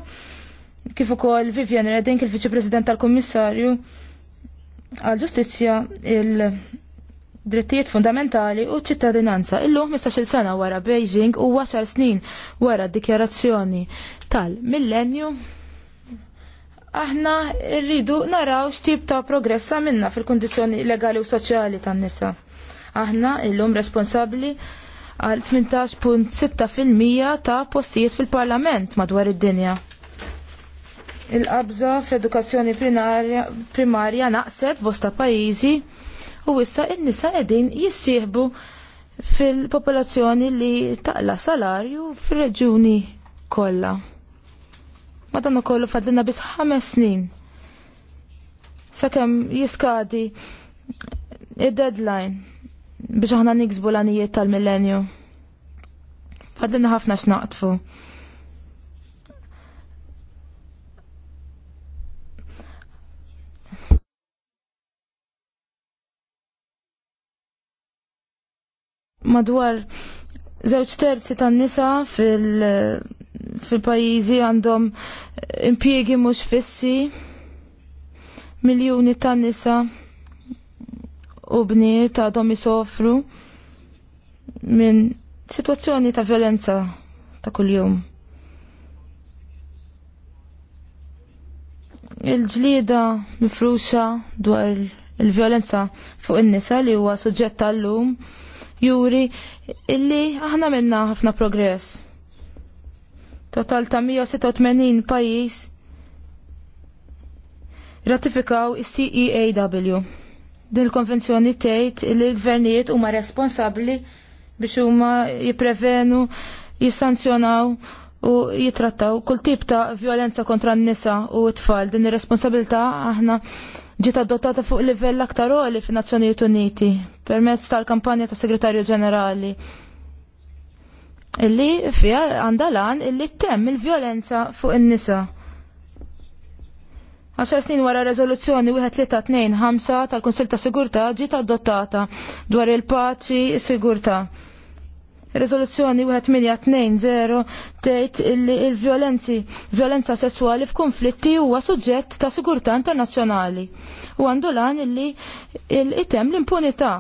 kif ukoll Vivian Redding, il-Viċi President tal-Kummissarju għal ġustizzja il-drittijiet fundamentali u ċittadinanza. Illum 15-il sena wara Beijing u 10 snin wara d dikjarazzjoni tal-millenju aħna rridu naraw x'tib ta' progressa minna fil kondizjoni legali u soċjali tan-nisa. Aħna illum responsabbli responsabli għal 18.6% ta' postijiet fil-parlament madwar id-dinja. Il-qabża fl-edukazzjoni primarja naqset bosta pajjiżi u issa n nisa qegħdin jissieħbu fil-popolazzjoni li taqla salarju fir-reġuni kollha. Madan ukoll fadlina biss ħames snin sakemm jiskadi id-deadline biex aħna niksbu l-anijiet tal-millenju. Fadlina ħafna x'naqtfu. Madwar żewġ terzi tan-nisa fil- pajjiżi pajizi għandhom impjiegi mhux fissi, miljuni tan-nisa u bniet għadhom sofru minn situazzjoni ta' violenza ta' kuljum. Il-ġlieda mifruxa dwar il-violenza fuq in-nisa li huwa suġġett tal-lum juri illi aħna minna ħafna progress. Total ta' 186 pajjiż ratifikaw is-CEAW. Din il-konvenzjoni tgħid li l-gvernijiet huma responsabbli biex huma jipprevenu, jissanzjonaw u jitrattaw kull tip ta' violenza kontra n-nisa u t-tfal. Din ir-responsabilità aħna ġiet adottata fuq livell aktar għoli fin nazzjonijiet Uniti permezz tal-kampanja tas Segretarju Ġenerali illi fija għandalan illi ttemm il-violenza fuq in-nisa. 10 snin wara rezoluzzjoni 1325 tal-Kunsil ta' Sigurtà ġiet adottata dwar il-paċi sigurtà. Rezoluzzjoni 1820 tgħid illi il vjolenzi violenza sessuali f'konflitti huwa suġġett ta' sigurtà internazzjonali u għandu lan illi il-item l-impunità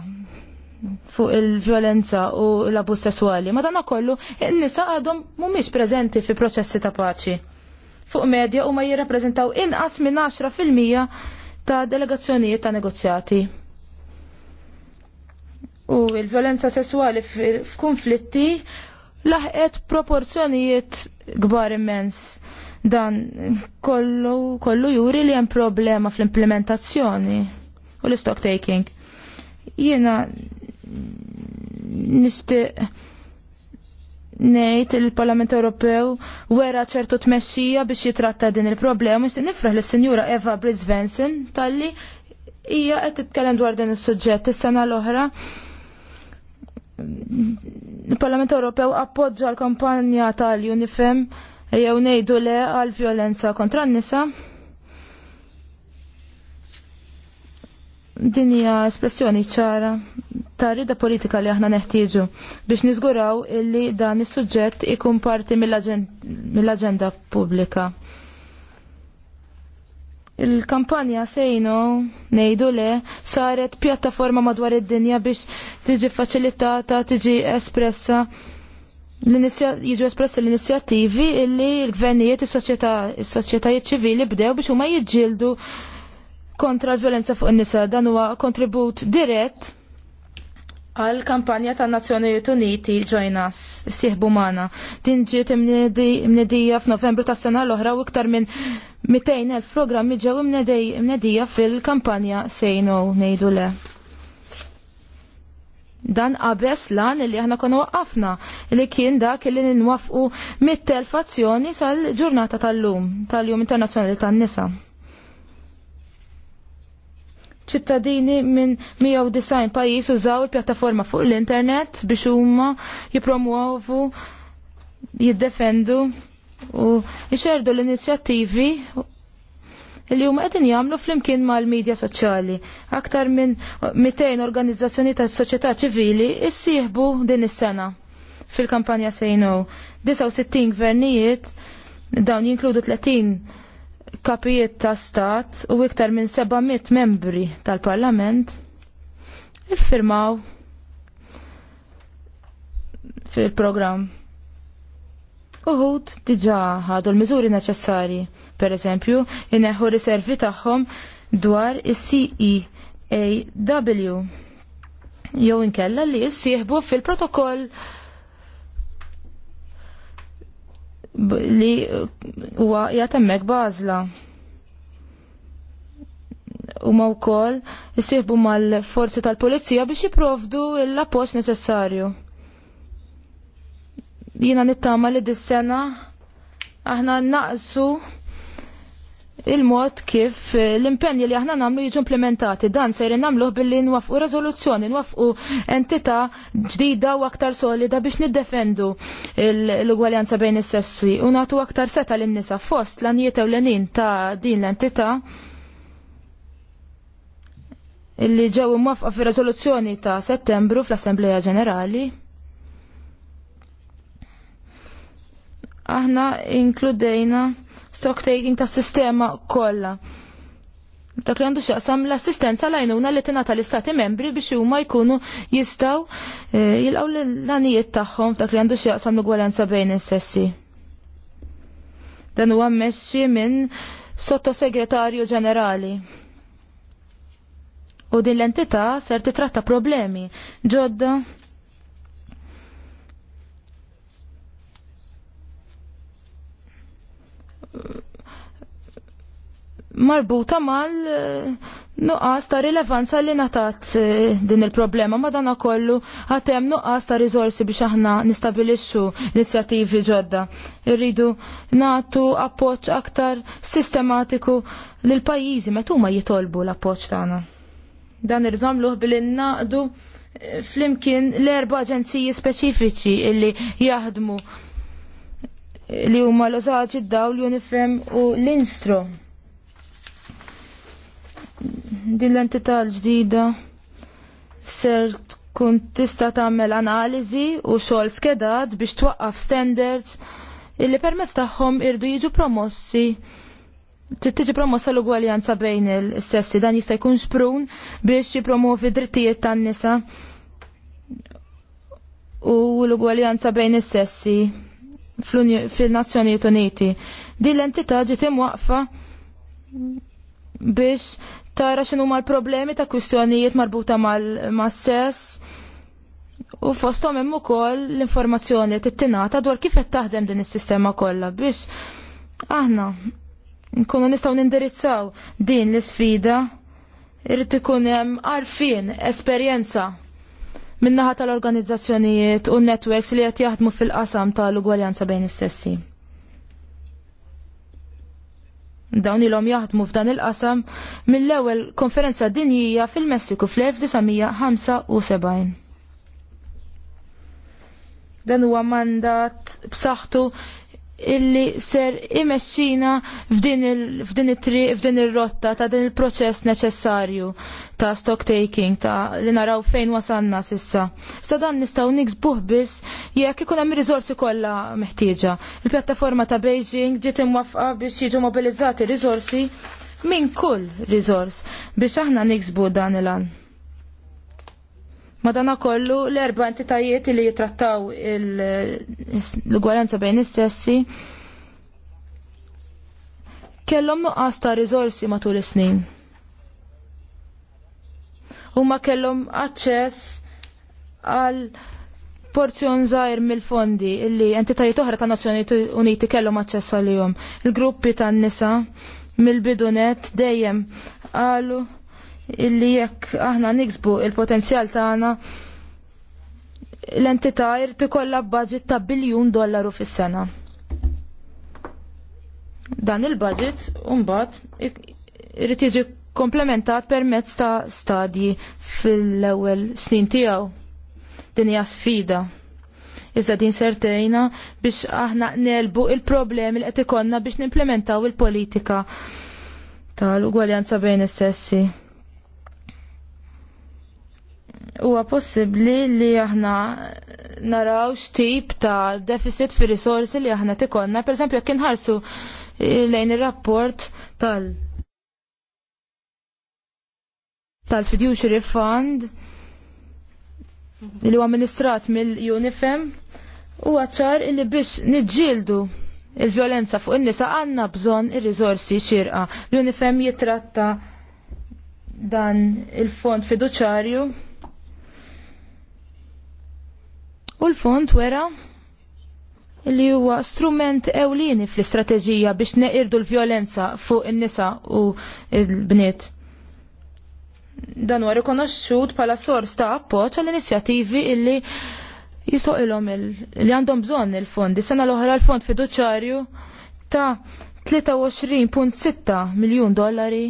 fuq il-violenza u l-abus sessuali. Ma kollu, n-nisa għadhom mhumiex preżenti fi proċessi ta' paċi fuq medja u ma jirrappreżentaw inqas minn 10% ta' delegazzjonijiet ta' negozjati. U il-violenza sessuali f'konflitti laħqet proporzjonijiet kbar immens dan kollu, kollu juri li hemm problema fl-implementazzjoni u l-stock taking. Jiena nistiq ngħid il-Parlament Ewropew wera ċertu tmexxija biex jitratta din il-problema nixtieq nifraħ lis-Sinjura Eva Brisvensen talli hija qed titkellem dwar din is-suġġett is-sena l-oħra il-Parlament Ewropew appoġġa l-kampanja tal-UNIFEM jew ngħidu le għal vjolenza kontra n-nisa din hija espressjoni ċara ta' rida politika li aħna neħtieġu biex niżguraw illi dan is-suġġett ikun parti mill-aġenda pubblika. Il-kampanja sejno nejdu le saret pjattaforma madwar id-dinja biex tiġi faċilitata, tiġi espressa jiġu espressi l-inizjattivi illi l-gvernijiet, is-soċjetajiet ċivili bdew biex huma jiġġieldu kontra l-violenza fuq in-nisa dan huwa kontribut dirett għal kampanja ta' Nazzjonijiet Uniti Join Us, sieħbu mana. Din ġiet imnedija f'Novembru ta' sena l-oħra u iktar minn 200.000 programmi ġew imnedija fil-kampanja Say No ngħidu le. Dan qabes lan li aħna konu waqqafna li kien dak li ninwafqu mit-telfazzjoni sal-ġurnata tal-lum, tal-Jum Internazzjonali tan-Nisa ċittadini minn 190 pajjiż użaw il-pjattaforma fuq l-internet biex huma jipromuovu, jiddefendu u jxerdu l-inizjattivi li huma qegħdin jagħmlu flimkien mal-medja soċjali. Aktar minn 200 organizzazzjoni ta' soċjetà ċivili issieħbu din is-sena fil-kampanja Say No. 69 gvernijiet dawn jinkludu 30 kapijiet ta' stat u iktar minn 700 membri tal-parlament iffirmaw fil-programm. Uħud diġa ħadu l-miżuri neċessari, per eżempju, jineħu riservi tagħhom dwar is-CEAW jew inkella li jissieħbu fil-protokoll li huwa qiegħed hemmhekk bażla. ma wkoll isieħbu mal-forzi tal-pulizija biex jipprovdu l-appoġġ neċessarju. Jiena nittama li dis-sena aħna naqsu il-mod kif eh, l-impenni li aħna namlu jiġu implementati. Dan se jri namluħ billi nwafqu rezoluzzjoni, nwafqu entità ġdida u aktar solida biex niddefendu l-ugwaljanza bejn is-sessi u natu aktar seta l-nisa fost l-anijiet u l-enin ta' din l-entità illi ġew imwafqa fi rezoluzzjoni ta' settembru fl-Assembleja Ġenerali. Aħna inkludejna stock ta' tas sistema kollha. Dak li għandu xaqsam l-assistenza lajnuna li tingħata l-istati membri biex huma jkunu jistgħu eh, jilqgħu l lanijiet tagħhom dak li għandu xaqsam l-gwalenza bejn is-sessi. Dan huwa mmexxi minn sottosegretarju ġenerali. U din l-entità ser titratta problemi ġodda marbuta mal eh, nuqqas ta' rilevanza li natat eh, din il-problema ma dan kollu għatem nuqqas ta' rizorsi biex aħna nistabilixxu inizjattivi ġodda. Irridu natu appoċ aktar sistematiku lil pajjiżi meta huma jitolbu l-appoċ tagħna. Dan irridu nagħmluh billi naqdu eh, flimkien l-erba' aġenziji speċifiċi illi jaħdmu li huma l-osaċi daw l-Unifem u l-Instro. Din l-entità l-ġdida ser tkun tista' tagħmel analiżi u xogħol skedat biex twaqqaf standards illi permezz tagħhom irdu jiġu promossi tiġi promossa l-ugwaljanza bejn il-sessi dan jista' jkun sprun biex jipromovi drittijiet tan-nisa u l-ugwaljanza bejn is-sessi fil-Nazzjonijiet Uniti. Din l-entità ġiet imwaqfa biex tara x'inhu l problemi ta' kwistjonijiet marbuta mal-sess u fosthom hemm ukoll l-informazzjoni li tittinata dwar kif qed taħdem din is-sistema kollha biex aħna nkunu nistgħu nindirizzaw din l-isfida irrid ikun hemm għarfien, esperjenza minnaħa tal-organizzazzjonijiet u networks li qed jaħdmu fil-qasam tal-ugwaljanza bejn is-sessi. Dawn ilhom jaħdmu f'dan il-qasam mill-ewwel konferenza dinjija fil-Messiku fl-1975. Dan huwa mandat b'saħħtu illi ser imexxina f'din it-triq, f'din ir-rotta ta' din il-proċess neċessarju ta' stock taking ta' li naraw fejn wasanna sissa. Sta' dan nistgħu niksbuh biss jekk ikun hemm rizorsi kollha meħtieġa. Il-pjattaforma ta' Beijing ġiet imwafqa biex jiġu mobilizzati rizorsi minn kull rizors biex aħna niksbu dan il-an. Madana kollu l-erba entitajiet li jitrattaw l-gwaranza bejn is-sessi kellhom nuqqas ta' riżorsi matul is-snin. Huma kellhom aċċess għal porzjon żgħir mill-fondi li entitajiet oħra ta' Nazzjonijiet Uniti kellhom aċċess għalihom. Il-gruppi tan-nisa mill-bidunet dejjem qalu illi jekk aħna niksbu il-potenzjal tagħna l-entità jrid ikollha budget ta' biljun dollaru fis-sena. Dan il-budget mbagħad irid jiġi komplementat permezz ta' stadji fil-ewwel snin tiegħu. Din hija sfida. Iżda din sertejna biex aħna nelbu il-problemi li qed ikollna biex nimplementaw il-politika tal-ugwaljanza bejn is-sessi huwa possibbli li aħna naraw x'tip ta' deficit fi risorsi li aħna tikonna. Per jekk inħarsu eh, lejn ir-rapport tal- tal-fiduciary fund li huwa amministrat mill-UNIFEM u għacċar li biex niġġieldu il-violenza fuq in-nisa għandna bżonn ir-riżorsi xirqa. L-UNIFEM jitratta dan il-fond fiduċarju U l-fond wera li huwa strument ewlieni fl-istrateġija biex neqirdu l-vjolenza fuq in-nisa u l-bniet. Dan huwa rikonoxxut bħala sors ta' appoġġ għall inizjattivi illi jisoqilhom li għandhom bżonn il-fondi. Sena l-oħra l-fond fiduċarju ta' 23.6 miljun dollari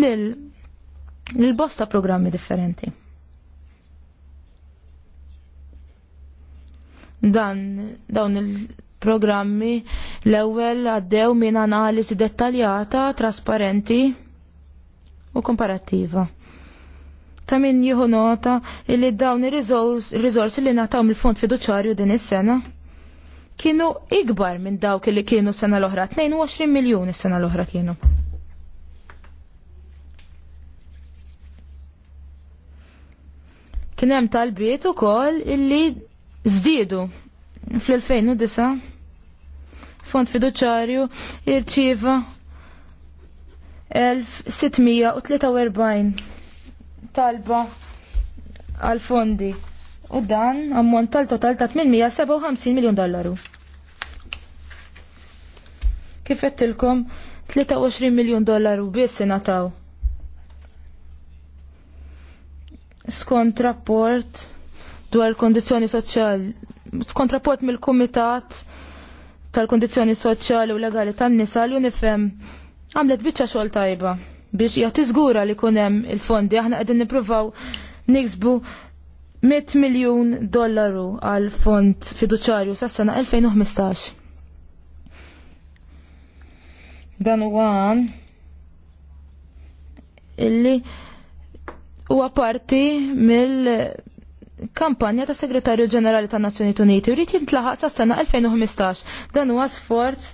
lil l-bosta programmi differenti. Dan dawn il-programmi l-ewwel għaddew minn analisi dettaljata, trasparenti u komparattiva ta' min jieħu nota illi dawn ir-riżorsi li nataw mill-fond fiduċarju din is-sena kienu ikbar minn dawk li kienu sena l-oħra, 22 miljuni sena l-oħra kienu. Kien hemm talbiet ukoll illi żdiedu fl-2009 fond fiduċarju irċieva 1643 talba għal fondi u dan ammont tal-total ta' 857 miljon dollaru. Kif qedtilkom 23 miljon dollaru biss ingħataw. Skont rapport dwar kondizjoni soċjali kontrapport mill-kumitat tal-kondizjoni soċjali u legali tan-nisa li nifhem għamlet biċċa xogħol tajba biex jagħti żgura li jkun hemm il-fondi aħna qegħdin nippruvaw niksbu 100 miljun dollaru għal fond fiduċarju sas-sena 2015. Dan huwa illi huwa parti mill kampanja ta' Segretarju Ġenerali ta' Nazzjoni Uniti jrid jintlaħaq sa' sena 2015. Dan huwa sforz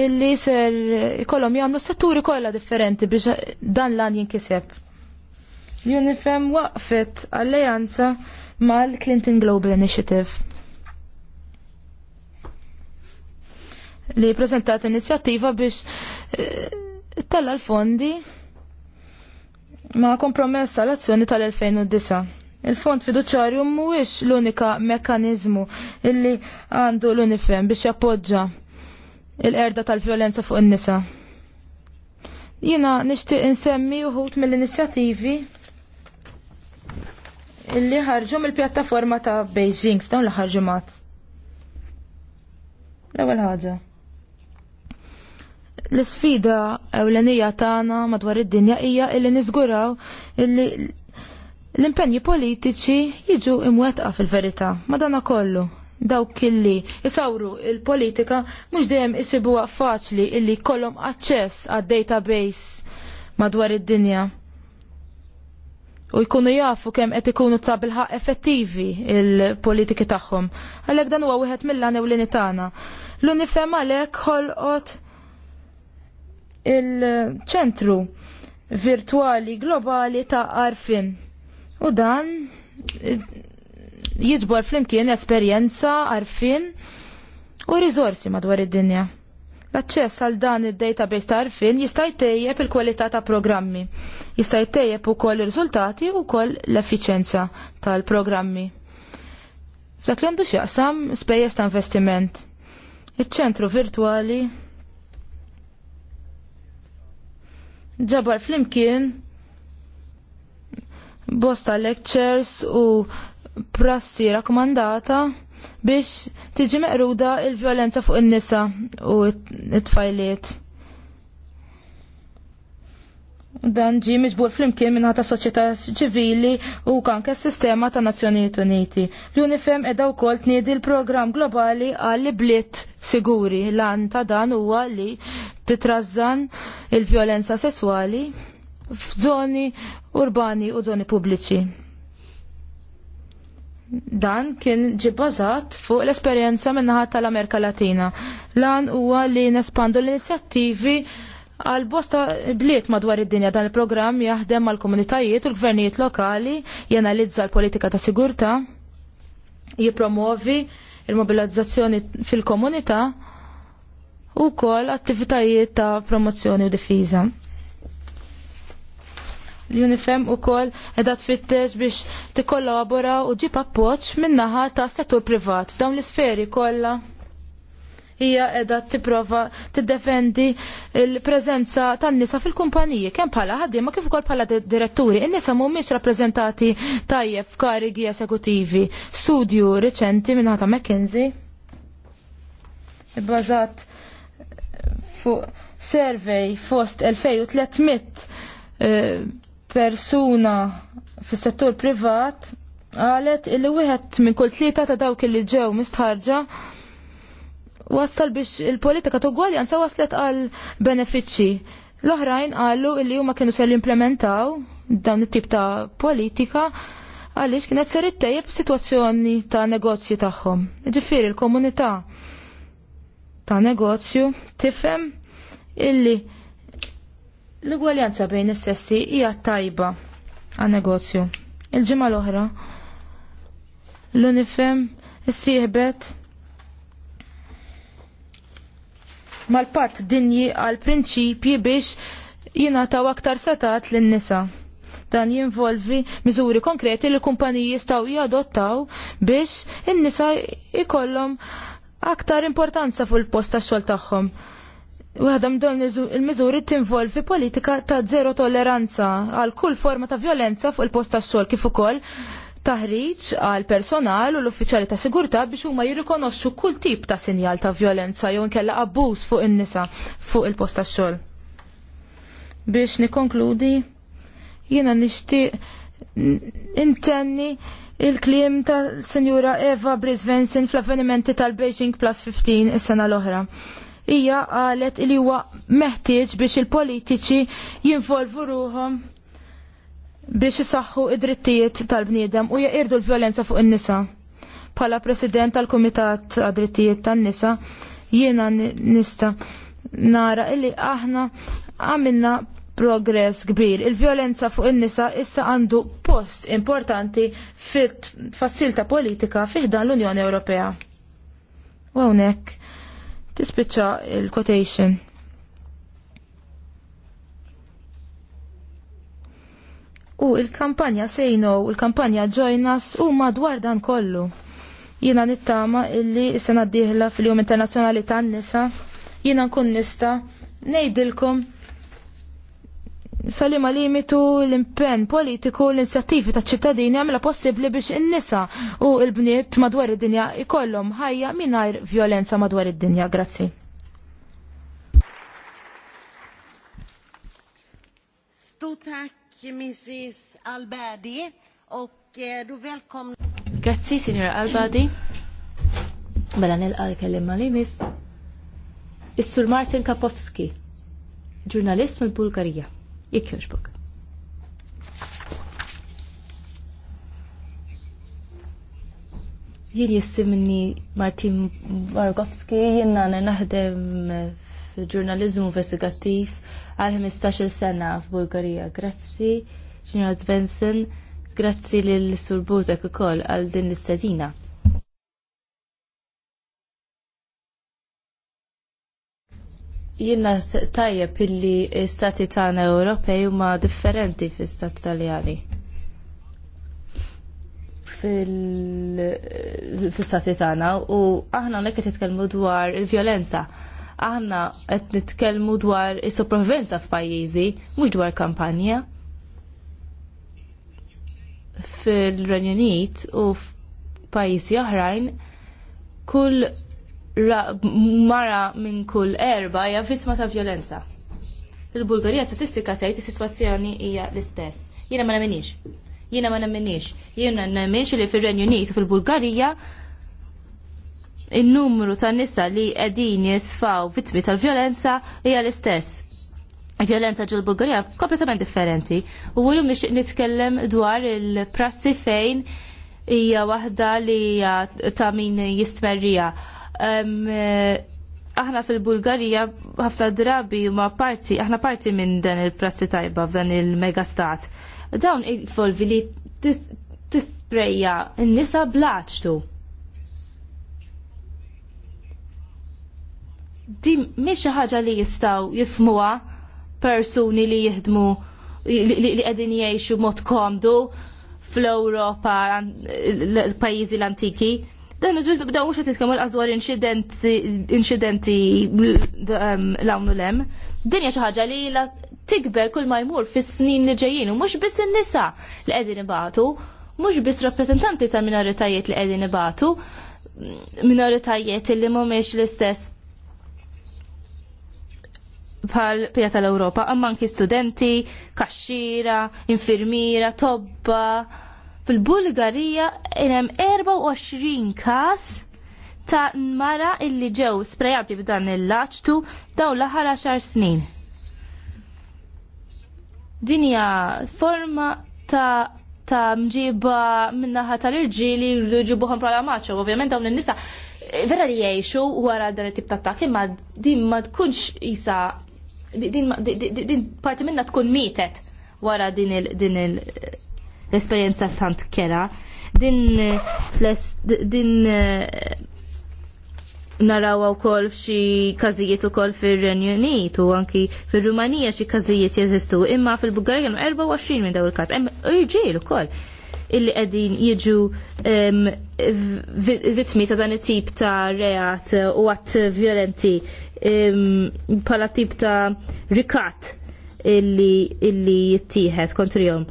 illi ser ikollhom jagħmlu setturi kollha differenti biex dan lan jinkiseb. UNIFEM waqfet alleanza mal-Clinton Global Initiative. li prezentat inizjattiva biex eh, tella l-fondi ma' kompromess tal azzjoni tal-2009. Il-fond fiduċarju mhuwiex l-unika mekkaniżmu illi għandu l-unifem biex jappoġġa il-erda tal-violenza fuq n nisa Jiena nixtieq insemmi uħut mill-inizjattivi illi ħarġu mill-pjattaforma ta' Beijing f'dawn l-aħħar ġimgħat. L-ewwel ħaġa. L-isfida ewlenija tagħna madwar id-dinja hija illi niżguraw illi l-impenji politiċi jiġu imwetqa fil-verità, madana kollu. Dawk illi isawru il-politika mhux dejjem isibuha faċli illi kollhom aċċess għad-database madwar id-dinja. U jkunu jafu kemm qed ikunu ta' effettivi il-politiki tagħhom. Għalhekk dan huwa wieħed mill-għanewlini tagħna. l unifem għalhekk ħolqot il-ċentru virtuali globali ta' arfin U dan jizbor flimkien esperjenza, arfin u rizorsi madwar id-dinja. L-aċċess għal dan id-database ta' arfin jista' jtejjeb il-kwalità ta' programmi, jista' jtejjeb ukoll ir-riżultati u koll l efficienza tal-programmi. F'dak li għandu x'jaqsam spejjeż ta' investiment. Iċ-ċentru virtuali ġabar flimkien bosta lectures u prassi rakkomandata biex tiġi meqruda il-violenza fuq in-nisa u it-tfajliet. Dan ġi miġbur fl-imkien minna ta' soċjetà ċivili u kanke s-sistema ta' Nazzjonijiet Uniti. L-UNIFEM edha u kolt nidi l-program globali għalli blitt siguri. Lan ta' dan huwa li titrażżan il-violenza sessuali f'żoni urbani u żoni pubbliċi. Dan kien ġibbażat fuq l-esperjenza minnaħat tal-Amerika Latina. Lan huwa li nespandu l-inizjattivi għal bosta bliet madwar id-dinja dan il-programm jaħdem mal komunitajiet u l-gvernijiet lokali janalizza l-politika ta' sigurta, jipromovi il-mobilizzazzjoni fil-komunità u kol attivitajiet ta' promozzjoni u difiża l-Unifem u kol edha tfittex biex t-kollabora u ġib appoċ minnaħa ta' settur privat f'dawn l-sferi kolla. Hija edha tipprova tiddefendi il-preżenza tan-nisa fil-kumpaniji kemm bħala ħaddiema kif ukoll bħala diretturi. In-nisa mhumiex rappreżentati tajjeb f'karigi eżekutivi. Studju riċenti minnaħa ta' McKinsey bbażat fuq survey fost 2300 persuna fis-settur privat qalet illi wieħed minn kull tlieta ta' dawk li ġew mistħarġa wassal biex il-politika ta' ugwaljanza waslet għal benefiċċji. L-oħrajn qalu illi huma kienu ser jimplementaw dawn it-tip ta' politika għaliex kienet ser ittejjeb situazzjoni ta' negozji tagħhom. Ġifieri l-komunità ta' negozju tifhem illi L-ugwaljanza bejn is-sessi hija tajba għan negozju. Il-ġimgħa l-oħra l-unifem issieħbet mal-patt dinji għal prinċipji biex jingħataw aktar setat lin-nisa. Dan jinvolvi miżuri konkreti li kumpaniji jistgħu jadottaw biex in-nisa ikollhom aktar importanza fuq il-post tax-xogħol tagħhom. Waħda dawn il-miżuri tinvolvi politika ta' zero tolleranza għal kull forma ta' violenza fuq il-post tas-sol kif ukoll taħriġ għal personal u l-uffiċjali ta' sigurtà biex huma jirrikonoxxu kull tip ta' sinjal ta' violenza jew inkella abbuż fuq in-nisa fuq il-post tax-xogħol. Biex nikkonkludi, jiena nixtieq intenni il-klim ta' Sinjura Eva Brisvensin fl-avvenimenti tal-Beijing Plus 15 is-sena l-oħra hija qalet li huwa meħtieġ biex il-politiċi jinvolvu ruhom biex isaħħu id-drittijiet tal-bniedem u jaqirdu l-violenza fuq in-nisa. Bħala President tal-Kumitat għad-Drittijiet tan-Nisa jiena nista nara illi aħna għamilna progress kbir. Il-violenza fuq in-nisa issa għandu post importanti fil-fassilta politika fiħdan l-Unjoni Ewropea. U hawnhekk tispiċċa il-quotation. U il-kampanja sejno u il-kampanja Join Us u madwar dan kollu. Jiena nittama illi s-sena diħla fil-Jum Internazjonali tan-Nisa jiena nkun nista' ngħidilkom salima limitu l-impenn politiku l-inizjattivi ta' ċittadini għamla possibli biex in-nisa u l-bniet madwar id-dinja ikollhom ħajja mingħajr violenza madwar id-dinja. Grazzi. Stort tack Mrs och eh, du Grazzi, signora Albadi. Mela nil kellimma li miss. Issur Martin Kapowski, ġurnalist mill-Bulgarija. Jekk jogħġbok. Jien jissimni Martin jien għana naħdem f'ġurnaliżmu investigattiv għal 15 sena f'Bulgarija. Grazzi, Ġinjor Svensson, grazzi lill surbużek ukoll għal din l-istadina. jina tajjeb illi stati tagħna Ewropej huma differenti fl-istat Taljani. Fil-istati tagħna u aħna hawnhekk qed dwar il-vjolenza. Aħna qed nitkellmu dwar is-sopravivenza f'pajjiżi, mhux dwar kampanja. Fil-Renju Unit u f'pajjiżi oħrajn kull mara minn kull erba hija vittma ta' violenza. Fil-Bulgarija statistika tgħid is-sitwazzjoni hija l-istess. Jiena ma nemminix. Jiena ma nemminix. Jiena nemminx li fir-Renju Unit u fil-Bulgarija in-numru ta' nisa li qegħdin jisfaw vittmi tal-violenza hija l-istess. Violenza ġil Bulgarija kompletament differenti. U għulum nitkellem dwar il-prassi fejn hija waħda li ta' min jistmerrija Eh, aħna fil-Bulgarija ħafna drabi ma parti, aħna parti minn dan il-prassi tajba f'dan il-megastat. Dawn il-folvi li tisprejja n-nisa blaċtu. Di miex ħaġa li jistaw jifmuha persuni li jihdmu li qegħdin jgħixu mod komdu fl-Ewropa l-pajjiżi l-antiki. Dan iż-żwieġ bdew mhux qed l-qaswar inċidenti ehm, l-għamlu lem. Dinja xi ħaġa li la tikber kull ma jmur fis-snin li ġejjin u mhux biss in-nisa li qegħdin ibatu, mhux biss rappreżentanti ta' minoritajiet li qegħdin ibatu, minoritajiet li mhumiex l-istess bħal pija tal-Ewropa, imma anki studenti, kaxxira, infirmiera, tobba, Fil-Bulgarija hemm 24 każ ta' mara illi ġew sprejati b'dan il-laċtu daw l-aħħar xar snin. Dinja forma ta' ta' mġiba minnaħa tal-irġili li ġibuħom bħala maċċa, ovvjament dawn il nisa eh, vera li jgħixu wara dan it-tip ta' ta' imma din ma tkunx isa din parti minna tkun mietet wara din il- l-esperjenza tant kera. Din din u eh, wkoll f'xi każijiet ukoll fir-Renju Unit u anki fir-Rumanija xi każijiet jeżistu, imma fil-Bulgarija hemm 24 minn dawn il-każ, hemm u kol illi qegħdin jiġu vittmi ta' dan it-tip ta' reat u għat violenti bħala tip ta' rikat illi jittieħed kontrihom.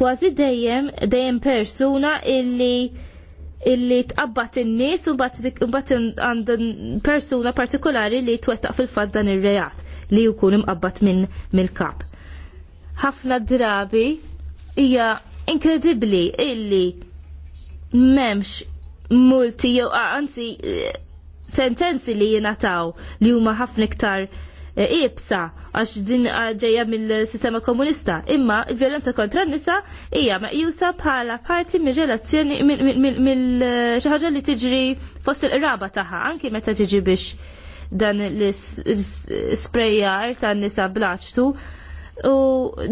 kważi dejjem dejjem persuna illi illi tqabbat in-nies u mbagħad għand persuna partikolari li twettaq fil-fatt dan ir-reat li jkun imqabbat minn mill-kap. Ħafna drabi hija inkredibbli illi m'hemmx multi jew anzi eh, sentenzi li jingħataw li huma ħafna iktar E, ibsa għax din ġejja mill-sistema komunista. Imma il-violenza kontra n-nisa hija meqjusa bħala parti mir relazzjoni mill xi ħaġa li tiġri fost il-qraba tagħha anki meta tiġi biex dan l-sprejjar tan-nisa blaċtu. U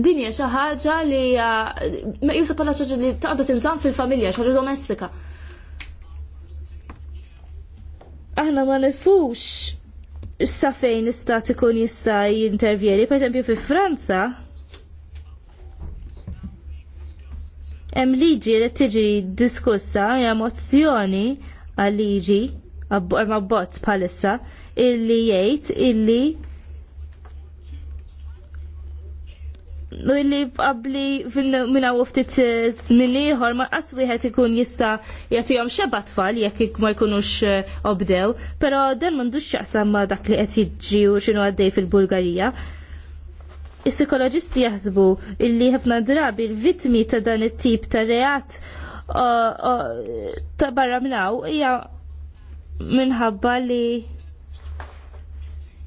din hija xi ħaġa li hija meqjusa bħala xi ħaġa li taqda tinżamm fil-familja, xi ħaġa domestika. Aħna ma nifux sa fejn l-istat ikun jista' jintervjeni. Per eżempju fi Franza hemm liġi li tiġi diskussa hija mozzjoni għal liġi abbozz bħalissa illi jgħid illi li qabli minna u ftit eh, minn ieħor ma qaswi wieħed ikun jista' jagħtihom xeba tfal jekk ma jkunux eh, obdew, però dan m'għandux x'jaqsam ma' dak li qed jiġri u x'inhu għaddej fil-Bulgarija. is psikologisti jahzbu illi ħafna drabi l-vittmi ta' dan it-tip ta' reat ta' barra minnaw hija minħabba li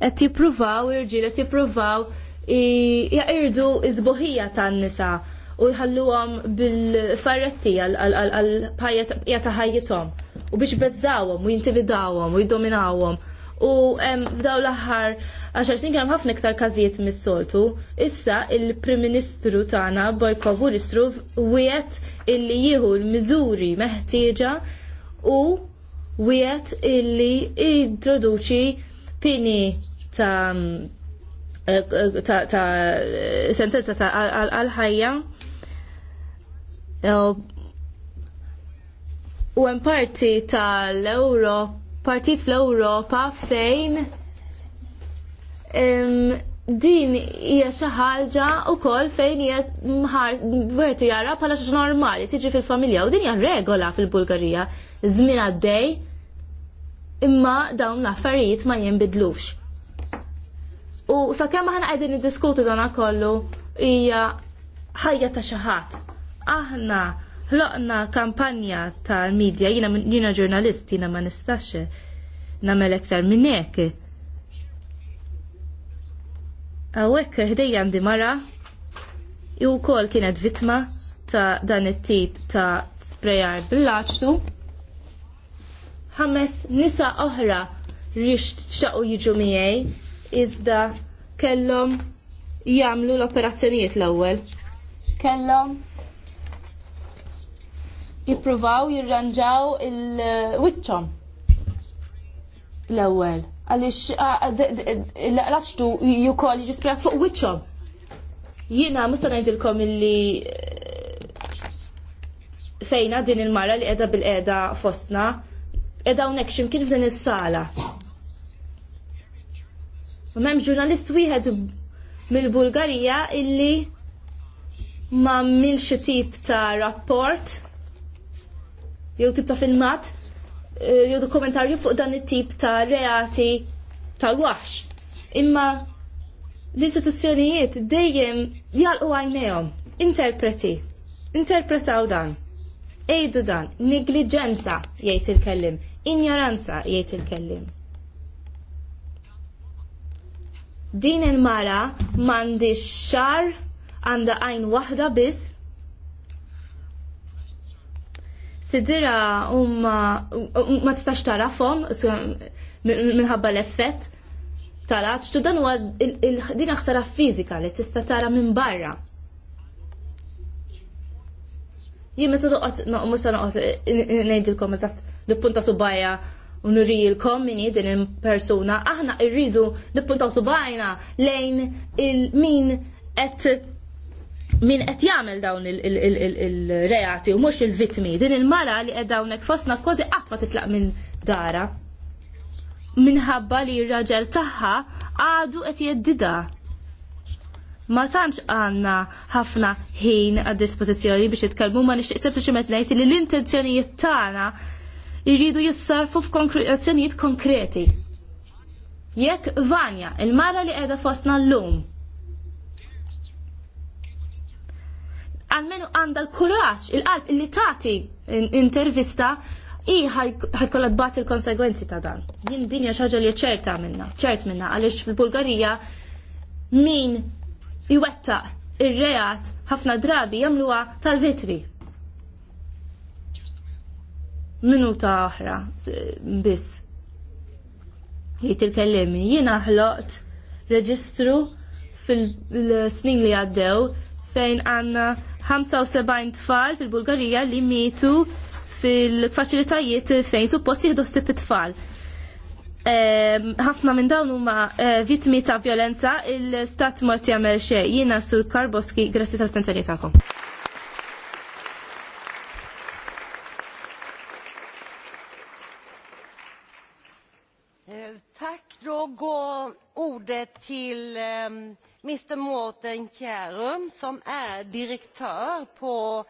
qed jippruvaw irġiel qed jippruvaw jaqirdu izbuħija tan-nisa u jħalluhom bil-farretti għal-pajja ta' ħajjithom u biex bezzawom u jintividawom u jdominawom U f'daw l-aħħar għaxar snin kien ħafna iktar każijiet mis-soltu, issa il-Prim Ministru tagħna Bojko Buristru wiet illi jieħu l-miżuri meħtieġa u wiet illi jidroduċi pini ta' Eh, ta' eh, sentenza ta' għal-ħajja eh, u hemm parti tal-Euro partit fl-Ewropa fejn din hija xi ħaġa wkoll fejn hija wieħed jara bħala xi normali tiġi fil-familja u din hija regola fil-Bulgarija żmien għaddej imma dawn l-affarijiet ma jinbidlux. U sakemm aħna qegħdin niddiskutu dan kollu hija ħajja ta' xi ħadd. Aħna ħloqna kampanja tal-medja, jina, jina ġurnalist, jina ma nistax namel ektar minn hekk. Hawnhekk ħdejja għandi mara, u wkoll kienet vittma ta' dan it-tip ta' sprejar bil-laċtu. Ħames nisa oħra rixt xtaqu jiġu miegħi iżda kellhom jagħmlu l-operazzjonijiet l-ewwel. Kellhom jippruvaw jirranġaw il-witċom l-ewwel għaliex l-għaxtu jukoll jiġispra fuq witċom. Jiena musta ngħidilkom illi eh, fejna din il-mara li qiegħda bil-qiegħda fostna qiegħda hawnhekk x'imkien f'din is-sala. U ġurnalist wieħed mill-Bulgarija illi ma xi tip ta' rapport jew tip ta' filmat eh, jew dokumentarju fuq dan it-tip ta' reati tal-waħx. Imma l-istituzzjonijiet dejjem jalqu għajnejhom, interpreti, interpretaw dan, ejdu dan, negliġenza jgħid il-kellim, injoranza jgħid il-kellim. Din il-mara mandi xar għanda għajn wahda biss. Sidira umma ma tistax tarafhom minħabba l-effett tal tu dan huwa din ħsara fizika li tista' tara minn barra. Jien mesa noqgħod noqgħod ngħidilkom eżatt punta subajja u nurijilkom minni din il-persuna, aħna irridu nippuntaw subajna lejn il-min qed min qed jagħmel dawn il-reati u mhux il-vitmi. Din il-mala li qed hawnhekk fostna kważi qatt ma titlaq minn dara. Minħabba li r-raġel tagħha għadu qed jeddida ma tantx għanna ħafna ħin għad dispożizzjoni biex jitkellmu ma nixtieq sempliċement ngħid li l-intenzjonijiet tagħna jridu jissarfu f'azzjonijiet konkreti. Jekk Vanja, il-mara li qiegħda fostna llum. Għalmenu għandha l-kuraġġ, il-qalb li tagħti intervista i ħajkolla tbat il-konsegwenzi ta' dan. Jien dinja xaġa li ċerta minna, ċert minna, għaliex fil-Bulgarija min iwettaq ir-reat ħafna drabi jagħmluha tal-vitri minuta oħra biss. Jgħid il-kellim jiena ħloqt reġistru fil-snin li għaddew fejn għanna 75 tfal fil-Bulgarija li mietu fil-faċilitajiet fejn supposti jieħdu s it-tfal ehm, ħafna minn dawn huma eh, vittmi ta' violenza, il-stat ma jagħmel xejn. Jiena sur Karboski, grazzi tal-attenzjoni tagħkom. och gå ordet till um, ehm, Mr. Morten Kjærum som är direktör på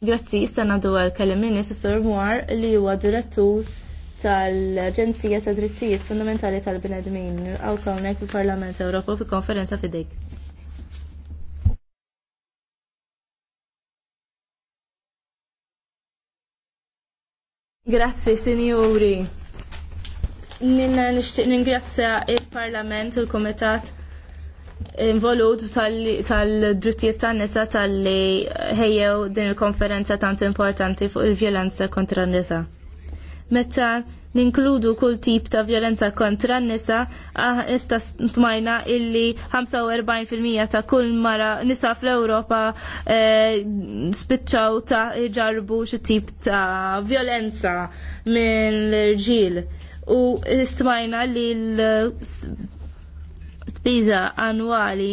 Grazie, sanna dwar kellimini s li huwa direttur tal-Aġenzija ta' Drittijiet Fundamentali tal-Bnedmin għaw kawnek fil-Parlament Ewropew fi konferenza fidejk. Grazie, signori. Nina nishtiq ningrazzja il-Parlament, il-Komitat involut tal-drittijiet tan nisa tal-li ħejjew din il-konferenza tant importanti fuq il-vjolenza kontra n-nisa. Meta ninkludu kull tip ta' vjolenza kontra n-nisa, ah, ista smajna illi 45% ta' kull mara nisa fl-Europa eh, spiċċaw ta' ġarbu xi tip ta' vjolenza minn l-irġiel u smajna li l-spiża annwali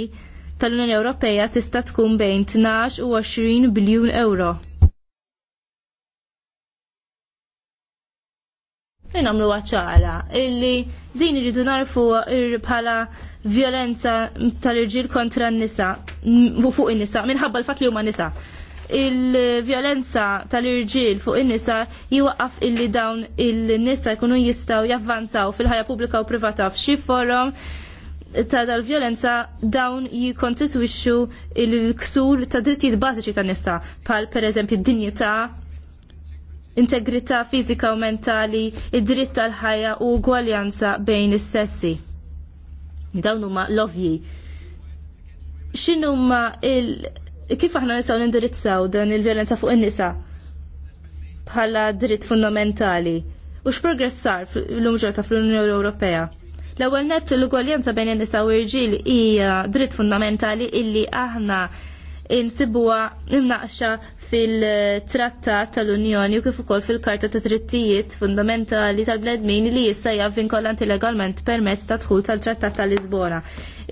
tal-Unjoni Ewropea tista' tkun bejn 12 u 20 biljun euro. għamlu għacħala, illi din irridu narfu bħala violenza tal-irġil kontra n-nisa, fuq n-nisa, minħabba l-fat li huma nisa il-violenza tal-irġiel fuq in-nisa jiwaqqaf illi dawn il-nisa jkunu jistgħu javvanzaw fil-ħajja pubblika u privata f'xi forum ta' dal-violenza dawn jikkonstitwixxu il-ksur ta' drittijiet bażiċi tan-nisa bħal pereżempju eżempju dinjità integrità fiżika u mentali, id-dritt tal-ħajja u gwaljanza bejn is-sessi. Dawn huma l-ovji. X'inhuma il- kif aħna nistgħu nindirizzaw dan il-vjolenza fuq in-nisa bħala dritt fundamentali u x'progress sar fl-lum fl-Unjoni Ewropea. L-ewwel nett l-ugwaljanza bejn in-nisa u r-irġiel hija dritt fundamentali illi aħna insibuha imnaqxa fil-trattat tal-Unjoni u kif ukoll fil-Karta ta' Drittijiet Fundamentali tal-Bledmin li jissa hija vinkolanti legalment permezz ta' dħul tal-Trattat tal-Lisbona.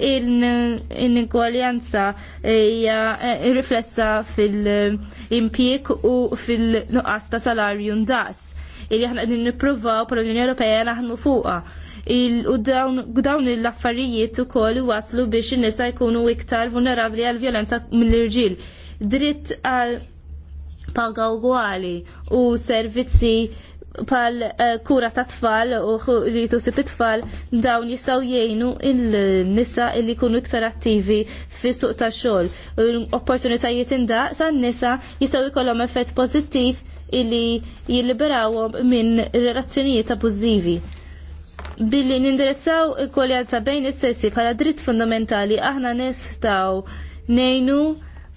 In-ingwaljanza hija eh, riflessa fil impjek u fil-nuqqas ta' salarju ndas illi aħna qegħdin nippruvaw pal-Unjoni Ewropea naħdmu fuqha u dawn l-affarijiet ukoll waslu biex in-nisa jkunu iktar vulnerabbli għal violenza mill-irġiel. Dritt għal paga għali u servizzi pal eh, kura ta' tfal u li tusib tfal dawn jistaw jgħinu il-nisa li kunu iktar attivi fi suq ta' xol. Opportunitajiet inda sa' nisa jistaw jkollhom effett pozittiv illi jilliberawhom minn relazzjonijiet abbużivi billi nindirizzaw il bejn is-sessi bħala dritt fundamentali aħna nistgħu nejnu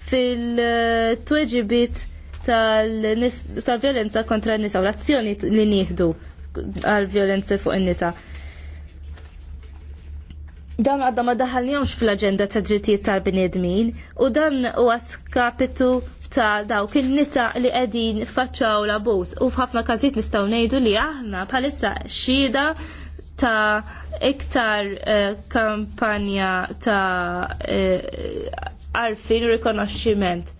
fil-tweġibit tal-violenza kontra n-nisa u l-azzjoni li nieħdu għal-violenza fuq n-nisa. Dan għadda ma daħalniomx fl-agenda ta' drittijiet tal-bnedmin u dan u għaskapitu ta' dawk il-nisa li qegħdin faċċaw l abuż u f'ħafna każijiet nistgħu ngħidu li aħna bħalissa xhieda ta' iktar eh, kampanja ta' għarfin eh, u rikonoxximent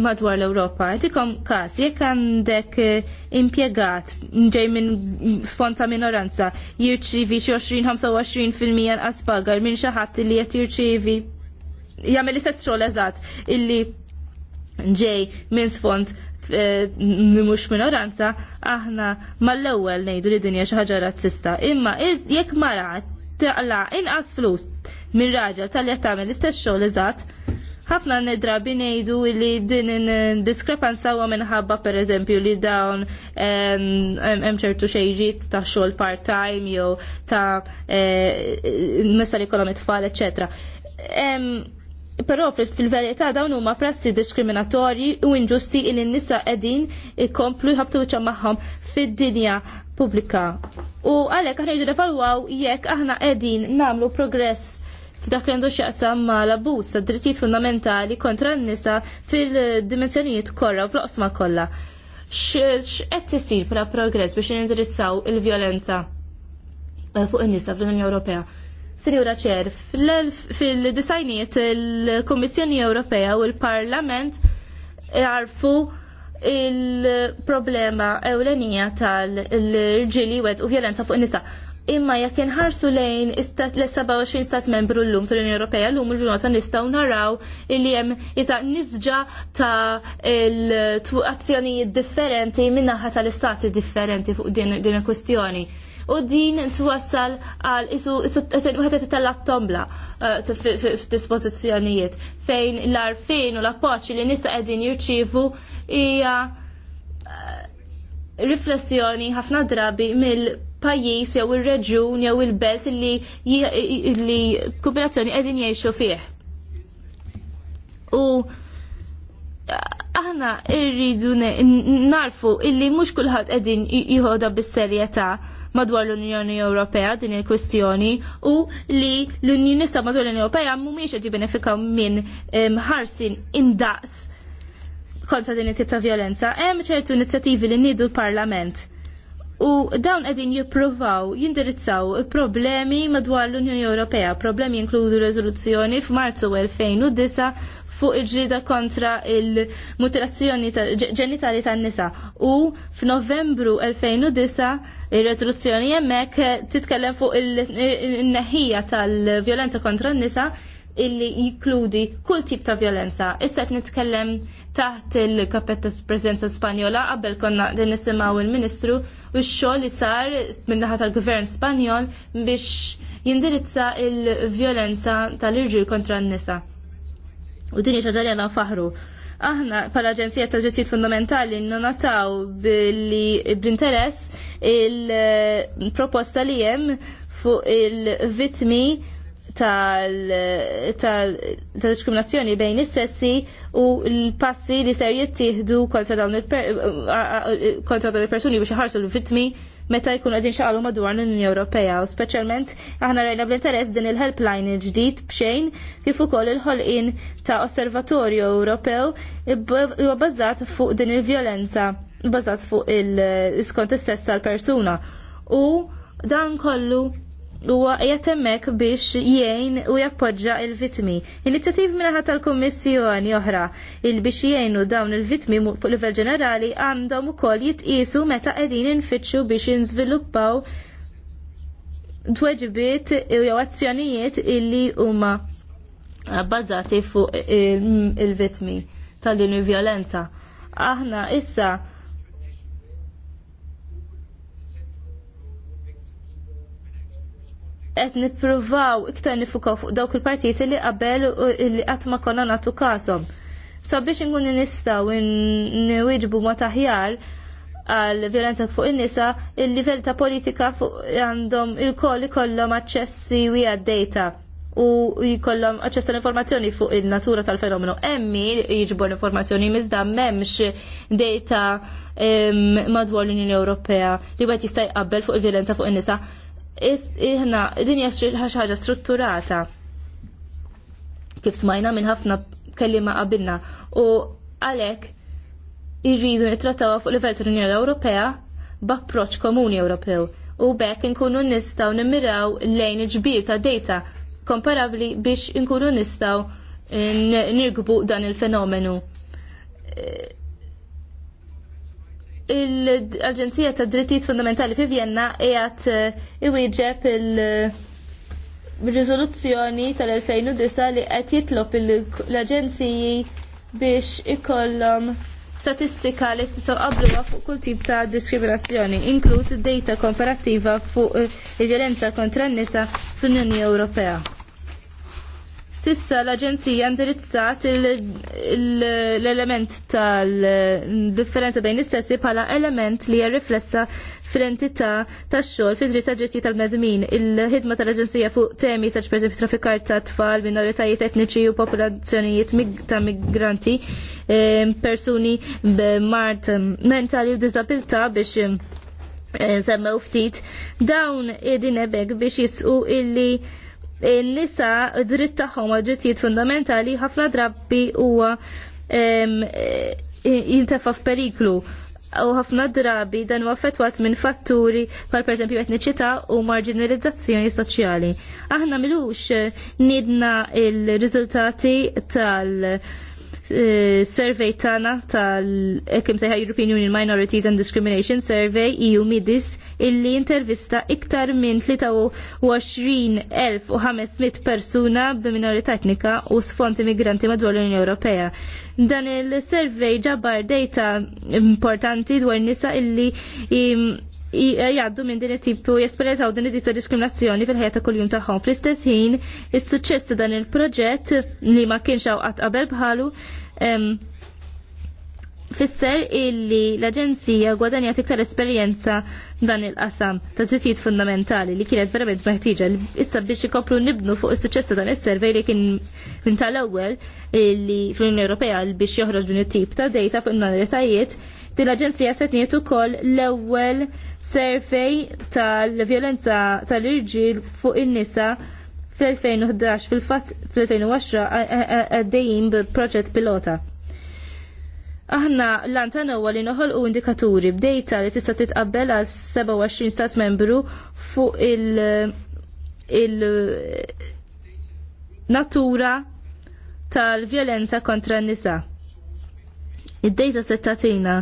madwar l-Europa. Għetikom kas, jek għandek eh, impiegat ġej minn sfond ta' minoranza jirċivi xi 20-25% nqas pagar minn xaħat ħadd li jett jirċivi jagħmel istess xogħol eżatt illi ġej minn sfond nimux minoranza aħna mal-ewwel ngħidu li dinja xi ħaġa razzista. Imma jekk mara taqla inqas flus minn raġel tal tagħmel l-istess xogħol eżatt, ħafna nidrabi ngħidu li din diskrepanza huwa minħabba pereżempju li dawn hemm ċertu xejġiet ta' xogħol part-time jew ta' eh, messa li kolom it-tfal, eċċetera Però fil-verità dawn huma prassi diskriminatorji u inġusti il nisa qegħdin ikomplu jħabtu wiċċa magħhom fid-dinja pubblika. U għalhekk aħna jridu nevalwaw jekk aħna qegħdin nagħmlu progress f'dak li għandu x'jaqsam ma l-abbuż ta' drittijiet fundamentali kontra n-nisa fil-dimensjonijiet korra u fl-oqsma kollha. X'qed isir bħala progress biex nindirizzaw il-vjolenza eh, fuq in-nisa fl-Unjoni Ewropea? Sinjura ċer, fil-disajniet il-Kommissjoni Ewropea u l-Parlament jarfu il-problema ewlenija tal-ġili wed u violenza fuq nisa. Imma jekk inħarsu lejn l-27 stat membru l-lum tal-Unjoni Ewropea l-lum il-ġurnata nistgħu naraw il-li hemm jisa nisġa ta' l azzjonijiet differenti minnaħa tal-istati differenti fuq din il-kwestjoni u din twassal għal isu wieħed titella tombla uh, f'dispożizzjonijiet fejn l-arfin u l appoċi li nisa qegħdin jirċievu hija uh, riflessjoni ħafna drabi mill pajjiż jew ir-reġjun jew il-belt li li kombinazzjoni qegħdin jgħixu fih. U aħna irridu narfu illi mhux kulħadd qegħdin jieħodha bis-serjetà madwar l-Unjoni Ewropea din il-kwistjoni u li l-Unjoni sa madwar l-Unjoni Ewropea mhumiex qed benefika minn ħarsin indaqs kontra din it-tip ta' violenza. Hemm ċertu inizjattivi li nidu l-Parlament. U dawn qegħdin jippruvaw jindirizzaw problemi madwar l-Unjoni Ewropea. Problemi jinkludu riżoluzzjoni f'Marzu 2009 fuq il-ġrida kontra il-mutilazzjoni ġenitali tan-nisa u f'Novembru 2009 ir retruzzjoni hemmhekk titkellem fuq il-neħija tal-vjolenza kontra n-nisa illi jikludi kull tip ta' violenza. Issa qed nitkellem taħt il-kapetta prezenza Spanjola qabel konna din nisimaw il-Ministru u x-xogħol li sar min-naħa tal-Gvern Spanjol biex jindirizza il-vjolenza tal-irġiel kontra n-nisa. U dini xaġa li għana faħru aħna pala ġenzija ta' ġettijiet fundamentali n nataw billi b'interess il-proposta li jem fuq il-vitmi tal-diskriminazzjoni bejn is-sessi u l-passi li ser jittieħdu kontra dawn il-persuni biex ħarsu l-vitmi meta jkunu għedin xaqalu madwar l-Unjoni Ewropea u speċjalment aħna rajna bl-interess din il-helpline il-ġdid bxejn kif ukoll il-ħolqien ta' Osservatorju Ewropew huwa bbażat fuq din il-vjolenza bbażat fuq il-skont istess tal-persuna u dan kollu huwa qiegħed hemmhekk biex jgħin u jappoġġa l-vittmi. Inizjattivi minnaħat tal-Kummissjoni oħra il biex jgħinu dawn il-vittmi fuq livell ġenerali għandhom ukoll jitqisu meta qegħdin infittxu biex jinżviluppaw tweġibiet jew azzjonijiet illi huma bbażati fuq il-vittmi tal din il-vjolenza. Aħna issa qed nippruvaw iktar nifukaw fuq dawk il-partijiet li qabel li qatt ma konna nagħtu każhom. Sabiex nkun nistgħu nwieġbu ma taħjar għal violenza fuq in-nisa, il-livell ta' politika fuq għandhom il-koll ikollhom aċċessi wi data u jkollhom aċċess l-informazzjoni fuq il-natura tal-fenomenu. Emmi jiġbor l-informazzjoni miżda m'hemmx data madwar l-Unjoni Ewropea li wieħed jista' jqabbel fuq il-violenza fuq in-nisa iħna dinja ħaxħaġa strutturata kif smajna minn ħafna kellima qabilna u għalek irridu nitrattawa fuq livell tal-Unjoni Ewropea b'approċċ komuni Ewropew u bekk inkunu nistgħu nimmiraw lejn il-ġbir ta' data komparabbli biex inkunu nistgħu nirgbu dan il-fenomenu l-Aġenzija ta' Drittijiet Fundamentali fi Vienna għat eh, iwieġeb il-riżoluzzjoni tal-2009 li qed jitlob l-aġenziji biex ikollhom statistika li tisqabluha fuq kull tip ta' diskriminazzjoni, inkluż id-data komparattiva fuq il-vjolenza kontra n-nisa fl-Unjoni Ewropea. Sissa l-Aġenzija indirizzat l-element tal-differenza bejn is-sessi bħala element li jirriflessa fl-entità tax-xogħol fi dritt ġitti tal-medmin. Il-ħidma tal-Aġenzija fuq temi saċ pereżempju trafikar ta' tfal, minoritajiet etniċi u popolazzjonijiet ta' migranti, ehm, persuni b'mart mentali u diżabilità biex eh, semmew ftit dawn id-dinebek biex jisqu illi l-lisa dritt tagħhom għal drittijiet fundamentali ħafna drabi huwa e, jintefa' f'periklu u ħafna drabi dan huwa affettwat minn fatturi bħal pereżempju etniċità u marginalizzazzjoni soċjali. Aħna milux nidna il-riżultati tal- Eh, survey tana tal-ekim eh, sejħa European Union Minorities and Discrimination Survey EU Midis illi intervista iktar minn 23.500 persuna b'minorità etnika u sfont immigranti madwar l-Unjoni Ewropea. Dan il-survey ġabar data importanti dwar nisa illi Eh, jgħaddu minn din it-tipu jesperjezaw din it-tipu diskriminazzjoni fil-ħajja ta' kuljum tagħhom. Fl-istess ħin, is-suċċess ta' dan il-proġett li ma kienx qatt qabel bħalu fisser illi l-Aġenzija gwadanjat iktar esperjenza dan il-qasam ta' drittijiet fundamentali li kienet verament meħtieġa issa biex ikoplu nibnu fuq is-suċċess ta' dan is-servej li kien minn tal-ewwel li fl-Unjoni Ewropea biex joħroġ din it-tip ta' data fuq il-minoritajiet Din l-Aġenzija se tniet ukoll l-ewwel survey tal-vjolenza tal-irġiel fuq in-nisa fl-2011 fil-fatt fl-2010 għaddejjin b'proġett pilota. Aħna l-antan huwa li noħolqu indikaturi b'dejta li tista' titqabbel għal 27 stat membru fuq il- il- natura tal-vjolenza kontra n-nisa. Id-data se tagħtina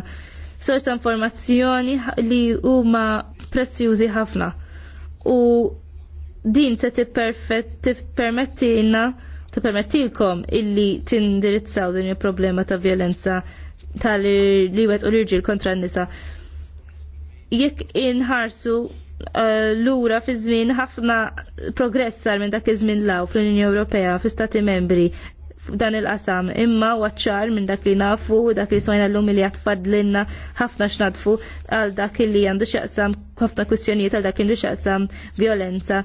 sors ta' informazzjoni li huma prezzjużi ħafna. U din se tippermettilna tippermettilkom illi tindirizzaw din il-problema ta' violenza tal-liwet u l-irġil kontra n-nisa. Jekk inħarsu eh, lura fi żmien ħafna progress sar minn dak iż-żmien law fl-Unjoni Ewropea fi stati membri Dan il-qasam imma waċċar minn dak li nafu u dak li smajna l-lum li għatfadlinna ħafna xnadfu għal dak li għandu xaqsam ħafna kwistjonijiet għal dak li xaqsam violenza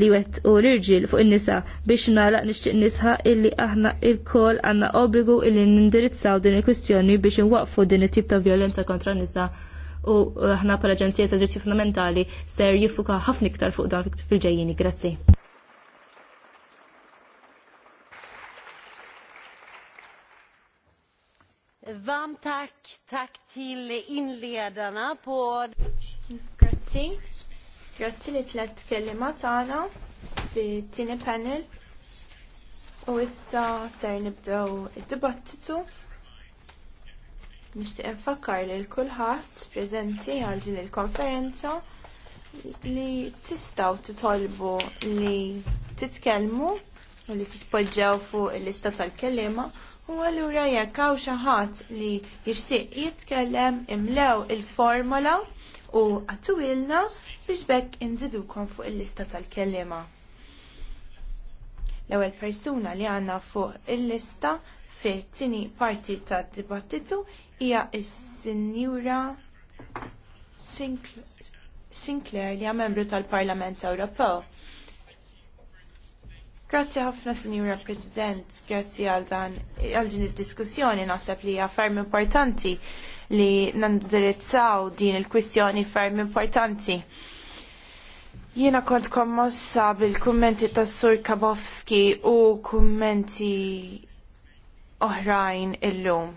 li wet u l-irġil fuq in-nisa biex nalaq nishtiq nisħa illi aħna il-kol għandna obbligu illi nindirizzaw din il-kwistjoni biex inwaqfu din it-tip ta' violenza kontra nisa u aħna pal ġenzijiet ta' Diritti Fundamentali ser jiffuka ħafna iktar fuq dan fil-ġejjini. Grazzi. Varmt tack. Tack till inledarna på... Grazzi. Grazzi li tlet kellima tagħna fi tieni panel. U issa ser nibdew id-dibattitu. Nixtieq infakkar lil kulħadd preżenti għal din il-konferenza li tistgħu titolbu li titkellmu u li titpoġġew fuq il-lista tal-kelliema U allura jekk hawn xi ħadd li jixtieq jitkellem imlew il-formola u għattuilna biex bekk inżidukom fuq il-lista tal-kellima. L-ewwel persuna li għandna fuq il-lista fit-tieni parti tad-dibattitu hija s-Sinjura Sinclair li hija membru tal-Parlament Ewropew. Grazzi ħafna, Signora President, grazie għal dan għal din id-diskussjoni naħseb li hija importanti li nandirizzaw din il-kwistjoni ferm importanti. Jiena kont kommossa bil-kummenti tas Sur Kabowski u kummenti oħrajn illum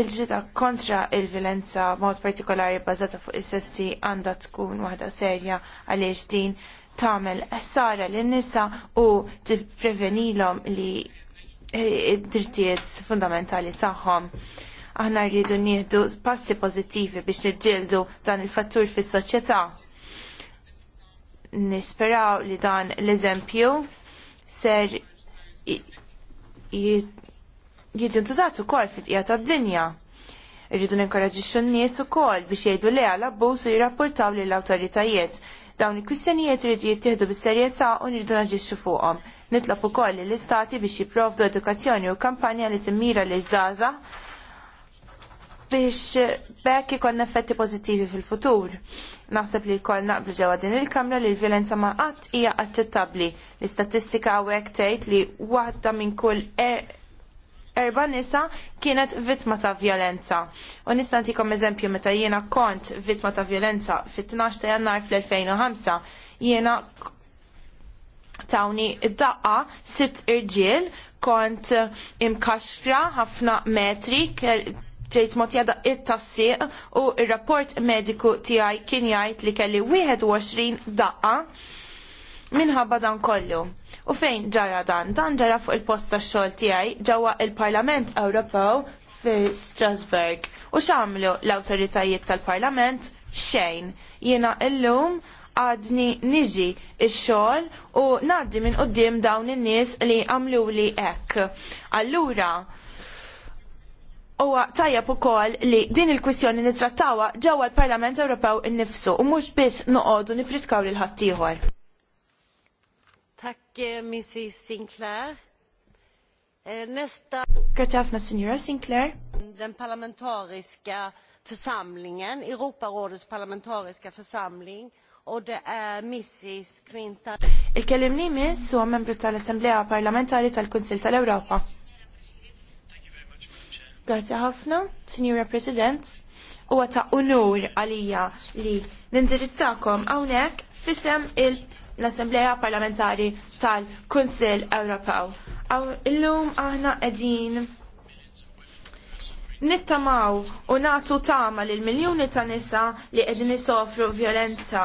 il-ġita kontra il vilenza mod partikolari bbażata fuq is-sessi għandha tkun waħda serja għaliex din s ħsara lin nisa u tipprevenilhom li eh, d drittijiet fundamentali tagħhom. Aħna rridu nieħdu passi pożittivi biex nidġildu dan il-fattur fis-soċjetà. Nisperaw li dan l-eżempju ser jieġi ntużat ukoll fil-qija tad-dinja. Rridu ninkoraġixxu n-nies ukoll biex jgħidu leha l abbuż u jirrapportaw lill-awtoritajiet Dawn il-kwistjonijiet irid jittieħdu bis-serjetà u nirdu naġixxu fuqhom. Nitlob ukoll l-istati biex jipprovdu edukazzjoni u kampanja li timmira li żgħażagħ biex bekk ikon effetti pożittivi fil-futur. Naħseb li l-koll naqblu ġewwa din il-kamra li l-violenza ma' qatt hija aċċettabbli. L-istatistika hawnhekk tgħid li waħda minn kull er- erba nisa kienet vittma ta' violenza. U nista' ntikom eżempju meta jiena kont vittma ta' violenza fit-12 ta' jannar fl-2005 jiena tawni id-daqqa sitt irġiel kont imkaxra ħafna metri ġejt mot jada it-tassiq u il-rapport mediku tijaj kien jgħid li kelli 21 daqqa minħabba dan kollu. U fejn ġara dan? Dan ġara fuq il-post ta' xogħol tiegħi ġewwa il-Parlament Ewropew fi Strasbourg. U x'għamlu l-awtoritajiet tal-Parlament xejn. Jiena illum għadni niġi il xogħol u ngħaddi minn qudiem dawn in-nies li għamlu li hekk. Allura, huwa tajjeb ukoll li din il-kwistjoni nittrattawha ġewwa l-Parlament Ewropew innifsu u mhux biss noqogħdu nifritkaw lil ħaddieħor. Mrs. Sinclair. Eh, nästa... Grazie ħafna, Signora Sinclair. Den parlamentariska församlingen, Europarådets parlamentariska församling, u det är Mrs. Quinta. Il-kellim li miss huwa membru tal-Assemblea Parlamentari tal-Kunsil tal-Ewropa. Grazie ħafna, Signora President. Huwa ta' unur għalija li nindirizzakom hawnhekk fisem il- l-Assembleja Parlamentari tal-Kunsil Ewropew. Illum aħna qegħdin nittamaw u natu tama lil miljoni ta' nisa li qegħdin isofru violenza.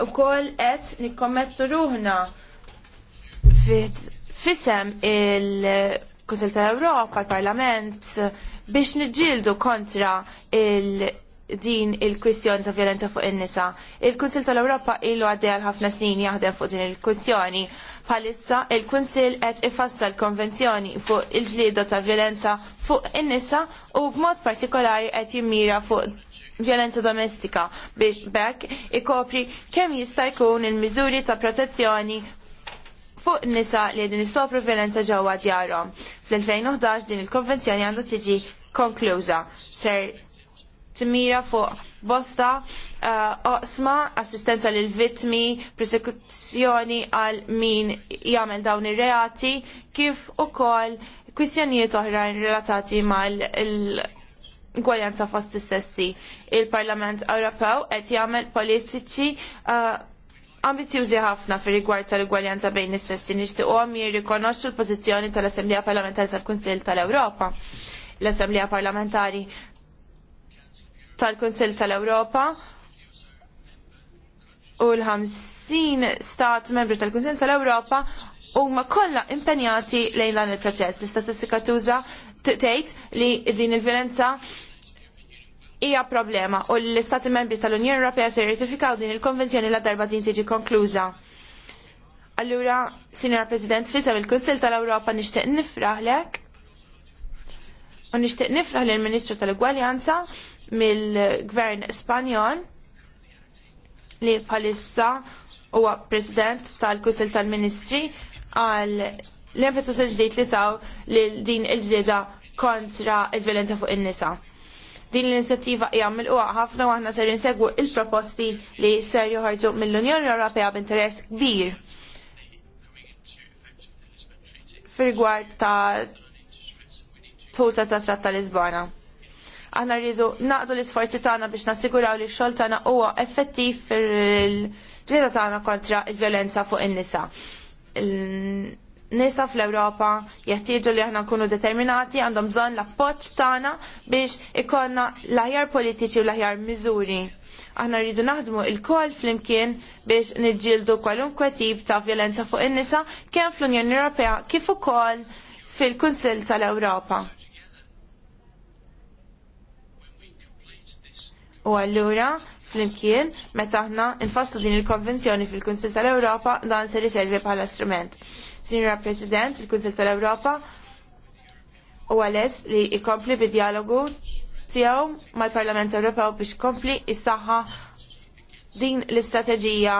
U qed nikkommettu ruħna fisem il-Kunsil tal Ewropa, il-Parlament, biex niġġieldu kontra il- din il-kwistjoni ta' violenza fuq in-nisa. Il-Kunsil tal-Ewropa illu għaddej għal ħafna snin jaħdem fuq din il-kwistjoni. Bħalissa il-Kunsil qed ifassal konvenzjoni fuq il-ġlieda ta' violenza fuq in-nisa u b'mod partikolari qed jimmira fuq violenza domestika biex bekk ikopri kemm jista' jkun il-miżuri ta' protezzjoni fuq nisa li din isopru violenza ġewwa djarhom. Fl-2011 din il-konvenzjoni għandha tiġi konkluża. Ser timira fuq bosta uh, oqsma, assistenza lil vittmi, prosekuzzjoni għal min jagħmel dawn ir-reati, kif ukoll kwistjonijiet oħrajn relatati mal gwaljanza fost istessi. Il-Parlament Ewropew qed jagħmel politiċi uh, ambizjużi ħafna fir rigward tal-gwaljanza bejn istessi Nixtiequhom jirrikonoxxu l-pożizzjoni tal-Assemblea Parlamentari tal-Kunsill tal-Ewropa. L-Assemblea Parlamentari tal-Kunsill tal-Ewropa u l-50 stat membri tal-Kunsill tal-Ewropa huma kollha impenjati lejn dan il-proċess. L-istatistika tuża tgħid li din il-violenza hija problema u l-Istati membri tal-Unjoni Ewropea se jirratifikaw din il-konvenzjoni la darba din tiġi konkluża. Allura, Sinjora President, fisem il-Kunsill tal-Ewropa nixtieq nifraħlek u nixtieq nifraħ lill-Ministru tal-Ugwaljanza mill-gvern Spanjol li bħalissa huwa president tal-Kusil tal-Ministri għal l-emphasis il-ġdid li taw li din il-ġdida kontra il-violenza fuq in-nisa. Din l-inizjattiva hija milquqa ħafna u aħna ser insegwu il-proposti li ser joħarġu mill-Unjoni Ewropea b'interess kbir fil-gwart ta' tulta ta' tratta Lisbona Aħna rridu naqdu l-isforzi tagħna biex nassiguraw li x-xogħol tagħna huwa effettiv fil-ġieda tagħna kontra l-vjolenza fuq in-nisa. Nisa fl-Ewropa jeħtieġu li aħna nkunu determinati għandhom bżonn l-appoġġ tagħna biex ikollna l-aħjar politiċi u l-aħjar miżuri aħna rridu naħdmu il-koll flimkien biex nġildu kwalunkwe tip ta' vjolenza fuq in-nisa kemm fl-Unjoni Ewropea kif ukoll fil-Kunsill tal-Ewropa. U allura, flimkien, meta aħna nfasslu din il-konvenzjoni fil-Kunsil tal europa dan se riservi bħala strument. Signora President, il-Kunsil tal-Ewropa u għales li ikompli bid-dialogu tiegħu mal-Parlament Ewropew biex kompli saħħa din l-istrateġija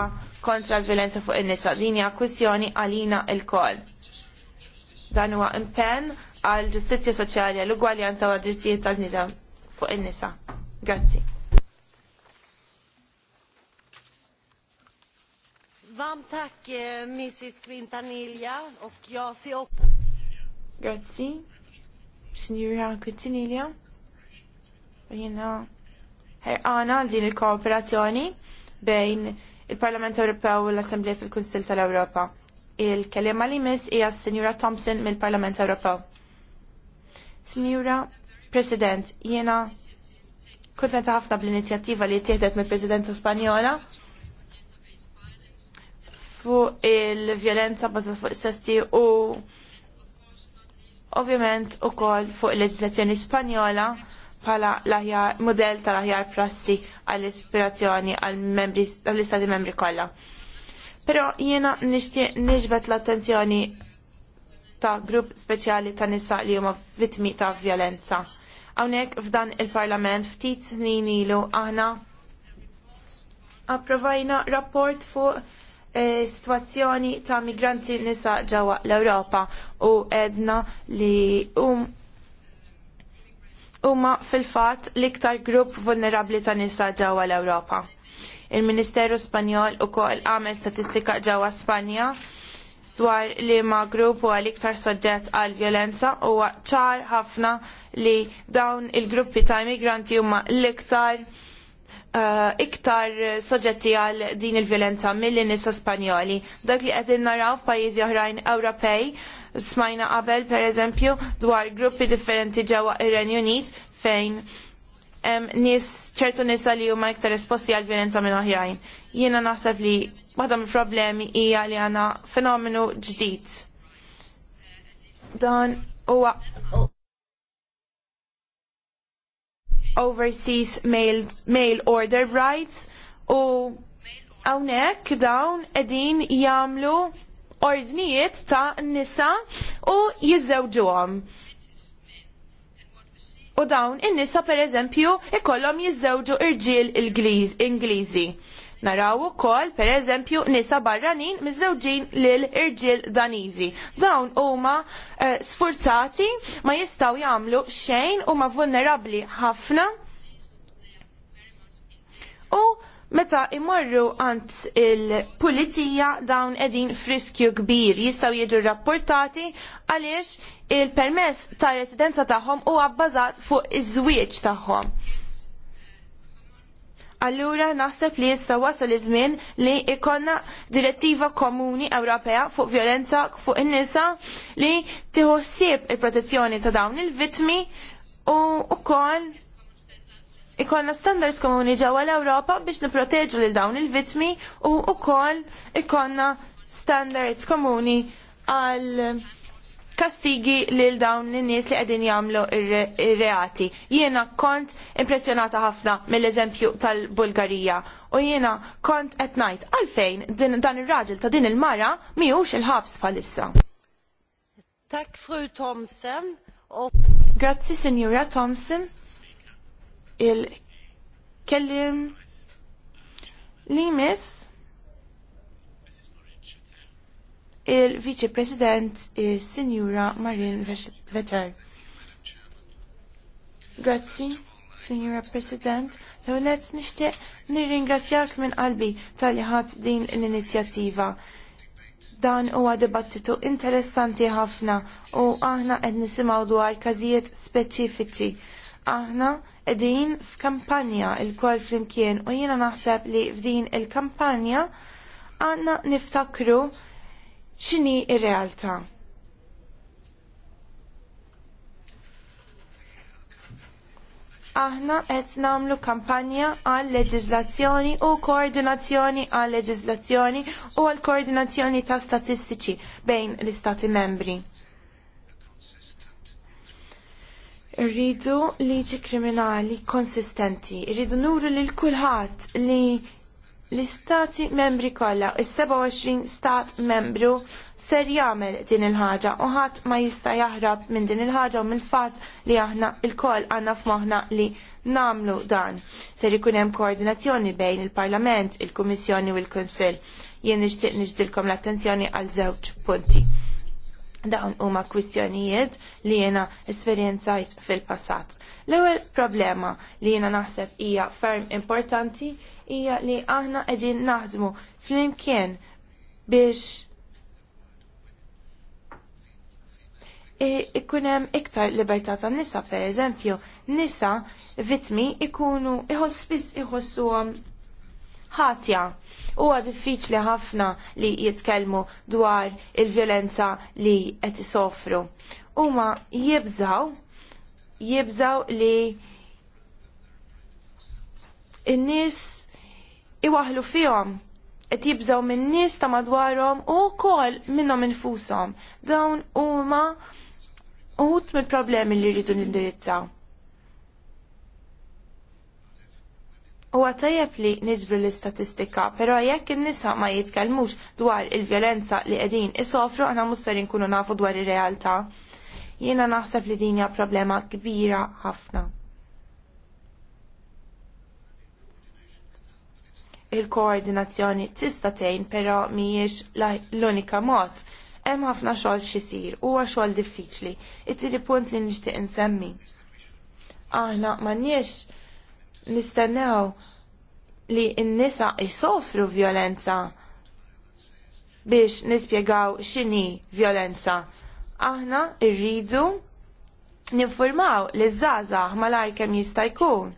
kontra l-violenza fuq in-nisa. Din hija kwistjoni għalina l-koll. Dan huwa impenn għal ġustizzja soċjali għall ugwaljanza u għad-drittijiet tal nisa fuq in-nisa. Grazzi. Varmt tack eh, Mrs Quintanilla och jag ser upp... Grazie, signora Quintanilla. Jena ħerqana għal din il-kooperazzjoni bejn il-Parlament Ewropew u l-Assemblea tal-Kunsil tal-Ewropa. Il-kelema li miss hija Signora Thompson mill-Parlament Ewropew. Signora President, jena kontenta ħafna bl-inizjattiva li tieħdet mill-Presidenza Spanjola fuq il-vjolenza bażata fuq is-sesti u ovvjament ukoll fuq il-leġislazzjoni Spanjola bħala l-aħjar modell tal-aħjar prassi għall-ispirazzjoni għall-istati membri kollha. Però jiena nixtieq niġbet l-attenzjoni ta' grupp speċjali ta' nisa li huma vittmi ta' vjolenza. Hawnhekk f'dan il-Parlament ftit snin ilu aħna approvajna rapport fuq E, situazzjoni ta' migranti nisa ġewwa l-Ewropa u edna li um huma fil-fatt l-iktar grupp vulnerabbli ta' nisa ġewwa l-Ewropa. Il-Ministeru Spanjol ukoll għamel statistika ġewwa Spanja dwar li ma grupp huwa l-iktar soġġett għal violenza huwa ċar ħafna li dawn il-gruppi ta' immigranti huma l-iktar Eh, iktar soġġetti għal din il-violenza mill-nisa Spanjoli. Dak li qegħdin naraw f'pajjiżi oħrajn Ewropej smajna qabel pereżempju dwar gruppi differenti ġewwa ir-Renju Unit fejn hemm nis ċertu nisa li huma iktar esposti għal violenza minn oħrajn. Jiena naħseb li waħda mill-problemi hija li għandna fenomenu ġdid. Dan huwa overseas mail, order rights u hawnhekk dawn qegħdin jagħmlu ordnijiet ta' nisa u jiżewġuhom. U dawn in-nisa pereżempju ikollhom jiżewġu irġiel Ingliżi. Naraw ukoll pereżempju nisa barranin miż lil irġiel Daniżi. Dawn huma uh, sfurzati ma jistgħu jagħmlu xejn huma vulnerabbli ħafna. U meta imorru għand il-pulizija dawn edin friskju kbir jistaw jiġu rapportati għaliex il-permess ta' residenza tagħhom huwa bbażat fuq iż-żwieġ tagħhom. Allura naħseb li issa wasal iż-żmien li ikonna direttiva komuni Ewropea fuq violenza fuq in-nisa li tiħossib il-protezzjoni ta' dawn il-vitmi u wkoll ikonna standards komuni ġewwa l-Ewropa biex nipproteġu lil dawn il-vitmi u wkoll ikonna standards komuni għal kastigi lil dawn l nies li qegħdin jagħmlu ir-reati. Jiena kont impressjonata ħafna mill-eżempju tal-Bulgarija u jiena kont qed ngħid għalfejn dan ir-raġel ta' din il-mara miħux il-ħabs bħalissa. Tak fru Thompson. Grazzi Sinjura Thompson. Il-kellim li miss il-Viċi President il-Sinjura Marin Veter. Grazzi, Sinjura President. L-għunet nirringrazzjak minn qalbi tal ħadd din l-inizjattiva. Dan huwa dibattitu interessanti ħafna u aħna qed nisimgħu dwar każijiet speċifiċi. Aħna qegħdin f'kampanja il-kol flimkien u jiena naħseb li f'din il-kampanja għandna niftakru x'inhi ir-realtà. aħna qed nagħmlu kampanja għal leġiżlazzjoni u koordinazzjoni għal leġiżlazzjoni u għal koordinazzjoni ta' statistiċi bejn l-istati membri. Rridu liġi kriminali konsistenti, rridu nuru lil kulħadd li l-istati membri kollha, is-27 stat membru ser jagħmel din il-ħaġa u ħadd ma jista' jaħrab minn din il-ħaġa u mill-fatt li aħna l-koll għandna f'moħħna li nagħmlu dan. Ser ikun hemm koordinazzjoni bejn il-Parlament, il-Kummissjoni u l-Kunsill. Jien nixtieq niġdilkom l-attenzjoni għal żewġ punti. Dawn huma kwistjonijiet li jiena esperjenzajt fil-passat. L-ewwel problema li jiena naħseb hija ferm importanti hija li aħna qegħdin naħdmu flimkien biex ikun hemm iktar libertà tan-nisa pereżempju, nisa vitmi ikunu iħoss spiss iħossuhom ħatja. Huwa diffiċli ħafna li jitkellmu dwar il-vjolenza li qed isofru. Huma jibżaw jibżaw li in-nies iwaħlu fihom qed jibżgħu min-nies ta' madwarhom u wkoll minnhom infushom. Dawn huma uħut mill-problemi li rridu nindirizzaw. Huwa tajjeb li niġbru l-istatistika, però jekk in-nisa ma jitkellmux dwar il-vjolenza li qegħdin isofru aħna musser inkunu nafu dwar ir-realtà. Jiena naħseb li din hija problema kbira ħafna. il-koordinazzjoni tista' tgħin però mhijiex l-unika mod. Hemm ħafna xogħol xisir, huwa xogħol diffiċli. It-tieni punt li nixtieq insemmi. Aħna m'għandniex nistennew li n-nisa jsofru violenza biex nispjegaw x'inhi violenza. Aħna rridu ninformaw li żgħażagħ malajr kemm jista' jkun.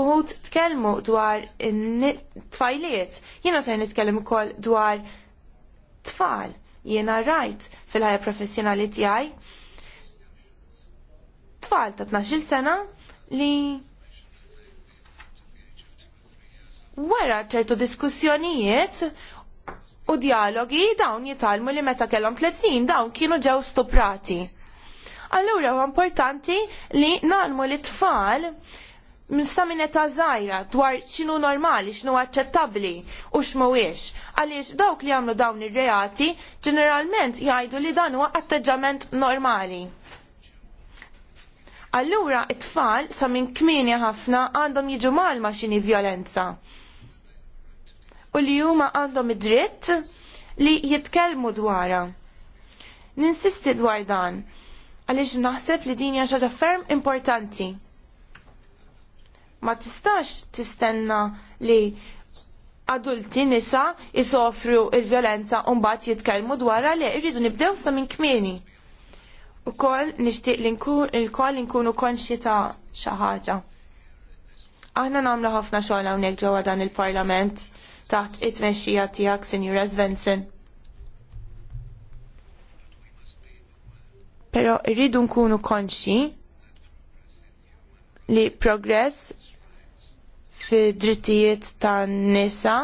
Uħud tkellmu dwar tfajliet, jiena se nitkellmu kol dwar tfal, jiena rajt fil-ħajja professjonali tiegħi. Tfal ta' 12 sena li wara ċertu diskussjonijiet u dialogi dawn jitalmu li meta kellhom tliet snin dawn kienu ġew stuprati allura huwa importanti li nagħmlu li tfal sa minn età żgħira dwar x'inhu normali, x'inhu aċċettabbli u x'mhuwiex. Għaliex dawk li jagħmlu dawn ir-reati ġeneralment jgħidu li dan huwa atteġġament normali. Allura it-tfal sa minn kmieni ħafna għandhom jiġu malma x'inhi vjolenza. U li huma għandhom id-dritt li jitkellmu dwarha. Ninsisti dwar dan għaliex naħseb li din hija xaġa ferm importanti. Ma tistax tistenna li adulti nisa jisofru il-violenza u mbagħad jitkellmu dwarha li rridu nibdew sa minn kmieni. Ukoll nixtieq li l-koll nkunu konxi ta' xi ħaġa. Aħna nagħmlu ħafna xogħol hawnhekk ġewwa dan il-Parlament taħt it-tmexxija tiegħek, Sinjura Svensson. Pero rridu nkunu konxi li progress fi drittijiet ta' nisa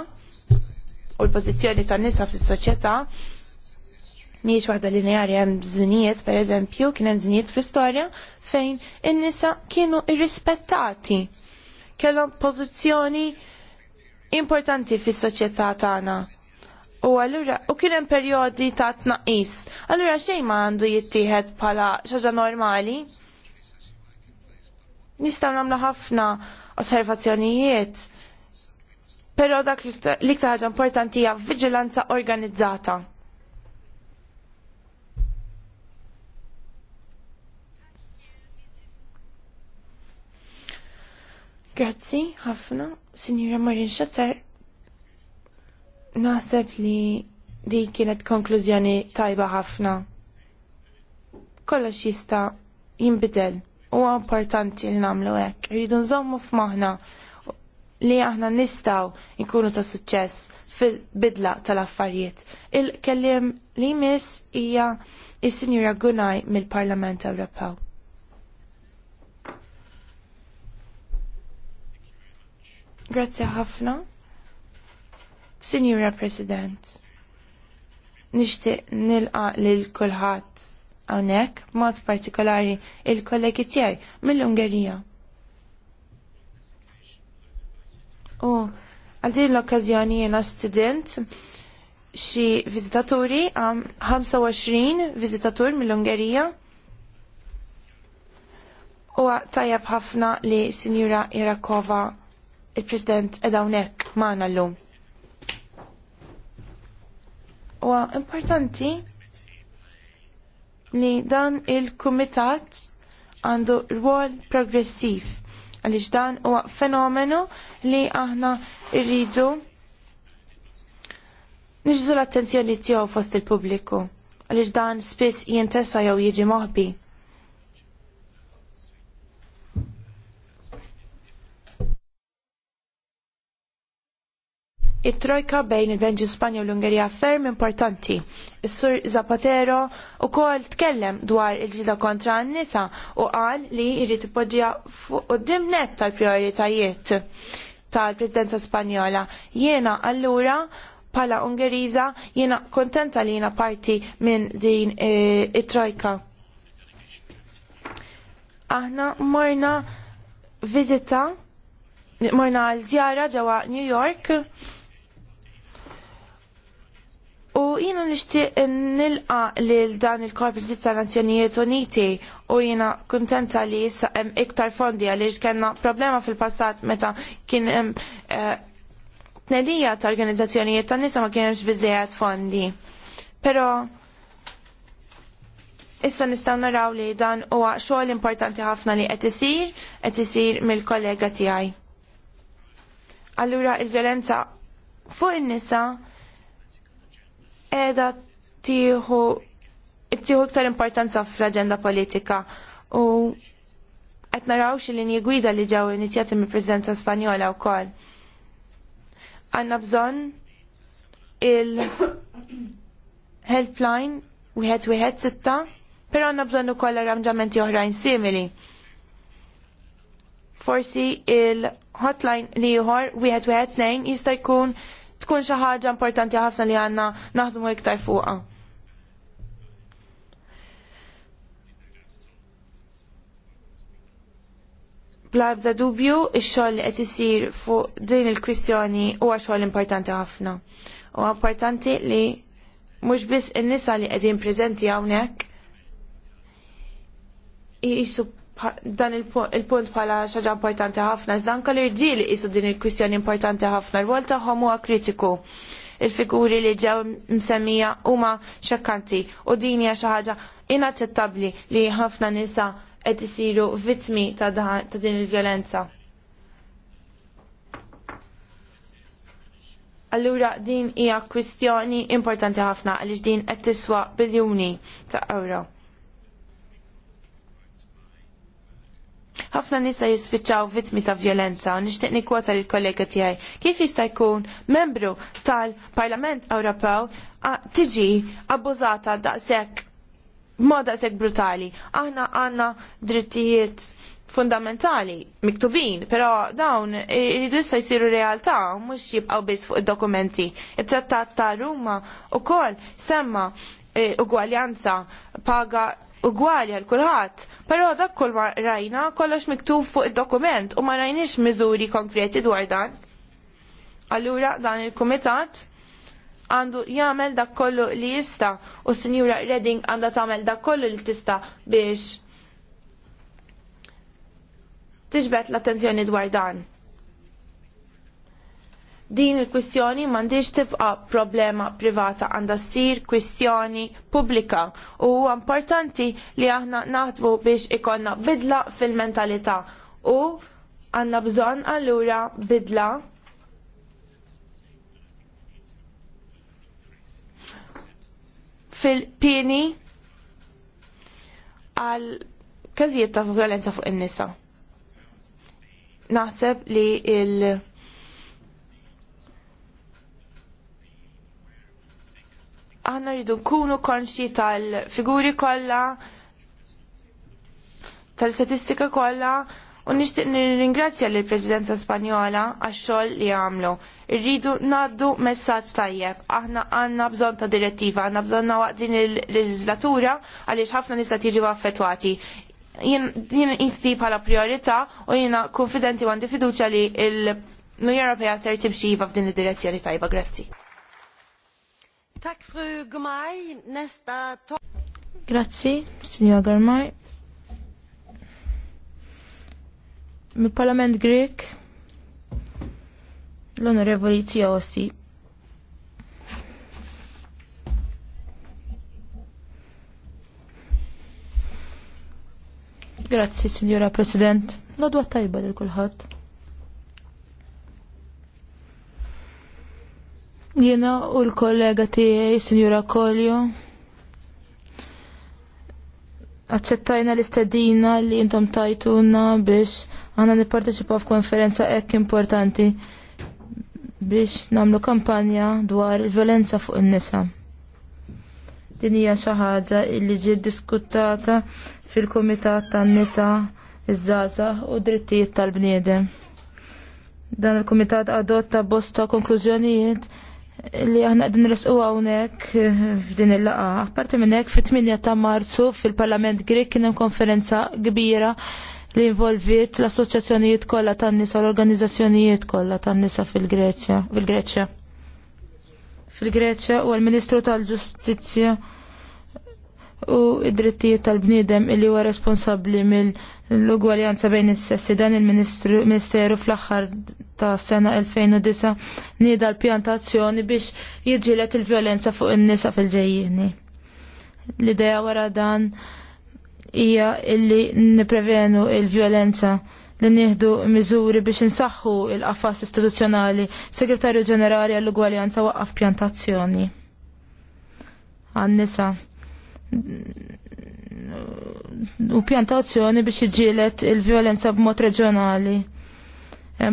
u l-pozizjoni ta' nisa fis soċjetà miex waħda lineari hemm żminijiet pereżempju kien hemm żminijiet fl-istorja fejn in-nisa kienu irrispettati kellhom pożizzjoni importanti fis soċjetà tagħna U allura, u kien hemm perjodi ta' tnaqis, Allura xejn ma għandu jittieħed bħala xaġa normali. Nistgħu nagħmlu ħafna osservazzjonijiet. Però dak l-iktar ħaġa importanti hija viġilanza organizzata. Grazzi, ħafna, Sinjura Marin Shatter. Naħseb li di kienet konklużjoni tajba ħafna. Kollox jista jinbidel u importanti li namlu hekk. Rridu nżommu f'maħna li aħna nistaw nkunu ta' suċċess fil-bidla tal-affarijiet. Il-kellim li mis hija is-Sinjura Gunaj mill-Parlament Ewropew. Grazzi ħafna. Signora President, nixtieq nilqa lil kulħadd hawnhekk b'mod partikolari il-kollegi tiegħi mill-Ungerija. U għal din l-okkażjoni jiena student xi viżitaturi għam 25 viżitatur mill-Ungerija u tajjeb ħafna li Sinjura Irakova il-President edawnek maħna l-lum. Huwa importanti li dan il-kumitat għandu rwol progressiv għaliex dan huwa fenomenu li aħna rridu nġdu l-attenzjoni tiegħu fost il-pubbliku għaliex dan spiss jintessa jew jiġi moħbi. it-trojka bejn il benġi Spanja u l-Ungerija ferm importanti. Is-sur Zapatero u kol tkellem dwar il-ġida kontra n-nisa u qal li jrid ipoġġija fuq dimnet tal-prioritajiet tal-Presidenza Spanjola. Jiena allura pala Ungeriża jiena kontenta li jiena parti minn din e, it-trojka. Aħna morna vizita, morna għal-djara ġewwa New York U jina nishtiq nilqa lil dan il-Korpus tal-Nazzjonijiet Uniti u jina kontenta li jissa hemm iktar fondi għaliex kellna problema fil-passat meta kien hemm eh, tnedija ta' organizzazzjonijiet ta' nisa ma kienx biżejjed fondi. Però Issa nistaw naraw li dan huwa xogħol importanti ħafna li qed isir qed isir mill-kollega tiegħi. Allura il-vjolenza fuq in-nisa edha tieħu tieħu iktar importanza fl-aġenda politika u qed naraw x'linji gwida li ġew inizjati mill-Presidenza Spanjola wkoll. Għanna bżonn il-helpline wieħed wieħed sitta, għanna għandna bżonn ukoll arranġamenti oħrajn simili. Forsi il-hotline li ieħor wieħed għet nejn jista' jkun tkun xi ħaġa importanti ħafna li għandna naħdmu iktar fuqha. Bla bda dubju, ix-xogħol li qed isir fuq din il-kwistjoni huwa xogħol importanti ħafna. Huwa importanti li mhux biss in-nisa li qegħdin preżenti hawnhekk jisu dan il-punt bħala xaġa importanti ħafna, iżda kol l-irġiel din il-kwistjoni importanti ħafna, r-wol tagħhom kritiku il-figuri li ġew msemmija huma xekkanti u din hija xi ħaġa inaċċettabbli li ħafna nisa qed isiru vittmi ta' din il-vjolenza. Allura din hija kwistjoni importanti ħafna għaliex din qed tiswa biljuni ta' euro. ħafna nisa jispiċċaw vittmi ta' violenza u nixtieq nikkwota lill kollega tiegħi. Kif jista' jkun membru tal-Parlament Ewropew tiġi abbużata daqshekk b'mod daqshekk brutali. Aħna għandna drittijiet fundamentali, miktubin, pero dawn irridu jista' jisiru realtà, mhux jibqgħu biss fuq id dokumenti it trattat ta' Ruma ukoll semma eh, uguaglianza paga ugwali għal kulħadd, però dak kull ma rajna kollox miktub fuq id-dokument u ma rajniex miżuri konkreti dwar dan. Allura dan il-kumitat għandu jagħmel dak kollu li jista u Sinjura Redding għandha tagħmel dak kollu li tista biex tiġbed l-attenzjoni dwar dan. Din il-kwistjoni m'għandix tibqa' problema privata għandha ssir kwistjoni pubblika u huwa importanti li aħna naħdbu biex ikonna bidla fil-mentalità u għandna bżonn allura bidla fil-pieni għal każijiet ta' violenza fuq in-nisa. Naħseb li il- aħna rridu nkunu konxi tal-figuri kollha tal-statistika kollha u nixtieq nirringrazzja lill presidenza Spanjola għax-xogħol li għamlu. Irridu naddu messaġġ tajjeb. Aħna għandna bżonn ta' direttiva, għandna bżonn waqt din il-leġislatura għaliex ħafna nista' tiġi affettwati. Jien insti bħala priorità u jiena konfidenti għandi fiduċja li l-Unjoni Ewropea ser tibxi iva f'din id-direzzjoni tajba. Grazzi. Tak, fru nesta Grazzi, signor Gumaj. Mil-Parlament Grek, l-Onorevoli Tiossi. Grazzi, signora President. Lodwa tajba lil kulħadd. Jena u l-kollega tiegħi, Sinjura Kolio, aċċettajna l-istedina li intom tajtuna biex għana nipparteċipaw f'konferenza ekk importanti biex namlu kampanja dwar il-violenza fuq in-nisa. Din hija xi ħaġa li ġiet diskutata fil-Kumitat tan-nisa iż-żgħażagħ u drittijiet tal-bniedem. Dan il-Kumitat adotta bosta konklużjonijiet li aħna qegħdin nresqu hawnhekk eh, f'din il-laqgħa. parti minn hekk fit-8 ta' Marzu fil-Parlament Grek kien hemm konferenza kbira li involvit l-assoċjazzjonijiet kollha tan-nisa u l-organizzazzjonijiet kollha tan-nisa fil-Greċja, fil-Greċja. Fil-Greċja u l-Ministru tal-Ġustizzja u id-drittijiet tal-bniedem illi huwa responsabbli mill- l-ugwaljanza bejn is-sessi dan il-Ministeru fl-aħħar ta' sena 2009 nieda l-pjantazzjoni biex jiġilet il-vjolenza fuq in-nisa fil-ġejjieni. L-idea wara dan hija illi nipprevenu il-vjolenza li nieħdu miżuri biex insaħħu il-qafas istituzzjonali. Segretarju Ġenerali għall-Ugwaljanza waqqaf pjantazzjoni. Għan-nisa u pjanta azzjoni biex iġilet il-violenza b'mod reġjonali.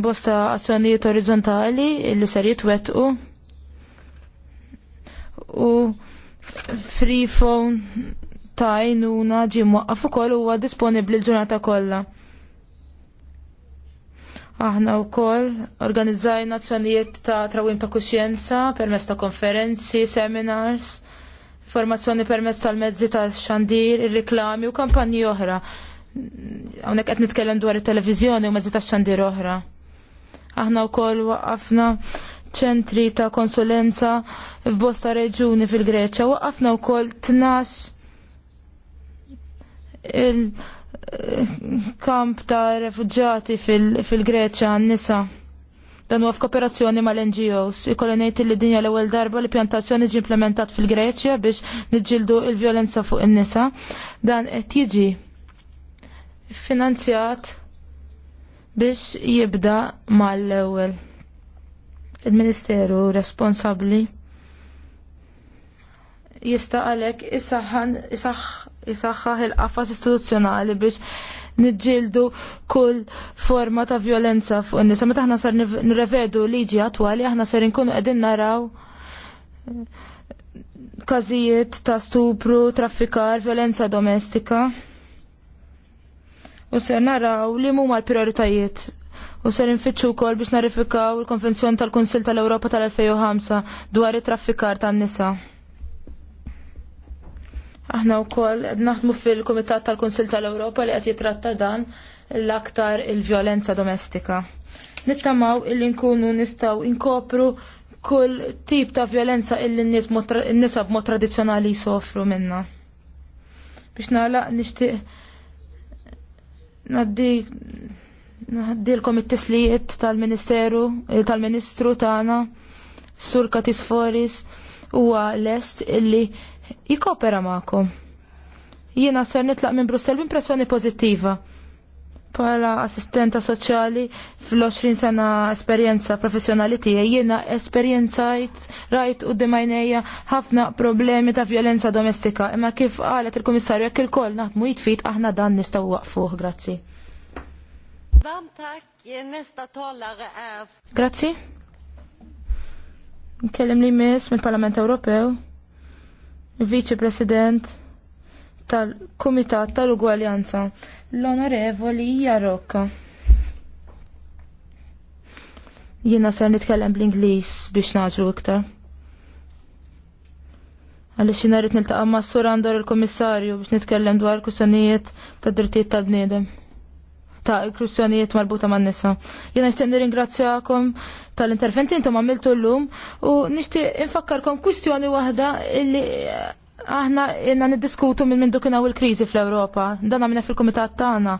Bosta azzjonijiet orizzontali li ser jitwetqu u free phone ta' għajnuna ġi mwaqqaf ukoll huwa disponibbli l-ġurnata kollha. Aħna wkoll organizzajna azzjonijiet ta' trawim ta' kuxjenza permezz ta' konferenzi, seminars formazzjoni permezz tal-mezzi ta' xandir, ir-riklami u kampanji oħra. Hawnhekk qed nitkellem dwar it televizjoni u mezzi ta' xandir oħra. Aħna wkoll waqafna ċentri ta' konsulenza f'bosta reġuni fil-Greċja, waqafna wkoll tnax il-kamp ta' refugġati fil-Greċja fil n-nisa. fil nisa fil Dan huwa f'kooperazzjoni mal-NGOs. Ikolli ngħid li dinja l-ewwel darba li pjantazzjoni ġi implementat fil-Greċja biex niġġieldu l-vjolenza fuq in-nisa. Dan qed jiġi finanzjat biex jibda mal-ewwel. Il-Ministeru responsabbli jista' għalhekk isaħħaħ il-qafas istituzzjonali biex niġġieldu kull forma ta' violenza fuq in-nisa. Meta aħna sar nirrevedu liġi attwali aħna sar nkunu qegħdin naraw eh, każijiet ta' stupru, traffikar, violenza domestika. U ser naraw li huma l-prioritajiet u ser nfittxu kol biex narifikaw il-Konvenzjoni tal konsil tal-Europa tal-2005 dwar it-traffikar tan-nisa. Aħna wkoll naħdmu fil-Kumitat tal-Kunsil tal-Ewropa li qed jitratta dan l-aktar il-vjolenza domestika. Nittamaw illi nkunu nistgħu inkopru kull tip ta' vjolenza illi n-nisa mod tradizzjonali jsofru minna. Biex nagħlaq nixtieq Naħdilkom it-tislijiet tal-Ministeru, eh, tal-Ministru tagħna, Sur Katis Foris, huwa lest illi jikopera maħkom. Jiena ser nitlaq minn Brussel b'impressjoni pożittiva. Bħala assistenta soċjali fl-20 sena esperjenza professjonali tiegħi jiena esperjenzajt rajt u dimajnejja ħafna problemi ta' violenza domestika imma kif qalet il-Kummissarju jekk il-koll naħdmu jitfit aħna dan nistgħu waqfuh, grazzi. E- grazzi. Nkellem li miss mill-Parlament Ewropew. Vice President tal-Kumitat tal-Ugwaljanza, l-Onorevoli Jarocca. Jiena ser nitkellem bl-Ingliż biex naġru iktar. Għaliex jina rrit niltaqa' ma' Sur Andor il-Kummissarju biex nitkellem dwar kusanijiet tad drittijiet tal-bniedem ta' kwistjonijiet marbuta man nisa. Jena nixtieq nirringrazzjakom tal-interventi li intom għamiltu llum u nixtieq infakkarkom kwistjoni waħda illi eh, aħna jenna niddiskutu minn minn dukina il krizi fl-Europa. Dan għamina fil-komitat tagħna.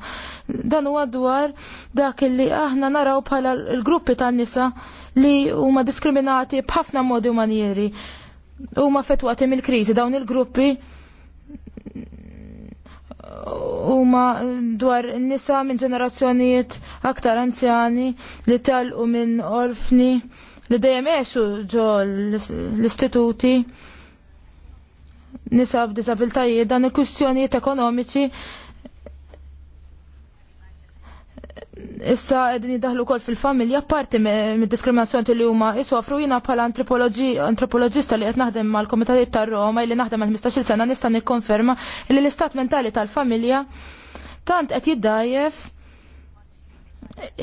Dan huwa dwar dak li aħna naraw bħala l-gruppi tan nisa li huma diskriminati b'ħafna modi u manjeri. Huma fetwati mill-krizi dawn il-gruppi huma dwar nisa minn ġenerazzjonijiet aktar anzjani li talqu minn orfni li dejjem għexu ġo l-istituti nisa b'disabiltajiet dan il-kwistjonijiet ekonomiċi issa qegħdin jiddaħlu wkoll fil-familja parti mid-diskriminazzjoni li huma isofru jiena bħala antropoloġista li qed naħdem mal-Komitatijiet tar-Roma li naħdem għal 15-il sena nista' nikkonferma li l-istat mentali tal-familja tant qed jiddajjef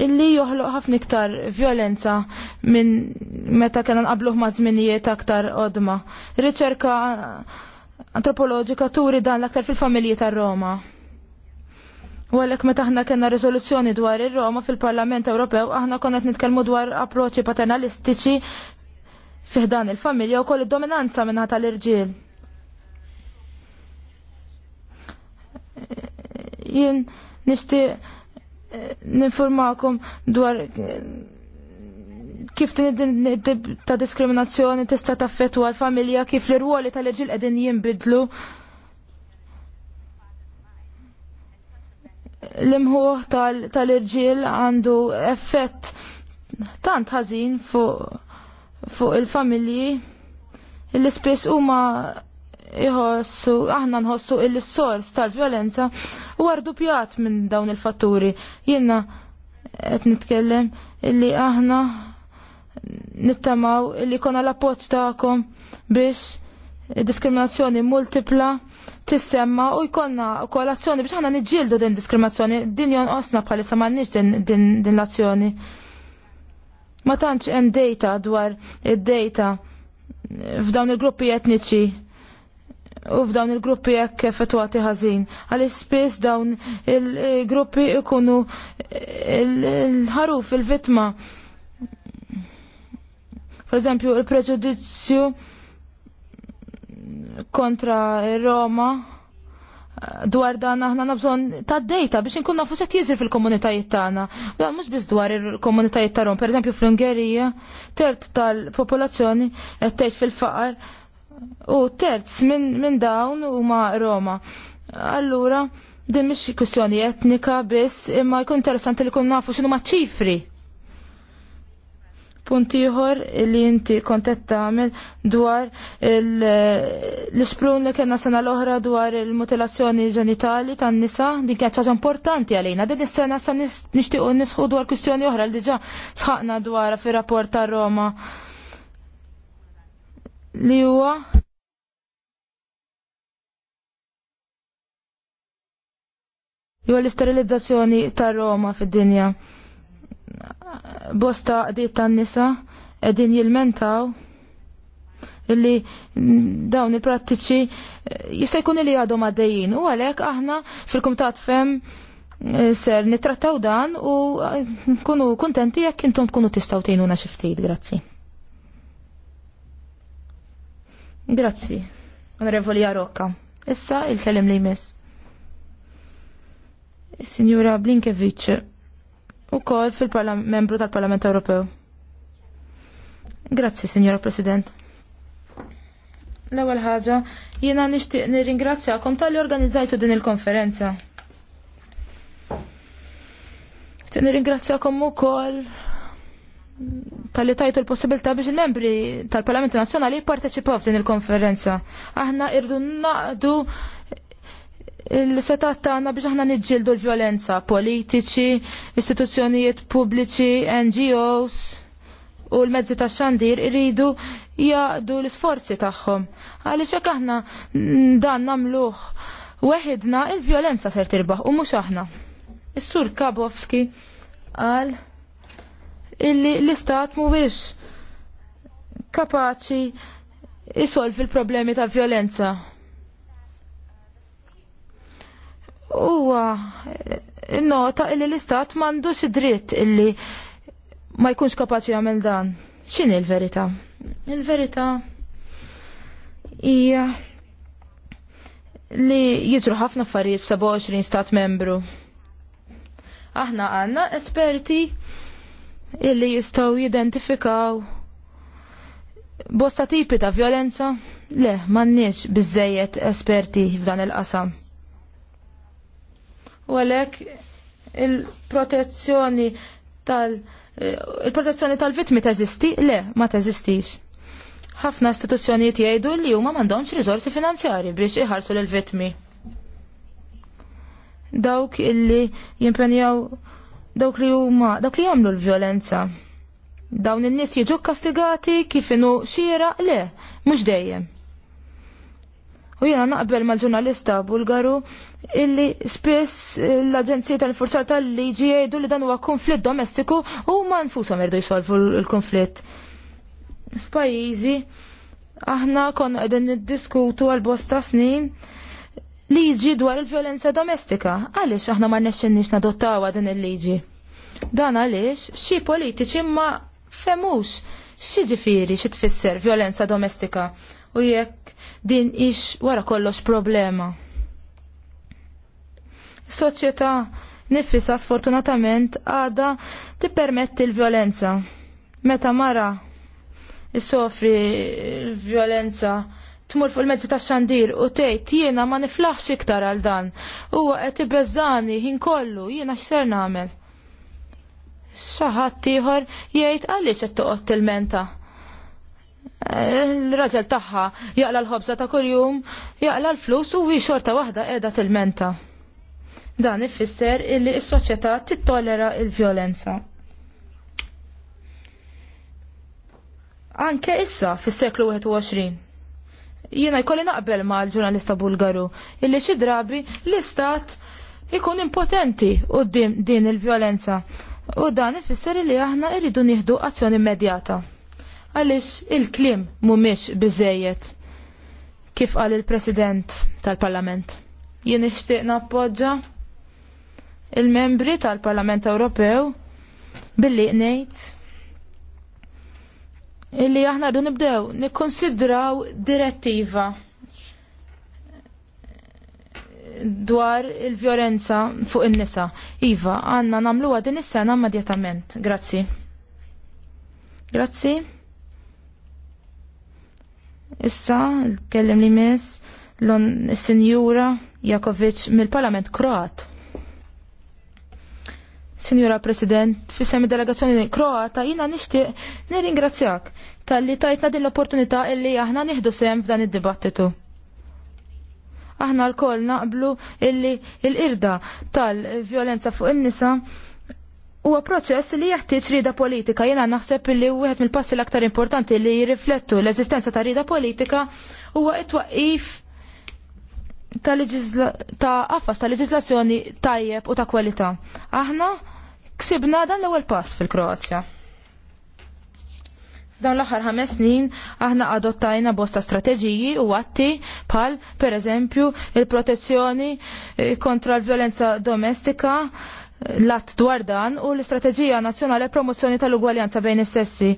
illi joħloq ħafna iktar violenza minn meta kena nqabluh ma' żminijiet aktar qodma. Riċerka antropoloġika turi dan l-aktar fil-familji tar-Roma. U għalek meta aħna kena rezoluzzjoni dwar ir-Roma fil-Parlament Ewropew, aħna konna qed nitkellmu dwar approċċi paternalistiċi fiħdan il-familja u koll id-dominanza minnha tal-irġiel. Jien nixti eh, ninformakom dwar kif din ta' diskriminazzjoni tista' taffetwa l-familja, kif l-irwoli tal-irġiel qegħdin jinbidlu. l-imħuħ tal-irġiel għandu effett tant ħażin fuq il-familji illi spiss huma iħossu aħna nħossu il-sors tal-violenza u għardu pjat minn dawn il-fatturi. Jiena qed nitkellem illi aħna nittamaw illi kona l-appoġġ tagħkom biex diskriminazzjoni multipla tissemma u jkollna kolazzjoni biex ħana niġġieldu din diskriminazzjoni din jonqosna bħalissa m'għandniex din, din, din l-azzjoni. Ma tantx hemm data dwar id-data f'dawn il-gruppi etniċi u f'dawn il-gruppi jekk effettwati ħażin. Għalli spiss dawn il-gruppi ikunu il ħaruf il-vitma. Per eżempju, il-preġudizzju il preġudizzju kontra Roma dwar dan aħna nabżon ta' dejta biex nkun nafu se jizri fil-komunitajiet tagħna. Dan mhux biss dwar il-komunitajiet ta' tagħhom, pereżempju fl-Ungerija, terz tal-popolazzjoni qed tgħix fil-faqar u terz minn min dawn huma Roma. Allura din mhix kwistjoni etnika biss imma jkun interessanti li kun nafu x'inhuma ċifri Punt ieħor li inti kontet tagħmel dwar l-isprun li kena sena l-oħra dwar il-mutilazzjoni ġenitali tan-nisa din kienet ħaġa importanti għalina. Din is-sena sa nixtiequ nisħu dwar kwistjoni oħra li diġà sħaqna dwar fir-rapport ta' Roma. Li huwa jew l-isterilizzazzjoni ta' roma fid-dinja bosta qdiet tan-nisa qegħdin jilmentaw illi dawn il-prattiċi eh, jista' jkun li għadhom għaddejjin u għalhekk aħna fil-kumtat fem eh, ser nittrattaw dan u eh, nkunu kuntenti jekk intom tkunu tistgħu tgħinuna xi ftit, grazzi. Grazzi, Onorevoli Arocca. Issa il-kelem li jmiss. Signora Blinkevich, u kol fil-membru tal-Parlament Ewropew. Grazzi, Signora President. L-ewwel ħaġa, jiena nixtieq nirringrazzjakom tal-li organizzajtu din il-konferenza. Ftit nirringrazzjakom ukoll tal-li tajtu l-possibilità biex il-membri tal-Parlamenti Nazzjonali jipparteċipaw f'din il-konferenza. Aħna irdu naqdu il-setat tagħna biex aħna niġġieldu l-vjolenza politiċi, istituzzjonijiet pubbliċi, NGOs u l-mezzi tax xandir iridu jaqdu l-isforzi tagħhom. Għaliex hekk aħna dan nagħmluh weħidna il-vjolenza ser tirbaħ u mhux aħna. Is-sur Kabowski qal illi l-istat mhuwiex kapaċi isolvi l-problemi ta' vjolenza huwa eh, nota illi l-istat m'għandux dritt illi ma jkunx kapaċi jagħmel dan. X'inhi l-verità? Il-verità hija li jiġru ħafna affarijiet 27 stat membru. Aħna għandna esperti illi jistgħu jidentifikaw bosta tipi ta' violenza? Le, m'għandniex biżejjed esperti f'dan il-qasam. U għalhekk il-protezzjoni tal- eh, il-protezzjoni tal-vittmi teżisti? Le, ma teżistix. Ħafna istituzzjonijiet jgħidu li huma m'għandhomx riżorsi finanzjari biex iħarsu l vittmi. Dawk illi jimpenjaw dawk li huma dawk li jagħmlu l-vjolenza. Dawn in-nies jiġu kastigati kif inhu xira le, mhux dejjem. U jena naqbel mal-ġurnalista bulgaru illi spiss l-Aġenzija tal-Forzar tal-Liġi jgħidu li dan huwa konflitt domestiku u ma nfushom irdu jsolvu l-konflitt. F'pajjiżi aħna konna qegħdin niddiskutu għal bosta snin liġi dwar il-violenza domestika. Għaliex aħna ma rnexxinniex nadottaw din il-liġi. Dan għaliex xi politiċi ma femux xi ġifieri xi tfisser violenza domestika u jekk din ix wara kollox problema. Soċjetà nifisa sfortunatament għada tippermetti l-violenza. Meta mara issofri l-violenza tmur fuq il-mezzi ta' xandir u tgħid jiena ma niflaħx iktar għal dan. Huwa qed bezzani ħin kollu jiena x'ser nagħmel. Xaħat ħadd ieħor jgħid għaliex qed toqgħod tilmenta il-raġel tagħha jaqla l-ħobza ta' kuljum, jaqla l-flus u wi xorta waħda qiegħda tilmenta. Dan ifisser illi s-soċjetà tittolera l-vjolenza. Anke issa fis-seklu 21. Jiena jkolli naqbel ma' l-ġurnalista Bulgaru illi xi drabi l-istat ikun impotenti u din il-vjolenza. U dan ifisser li aħna irridu nieħdu azzjoni immedjata għaliex il-klim mhumiex biżejjed kif qal il-President tal-Parlament. Jien nixtieq nappoġġa il-membri tal-Parlament Ewropew billi ngħid illi aħna rridu nibdew nikkonsidraw direttiva dwar il-vjolenza fuq in-nisa. Iva, għanna nagħmluha din is-sena immedjatament. Grazzi. Grazzi. Issa, kellem li miss, l-Sinjura Jakovic mill-Parlament Kroat. Sinjura President, fissem delegazzjoni Kroata, jina nishtiq nirringrazzjak tal-li tajtna din l-opportunità illi aħna nieħdu sem f'dan id-dibattitu aħna l-koll naqblu illi l-irda tal-violenza fuq in-nisa huwa proċess li jeħtieġ rida politika. Jiena naħseb li wieħed mill-passi l-aktar importanti li jirriflettu l-eżistenza ta' rida politika huwa it-twaqqif ta' qafas ta' leġislazzjoni tajjeb u ta' kwalità. Aħna ksibna dan l-ewwel pass fil-Kroazja. Dawn l-aħħar ħames snin aħna adottajna bosta strateġiji u atti bħal pereżempju il-protezzjoni eh, kontra l-violenza domestika, l-att dwar dan u l-Istrateġija Nazzjonali Promozzjoni tal-Ugwaljanza bejn is-sessi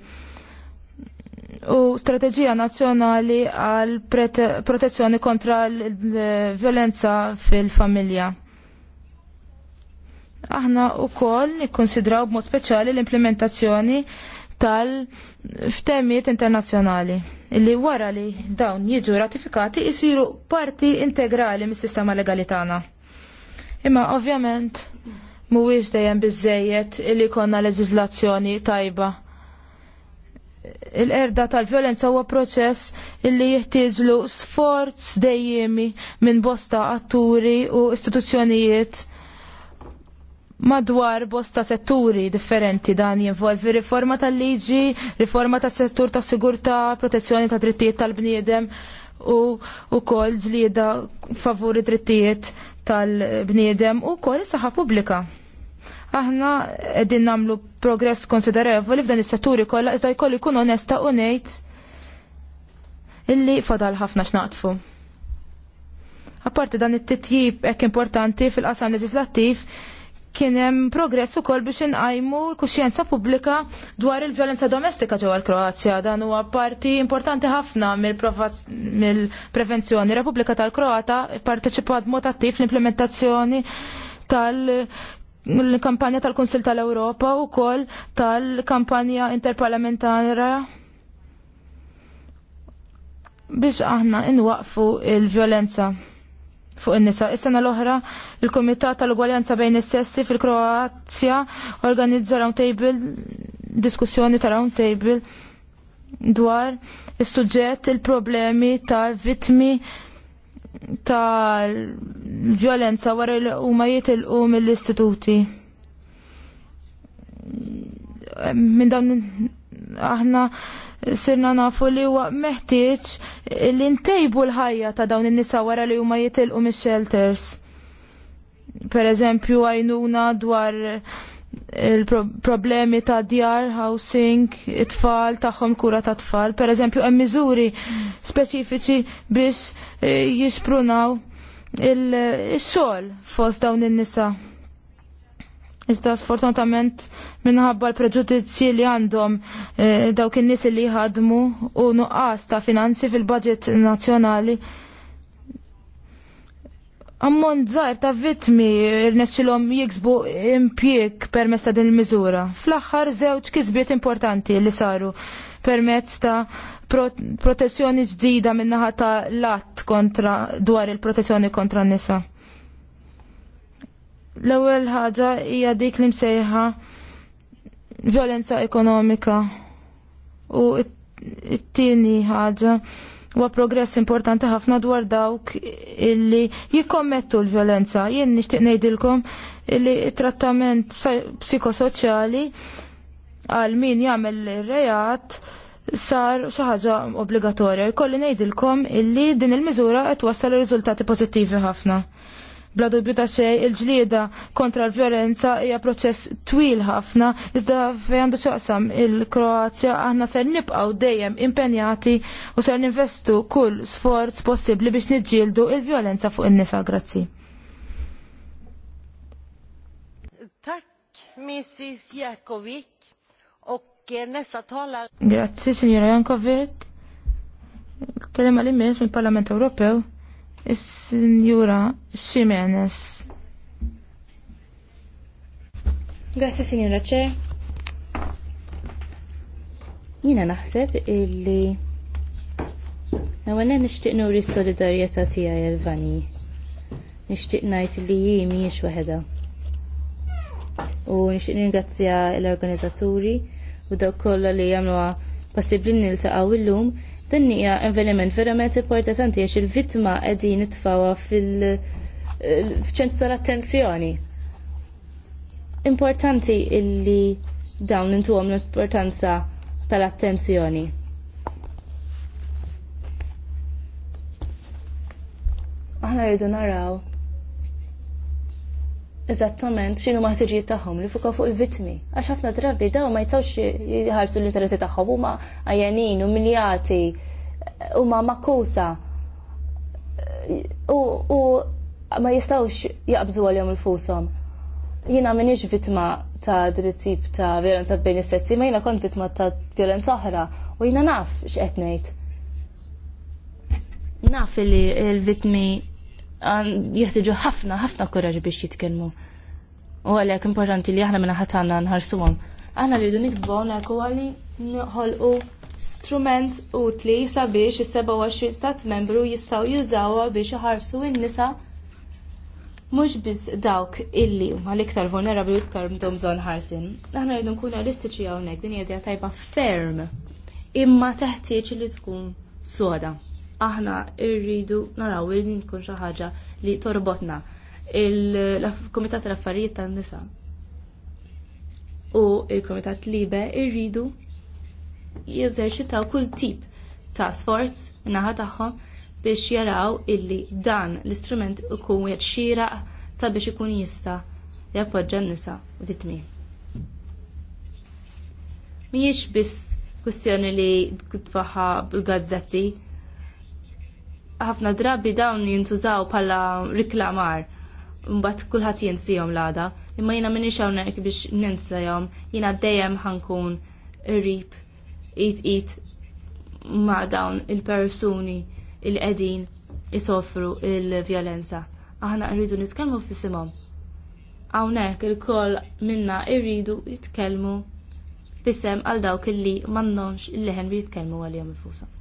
u Strateġija Nazzjonali għal protezzjoni kontra l-violenza fil-familja. Aħna u koll nikkonsidraw b'mod speċjali l-implementazzjoni tal-ftemiet internazzjonali li wara li dawn jiġu ratifikati jisiru parti integrali mis-sistema legali tagħna. Imma ovvjament mhuwiex dejjem biżejjed illi konna leġizlazzjoni tajba. Il-erda tal-violenza huwa proċess illi jeħtieġlu sforz dejjemi minn bosta atturi u istituzzjonijiet madwar bosta setturi differenti dan jinvolvi riforma tal-liġi, riforma tas-settur tas-sigurtà, protezzjoni ta' drittijiet tal-bniedem u wkoll ġlieda favuri drittijiet tal-bniedem u wkoll is-saħħa pubblika. Aħna qegħdin nagħmlu progress konsiderevoli f'dan is-setturi kollha iżda jkollu ikun onesta u ngħid illi fadal ħafna x'naqtfu. Apparti dan it-titjib hekk importanti fil-qasam leġislattiv kien hemm progress ukoll biex inqajmu l-kuxjenza pubblika dwar il-vjolenza domestika ġewwa l-Kroazja. Dan huwa parti importanti ħafna mill-prevenzjoni. Repubblika tal-Kroata parteċipat mod attiv l-implementazzjoni tal l-kampanja tal-Konsil tal-Europa u kol tal-kampanja interparlamentara biex aħna inwaqfu il-violenza fuq in-nisa. Is-sena l-oħra, il-Kumitat tal-Ugwaljanza bejn is-sessi fil-Kroazja organizza round table, diskussjoni ta' round table dwar is-suġġett il-problemi ta' vitmi ta' violenza wara li huma jitilqu mill-istituti. Minn dawn aħna sirna nafu li huwa meħtieġ li ntejbu l-ħajja ta' dawn in-nisa wara li huma jitilqu mix-shelters. Per eżempju għajnuna dwar il-problemi ta' djar, housing, it-tfal, tagħhom kura ta' tfal. Per eżempju, hemm miżuri speċifiċi biex eh, jisprunaw il-sol fost dawn in-nisa. Iżda sfortunatament minħabba l-preġudizzji li għandhom eh, dawk in-nies li jħadmu u nuqqas ta' finanzi fil-budget nazzjonali Ammon żgħar ta' vittmi rnexxilhom jiksbu impjieg permezz ta' din il-miżura. Fl-aħħar żewġ kisbiet importanti li saru permezz ta' protezzjoni ġdida min-naħa ta' lat kontra dwar il-protezzjoni kontra nisa L-ewwel ħaġa hija dik li msejħa violenza ekonomika u t-tieni ħaġa huwa progress importanti ħafna dwar dawk illi jikkommettu l-violenza. Jien nixtieq ngħidilkom illi trattament psikosoċjali għal min jagħmel ir-reat sar xi ħaġa obbligatorja. Jkolli ngħidilkom illi din il-miżura qed wassal riżultati pożittivi ħafna. Bla dubju ta' xej, il-ġlieda kontra l-vjolenza hija proċess twil ħafna, iżda fejn għandu xaqsam il-Kroazja aħna ser nibqgħu dejjem impenjati u ser ninvestu kull sforz possibbli biex niġġieldu il-vjolenza fuq in-nisa. Grazzi. Tak Mrs. Jakovic ok Nessa talare. Grazzi, signora Jankovic. Kelema li immis mill-Parlament Ewropew. Is-Sinjura Ximenes. Grazie, Sinjura Ċer. Jina naħseb illi Għawenne nishtiq nuri s-solidarieta tijaj għal-vani. Nishtiq najt li jie miex waheda. U nishtiq ringrazzja l-organizzaturi u dawk kolla li jamluwa possibli nil-taqaw il-lum Din hija avveniment verament importanti għax il-vittma qegħdin itfawha fil-ċentru eh, tal-attenzjoni. Importanti illi dawn intuhom l-importanza tal-attenzjoni. Aħna rridu naraw eżattament xinu maħtiġijiet tagħhom li fuq fuq il-vittmi. Għax ħafna drabi dawn ma jistgħux jħarsu l-interessi tagħhom huma għajanin, umiljati, huma makkusa. U ma jistgħux jaqbżu għalhom il-fushom. Jiena m'iniex vittma ta' tip ta' violenza bejn is-sessi, ma jiena kont vittma ta' violenza oħra u jiena naf x'qed ngħid. Naf li l-vittmi jeħtiġu ħafna, ħafna kuraġ biex jitkellmu. U għalhekk importanti li aħna minna nħarsu nħarsuhom. Aħna rridu nikbu hawnhekk u għali nħolqu strument utli sabiex is-27 stat membru jistgħu jużawha biex iħarsu n-nisa mhux biss dawk illi huma l-iktar u iktar mdom bżonn ħarsin. Aħna rridu nkunu realistiċi hawnhekk din hija tajba ferm imma taħtieċ li tkun soda aħna rridu naraw li nkun xi ħaġa li torbotna il-Komitat tal-Affarijiet tan-Nisa u il-Komitat Libe irridu jeżerċitaw kull tip ta' sforz naħa tagħhom biex jaraw illi dan l-istrument ikun wieħed xieraq sabiex ikun jista' jappoġġa n-nisa vittmi. Mhijiex biss kwistjoni li tfaħħa bil-gazzetti, ħafna drabi dawn jintużaw bħala riklamar mbagħad kulħadd jinsihom l-għada. Imma jiena m'iniex hawnhekk biex ninsahom, jiena dejjem ħankun rib it it ma' dawn il-persuni il qegħdin isofru il-vjolenza. Aħna rridu nitkellmu f'isimhom. Hawnhekk il-koll minna rridu jitkellmu f'isem għal dawk li m'għandhomx il-leħen li jitkellmu għalihom infushom.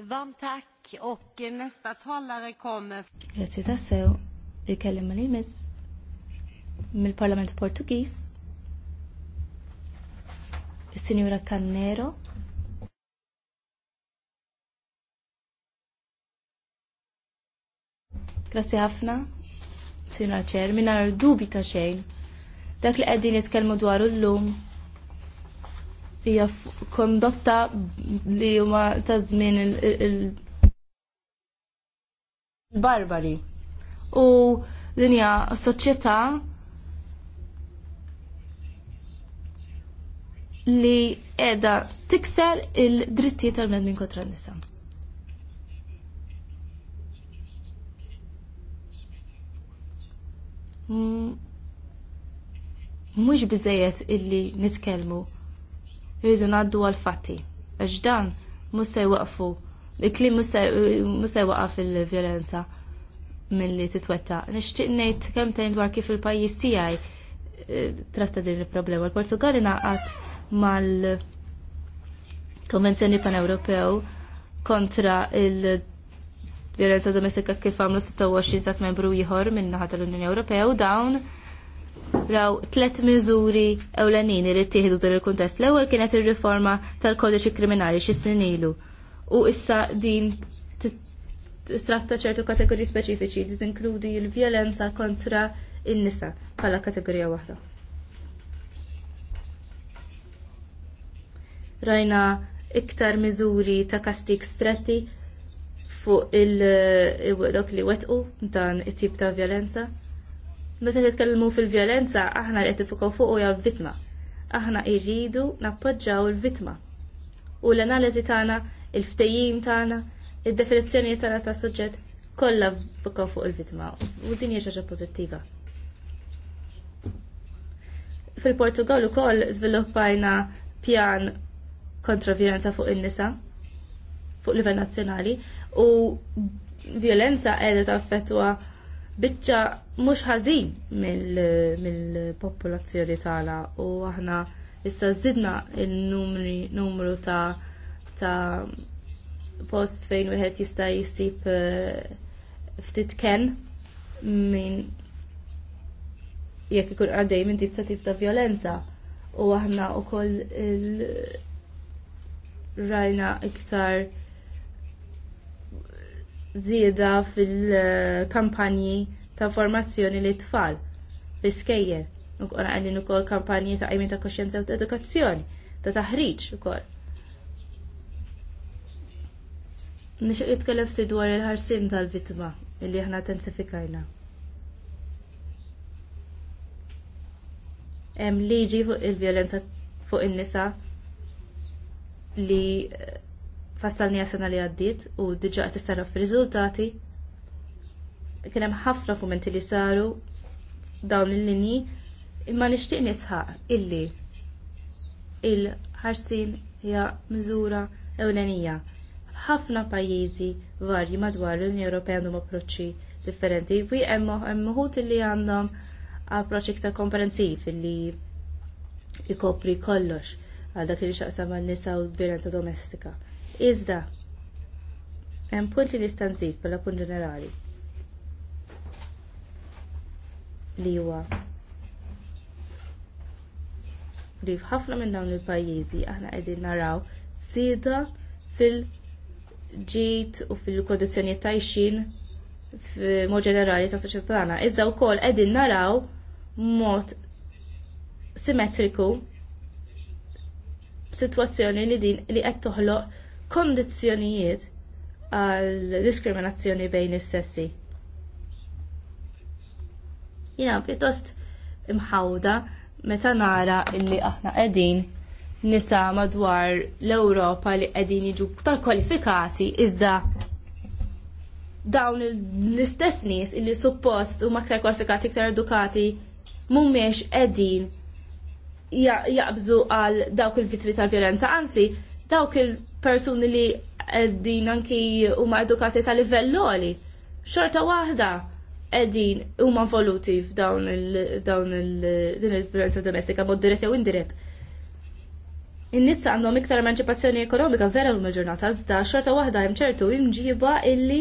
Varmt tack och eh, nästa talare kommer. Grazie tassew. Ikellem l-imis mill-Parlament Portugis. Is-Sinjura Cannero. Grazie ħafna, Sinjura Chair, mingħajr dubi ta' xejn. Dak li qegħdin nitkellmu dwaru llum hija kondotta li huma ta' żmien il-barbari. U din hija soċjetà li qiegħda tikser il-drittijiet tal-medmin kontra n-nisa. Mhux biżejjed illi nitkellmu jridu ngħaddu għal fatti. Għax dan mhux se jwaqfu il-klim mhux se jwaqaf il-vjolenza milli titwetta. Nixtieq ngħid kemm tgħid dwar kif il-pajjiż tiegħi eh, tratta din il-problema. Il-Portugali naqat mal-Konvenzjoni Pan-Ewropew kontra il- violenza domestika kif għamlu 26 sat membru ieħor minn naħa tal-Unjoni Ewropea u dawn raw tlet miżuri ewlenin li ttieħdu dar il-kuntest. L-ewwel kienet ir-riforma tal-kodiċi kriminali xi U issa din tratta ċertu kategoriji speċifiċi li tinkludi l-vjolenza kontra in-nisa bħala kategorija waħda. Rajna iktar miżuri ta' kastik stretti fuq il-dok li wetqu dan it-tip ta' vjolenza Meta titkellmu fil-vjolenza, aħna li qed nifokaw fuq hija vittma Aħna jridu nappoġġaw il-vittma. U l-analiżi tagħna, il-ftejjim tagħna, id-definizzjoni tagħna ta' suġġett kollha fokaw fuq il-vittma. U din hija ħaġa pożittiva. Fil-Portugal ukoll żviluppajna pjan kontra vjolenza fuq in-nisa fuq livell nazzjonali u vjolenza qiegħda taffettwa biċċa mhux ħażin mill-popolazzjoni tagħna u aħna issa żidna il-numru ta' ta' post fejn wieħed jista' jsib eh, ftit ken minn jekk ikun għaddej minn tip ta' tip ta' violenza u aħna wkoll rajna iktar żieda fil-kampanji ta' formazzjoni li tfal fl u Ukoll għandin ukoll kampanji ta' qajmin ta' koxjenza u ta' edukazzjoni, ta' taħriġ ukoll. Nix jitkellem ftit dwar il-ħarsim tal-vittma illi aħna intensifikajna. Hemm liġi fuq il-vjolenza fuq in-nisa li eh, fassalni sena li għaddiet u diġa għat t fir-riżultati. Kien hemm ħafna kumenti li saru dawn il-linji imma nixtieq nisħaq illi il-ħarsin hija miżura ewlenija. Ħafna pajjiżi varji madwar l-Unjoni Ewropea għandhom approċċi differenti. Wi hemm uħud illi għandhom approċċ iktar komprensiv illi ikopri kollox għal dak li xaqsam għal nisa u violenza domestika. Iżda, hemm punt li nista' nżid bħala punt ġenerali. Li huwa li f'ħafna minn dawn il-pajjiżi aħna qegħdin naraw sieda fil-ġid u fil-kondizzjonijiet tajxin f'mod ġenerali tas soċjetà tagħna. Iżda wkoll qegħdin naraw mod simmetriku b'sitwazzjoni li din li qed toħloq kondizzjonijiet għal diskriminazzjoni bejn is-sessi. Jina pjuttost imħawda meta nara illi aħna qegħdin nisa madwar l-Ewropa li qegħdin jiġu ktar kwalifikati iżda dawn l-istess nies illi suppost huma aktar kwalifikati iktar edukati mhumiex qegħdin jaqbżu għal dawk il-vittmi tal-vjolenza, anzi dawk il- persuni li għeddin anki huma edukati ta' livell Xorta waħda għeddin huma voluti f'dawn il-din il esperienza domestika, mod dirett jew indirett. In-nissa għandhom iktar emanċipazzjoni ekonomika vera l ġurnata iżda xorta waħda hemm ċertu imġiba illi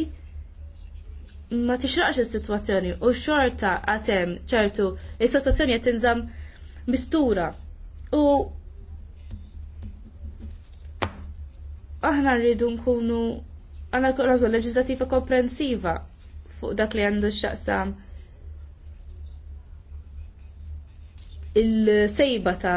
ma tixraqx is-sitwazzjoni u xorta għatem ċertu il sitwazzjoni qed tinżamm mistura. U aħna rridu nkunu għanna kolażu leġislativa komprensiva fuq dak li għandu xaqsam il-sejba ta'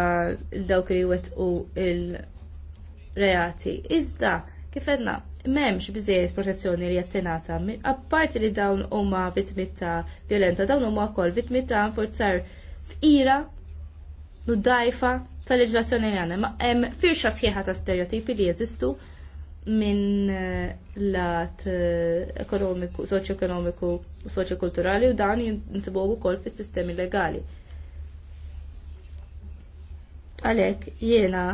il-dawk li wet u il-reati. Iżda, kif għedna, memx bizzejt protezzjoni li jattenata, apparti li dawn huma vitmi ta' violenza, dawn huma wkoll vitmi ta' forzar f'ira u dajfa tal-leġlazzjoni li għandna, ma' hemm firxa sħiħa ta' stereotipi li jeżistu minn eh, lat eh, ekonomiku, soċ-ekonomiku, u kulturali u dan jinsibuhu wkoll fis-sistemi legali. Għalhekk jiena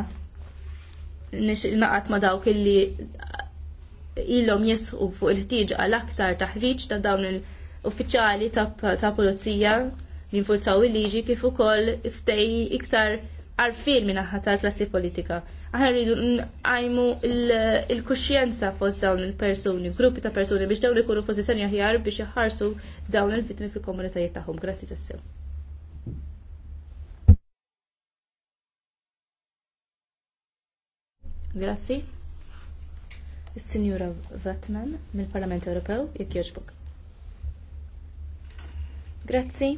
naqat ma dawk illi ilhom jisħu fuq il-ħtieġ għal aktar taħriġ ta' dawn il-uffiċjali ta' pulizija minn nfurzaw il-liġi kif ukoll ftej iktar għarfil minna ħata tal-klassi politika. Aħna rridu għajmu il-kuxjenza fost dawn il-persuni, gruppi ta' persuni biex dawn ikunu pożizzjoni aħjar biex jħarsu dawn il-vittmi fil komunitajiet tagħhom. Grazzi tassew. Grazzi. Is-Sinjura Vatman mill-Parlament Ewropew jekk jogħġbok. Grazzi.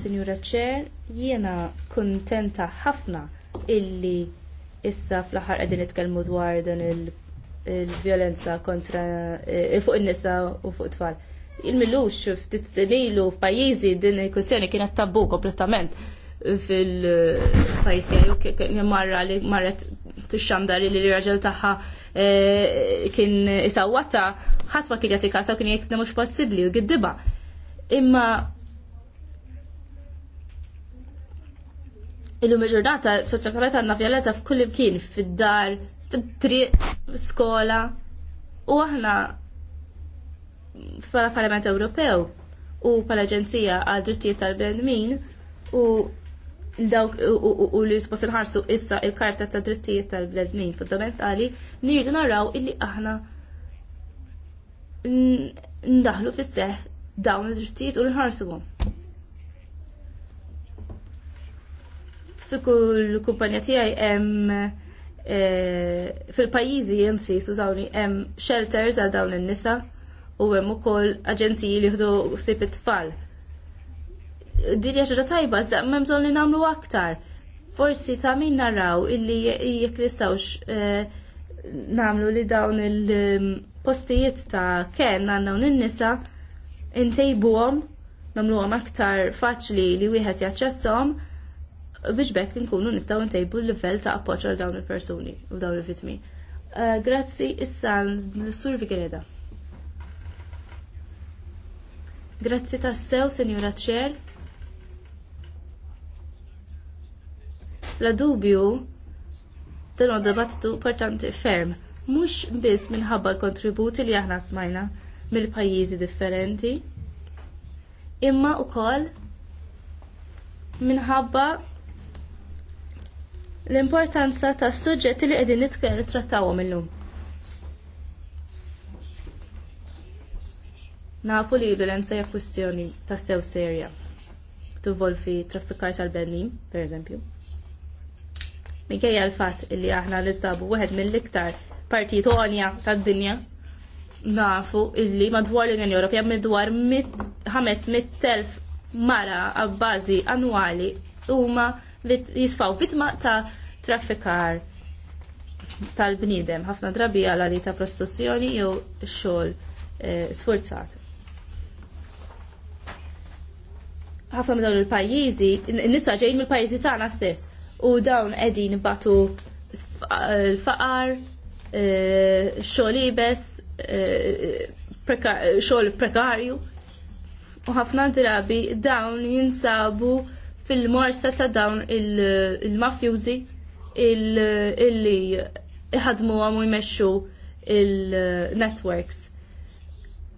Sinjura Chair, jiena kuntenta ħafna illi issa fl-aħħar qegħdin nitkellmu dwar dan il-vjolenza kontra eh, fuq in-nisa u fuq tfal. Il-milux ftit senilu f'pajjiżi din il-kwistjoni kienet tabbu kompletament fil-pajis tiegħi marra li marret tixxandar li l-raġel tagħha eh, kien isawwata ħadd ma kien jagħti kasa kien jgħid mhux possibbli u giddiba. Imma Illum il-ġurnata, soċjetament għandna vjolenza f'kull imkien, fid-dar, fit-triq, skola. U aħna bħala Parlament Ewropew u bħala Aġenzija għal Ġustijiet tal-Bnedmin u dawk u li jisbos ħarsu issa il-karta ta' drittijiet tal bledmin fundamentali nirdu naraw illi aħna ndaħlu fis-seħ dawn id-drittijiet u nħarsuhom. fi kull kumpanja tijaj hemm eh, fil-pajjiżi jinsi sużawni hemm shelters għal dawn in-nisa u hemm ukoll aġenziji li jieħdu sib it-tfal. Dirja ġra tajba, zda memżon li nagħmlu aktar. Forsi ta' min naraw illi jekk nistawx eh, nagħmlu li dawn il-postijiet ta' ken għal dawn in-nisa intejbuhom nagħmluhom aktar faċli li wieħed jaċċesshom biex bekk nkunu nistgħu ntejbu l-livell ta' appoġġ għal dawn il-persuni u dawn il-vittmi. Eh, grazzi issa l-Sur Vigreda. Grazzi tassew, Senjura Ċer. La dubju dan u dibattitu importanti ferm, mhux biss minħabba l-kontributi li aħna smajna mill-pajjiżi differenti, imma wkoll minħabba l-importanza tas suġġetti li qegħdin nittrattawhom illum. Nafu li l-emsejja kwistjoni ta' sew serja tuvolfi traffikar tal-benni, per eżempju. Minkejja l fatt li aħna l istabu wieħed mill-iktar partijiet għonja tad-dinja nafu illi madwar l-Unjoni Ewropea madwar 500,000 mara għabbażi annwali huma jisfaw vitma ta' traffikar tal-bnidem, ħafna drabi għal li ta' prostituzzjoni jew xogħol eh, sforzat. ħafna minn dawn il-pajjiżi, nisa ġejn mill-pajjiżi tagħna stess u dawn qegħdin batu l-faqar, eh, xogħol ibes, eh, xogħol prekarju u ħafna drabi dawn jinsabu fil-morsa ta' dawn il-mafjużi illi iħadmu għamu jmexxu il-networks.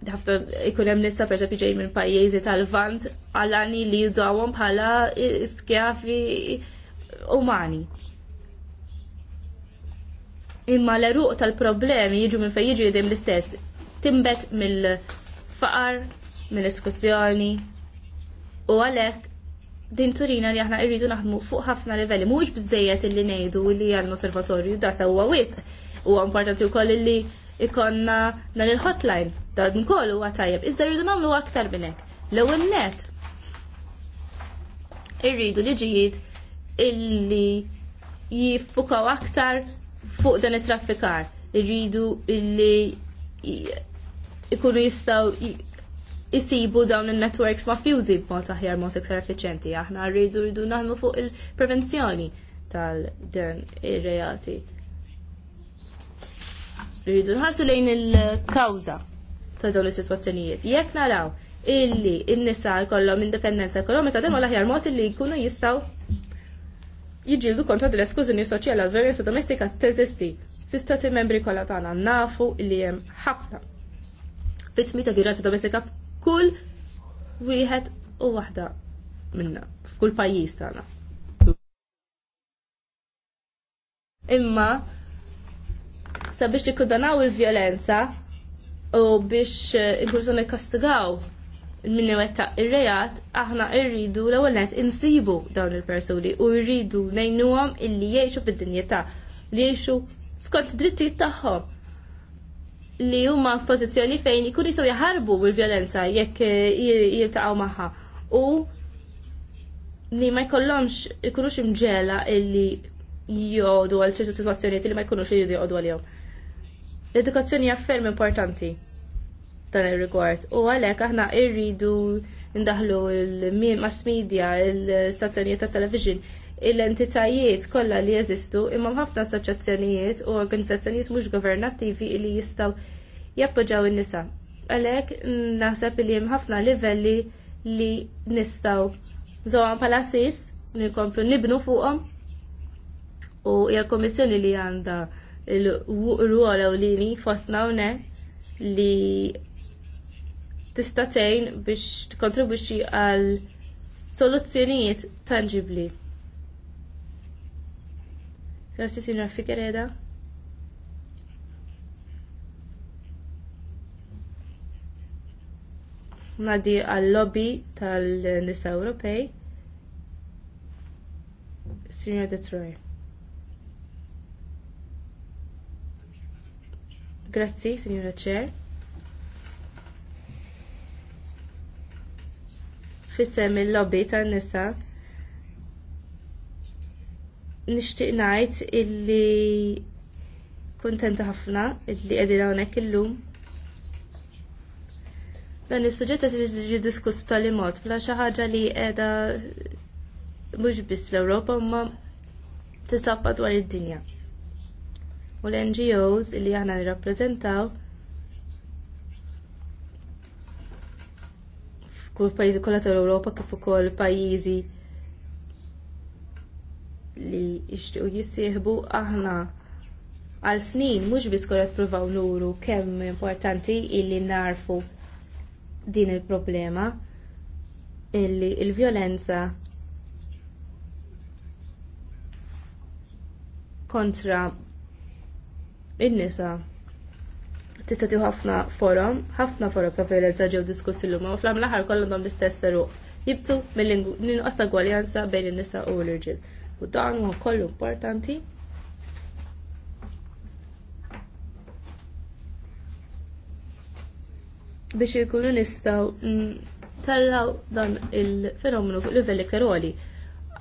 Għafna ikun hemm nisa pereżempju ġej minn pajjiżi tal-Vant għalani li jużawhom bħala skjafi umani. Imma l-eruq tal-problemi jiġu minn fejn jiġu l-istess. Timbet mill-faqar, mill-diskussjoni u għalhekk din turina li aħna irridu naħdmu fuq ħafna livelli, mhux biżejjed illi ngħidu li għandna osservatorju da huwa wisq. Huwa importanti wkoll illi ikonna dan il-hotline, dan ukoll huwa tajjeb. Iżda rridu nagħmlu aktar minn hekk. L-ewwel net irridu liġijiet illi jiffukaw aktar fuq dan it-traffikar. Irridu illi ikunu jistgħu isibu dawn il-networks mafjużi b'mod aħjar mod iktar effiċenti. Aħna rridu rridu naħmu fuq il-prevenzjoni tal-dan ir-reati. Rridu nħarsu lejn il-kawża ta' dawn is-sitwazzjonijiet. Jekk naraw illi n-nisa jkollhom indipendenza ekonomika dem l aħjar mod illi jkunu jistgħu jġildu kontra dell-eskużjoni soċjali għal verjenza domestika teżisti fi stati membri kollha tagħna nafu illi hemm ħafna Fit tmita violenza domestika f'kull wieħed u waħda minna, f'kull pajjiż tagħna. Imma sabiex tikkudanaw il-vjolenza u biex eh, inkurżu nikkastigaw minn wettaq ir-rejat, aħna rridu l-ewwel insibu dawn il-persuni u rridu ngħinuhom illi jgħixu fid-dinjetà li jgħixu skont drittijiet tagħhom li huma f'pożizzjoni fejn ikun jistgħu jaħarbu bil-vjolenza jekk eh, jiltaqgħu magħha u li ma jkollhomx ikunux imġela illi jgħodu għal ċertu situazzjonijiet li ma jkunux li jgħodu għalihom. L-edukazzjoni hija ferm importanti dan ir-rigward u għalhekk aħna irridu ndaħlu il-mass media, il-stazzjonijiet tat television l-entitajiet kollha li jeżistu imma ħafna assoċjazzjonijiet u organizzazzjonijiet mhux governattivi li jistgħu jappoġġjaw in-nisa. Għalhekk naħseb li hemm ħafna livelli li nistgħu żewgħan bħala sis nikomplu nibnu fuqhom u hija kommissjoni li għandha l-ruol ewlieni fostna hawnhekk li tista' tgħin biex tkontribwixxi għal soluzzjonijiet tangibbli. Grazie Signora Figueredo. Nadi għal-lobby tal-nisa Ewropej. Signor Detroit. Grazie, signora Chair. Fissem il-lobby tan-nisa nixtieq ngħid illi kuntenta ħafna illi qegħdin hawnhekk illum. Dan is-suġġett qed jiġi diskuss tal mod bla xi ħaġa li qiegħda mhux biss l-Ewropa imma tisab dwar id-dinja. U l-NGOs illi aħna nirrappreżentaw f'kull pajjiżi kollha tal-Ewropa kif ukoll pajjiżi li jixtiequ jissieħbu aħna għal snin mhux biss kollha provaw nuru kemm importanti illi narfu din il-problema illi l il vjolenza kontra in-nisa tista' tieħu ħafna forum, ħafna forum ta' violenza ġew diskussi l-lum, u fl-aħħar kollhom l-istess seruq jibtu mill-inqas gwaljanza bejn in-nisa u l-irġiel u dan huwa kollu importanti. biex ikunu nistgħu tellaw dan il-fenomenu fuq livell iktar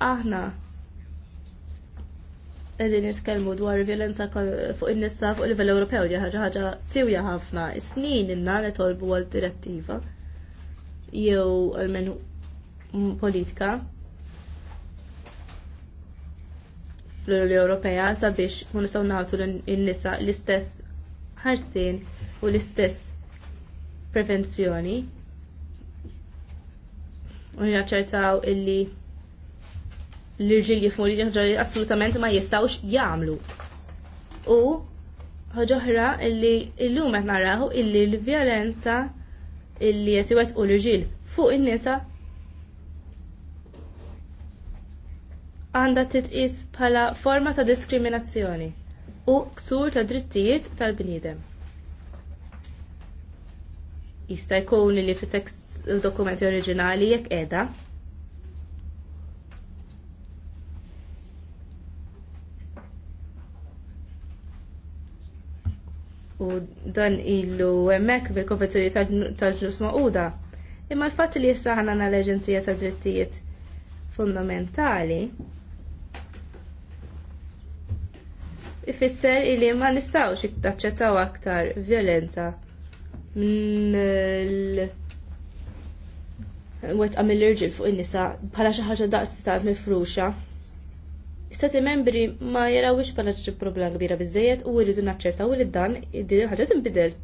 Aħna qegħdin nitkellmu dwar violenza fuq in-nisa fuq livell Ewropew li ħaġa ħaġa siwja ħafna. Snin inna li tolbu għal direttiva jew l-menu politika fl-Unjoni Ewropea sabiex kun nistgħu nagħtu lin-nisa l-istess ħarsien u l-istess prevenzjoni. U naċċertaw illi l-irġiel jifmu li assolutament ma jistgħux jagħmlu. U ħoġoħra illi illum qed naraw illi l-vjolenza illi qed u l-irġiel fuq in-nisa għandha titqis bħala forma ta' diskriminazzjoni u ksur ta' drittijiet tal-bniedem. Jista' jkun li fit-tekst dokumenti oriġinali jekk qiegħda u dan illu hemmhekk bil-konvenzjoni tal ġus maquda. Imma l-fatt li issa ħana l-Aġenzija tad drittijiet fundamentali ifisser illi ma nistawx iktaċċettaw aktar violenza minn l-wetqa mill-irġil fuq in-nisa bħala xi ħaġa daqs ta' mifruxa. Istati membri ma jarawix bħala xi problema kbira biżejjed u jridu naċċertaw li dan id-din ħaġa tinbidel.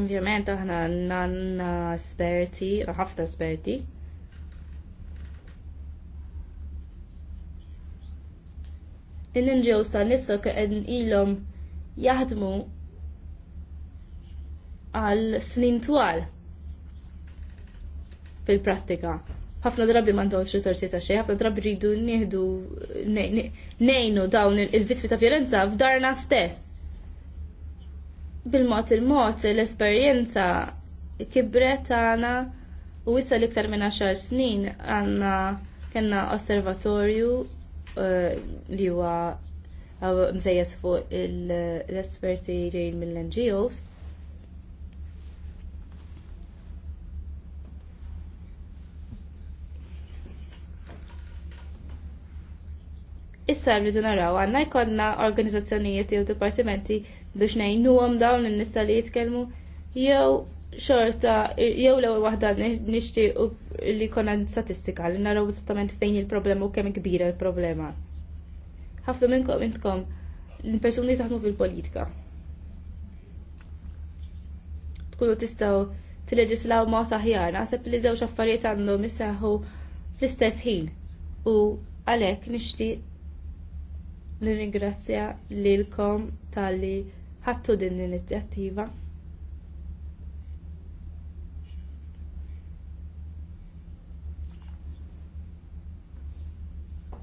Ovvjament aħna nanna esperti, ħafna esperti, il-NGOs tan nisso qegħdin ilhom jaħdmu għal snin twal fil-prattika. ħafna drabi m'għandhomx risorsi ta' xejn, ħafna drabi rridu nieħdu nejnu dawn il-vittmi ta' violenza f'darna stess. Bil-mod il-mod l-esperjenza kibret għana u issa l-iktar minn 10 snin għanna kena osservatorju Eh, li huwa eh, msejjes fuq l-esperti mill-NGOs. Issa rridu naraw għanna jkollna organizzazzjonijiet jew dipartimenti biex ngħinuhom dawn in-nisa li jitkellmu jew xorta jew l-ewwel waħda nixtieq li jkollna statistika li naraw esattament fejn il-problema u kemm kbira l-problema. Ħafna minnkom intkom l-persuni taħdmu fil-politika. Tkunu tistgħu tileġislaw ma saħjar, naħseb li żewġ affarijiet għandhom isseħħu fl-istess ħin u għalhekk nixtieq nirringrazzja lilkom talli ħattu din l-inizjattiva.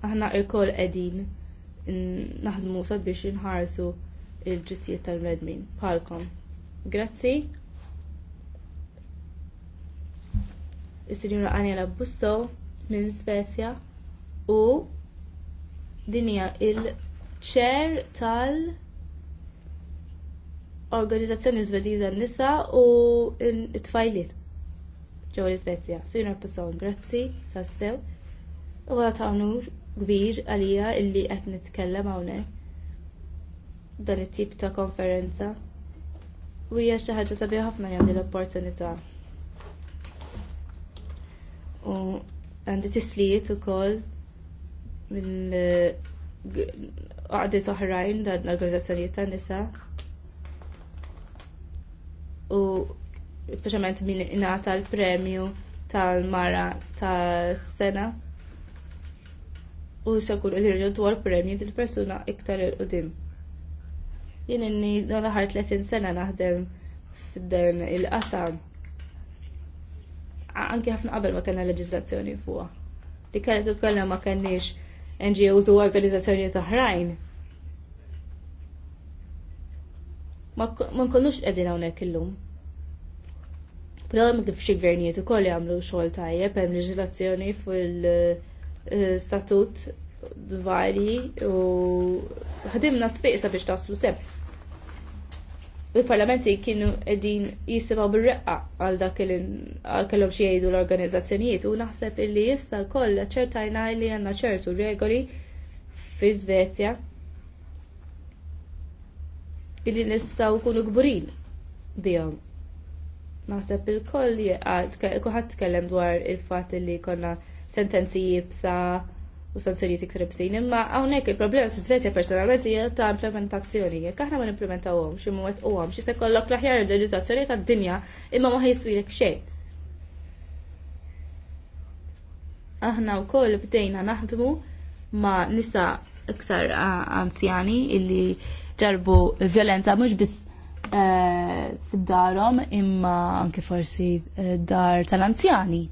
aħna il-koll edin naħdmu sabiex inħarsu il-ġustijiet tal-medmin. Palkom. Grazzi. Is-sinjura Anjela Busso minn Svezja u dinja il-ċer tal- organizzazzjoni Svediża n-nisa u t-tfajliet ġewwa l-Iżvezja. Sinjura Passon, grazzi, tassew. U għata ta' kbir għalija illi qed nitkellem hawnhekk dan it-tip ta' konferenza. U hija xi ħaġa sabiħa ħafna li għandi l-opportunità. U għandi tislijiet ukoll minn eh, għadiet oħrajn dan l-organizzazzjonijiet tan nisa. U speċjalment min ingħata l-premju tal-mara tas-sena u se jkun qed nirġgħu premji din persuna iktar il Jien inni dan aħar 30 sena naħdem f'dan il-qasam. Anki ħafna qabel ma kellna leġiżlazzjoni fuqha. Li kellek ikollha ma kenniex NGOs u organizzazzjonijiet oħrajn ma nkollux qegħdin hawnhekk illum. Però hemm kif xi gvernijiet ukoll jagħmlu xogħol tajjeb hemm leġislazzjoni fil- Eh, statut varji u ħadimna spiqsa biex taslu sem. Il-parlamenti kienu edin jisibaw bil-reqqa għal dak għal kellhom xi jgħidu l-organizzazzjonijiet u naħseb illi issa l-koll ċertajna li għandna ċertu regoli fi Svezja illi nistgħu kunu gburin bihom. Naħseb il-koll kuħadd tkellem dwar il-fatt li konna sentenzi jibsa u sanzjonijiet iktar ibsin. Imma hawnhekk il-problema fi Svezja personalment hija ta' implementazzjoni. Jekk aħna ma nimplementawhom xi mwet uhom xi se l-aħjar leġiżlazzjoni tad-dinja imma ma ħajswilek xejn. Aħna wkoll bdejna naħdmu ma' nisa iktar anzjani illi ġarbu violenza mhux biss eh, fid-darhom imma anke forsi eh, dar tal-anzjani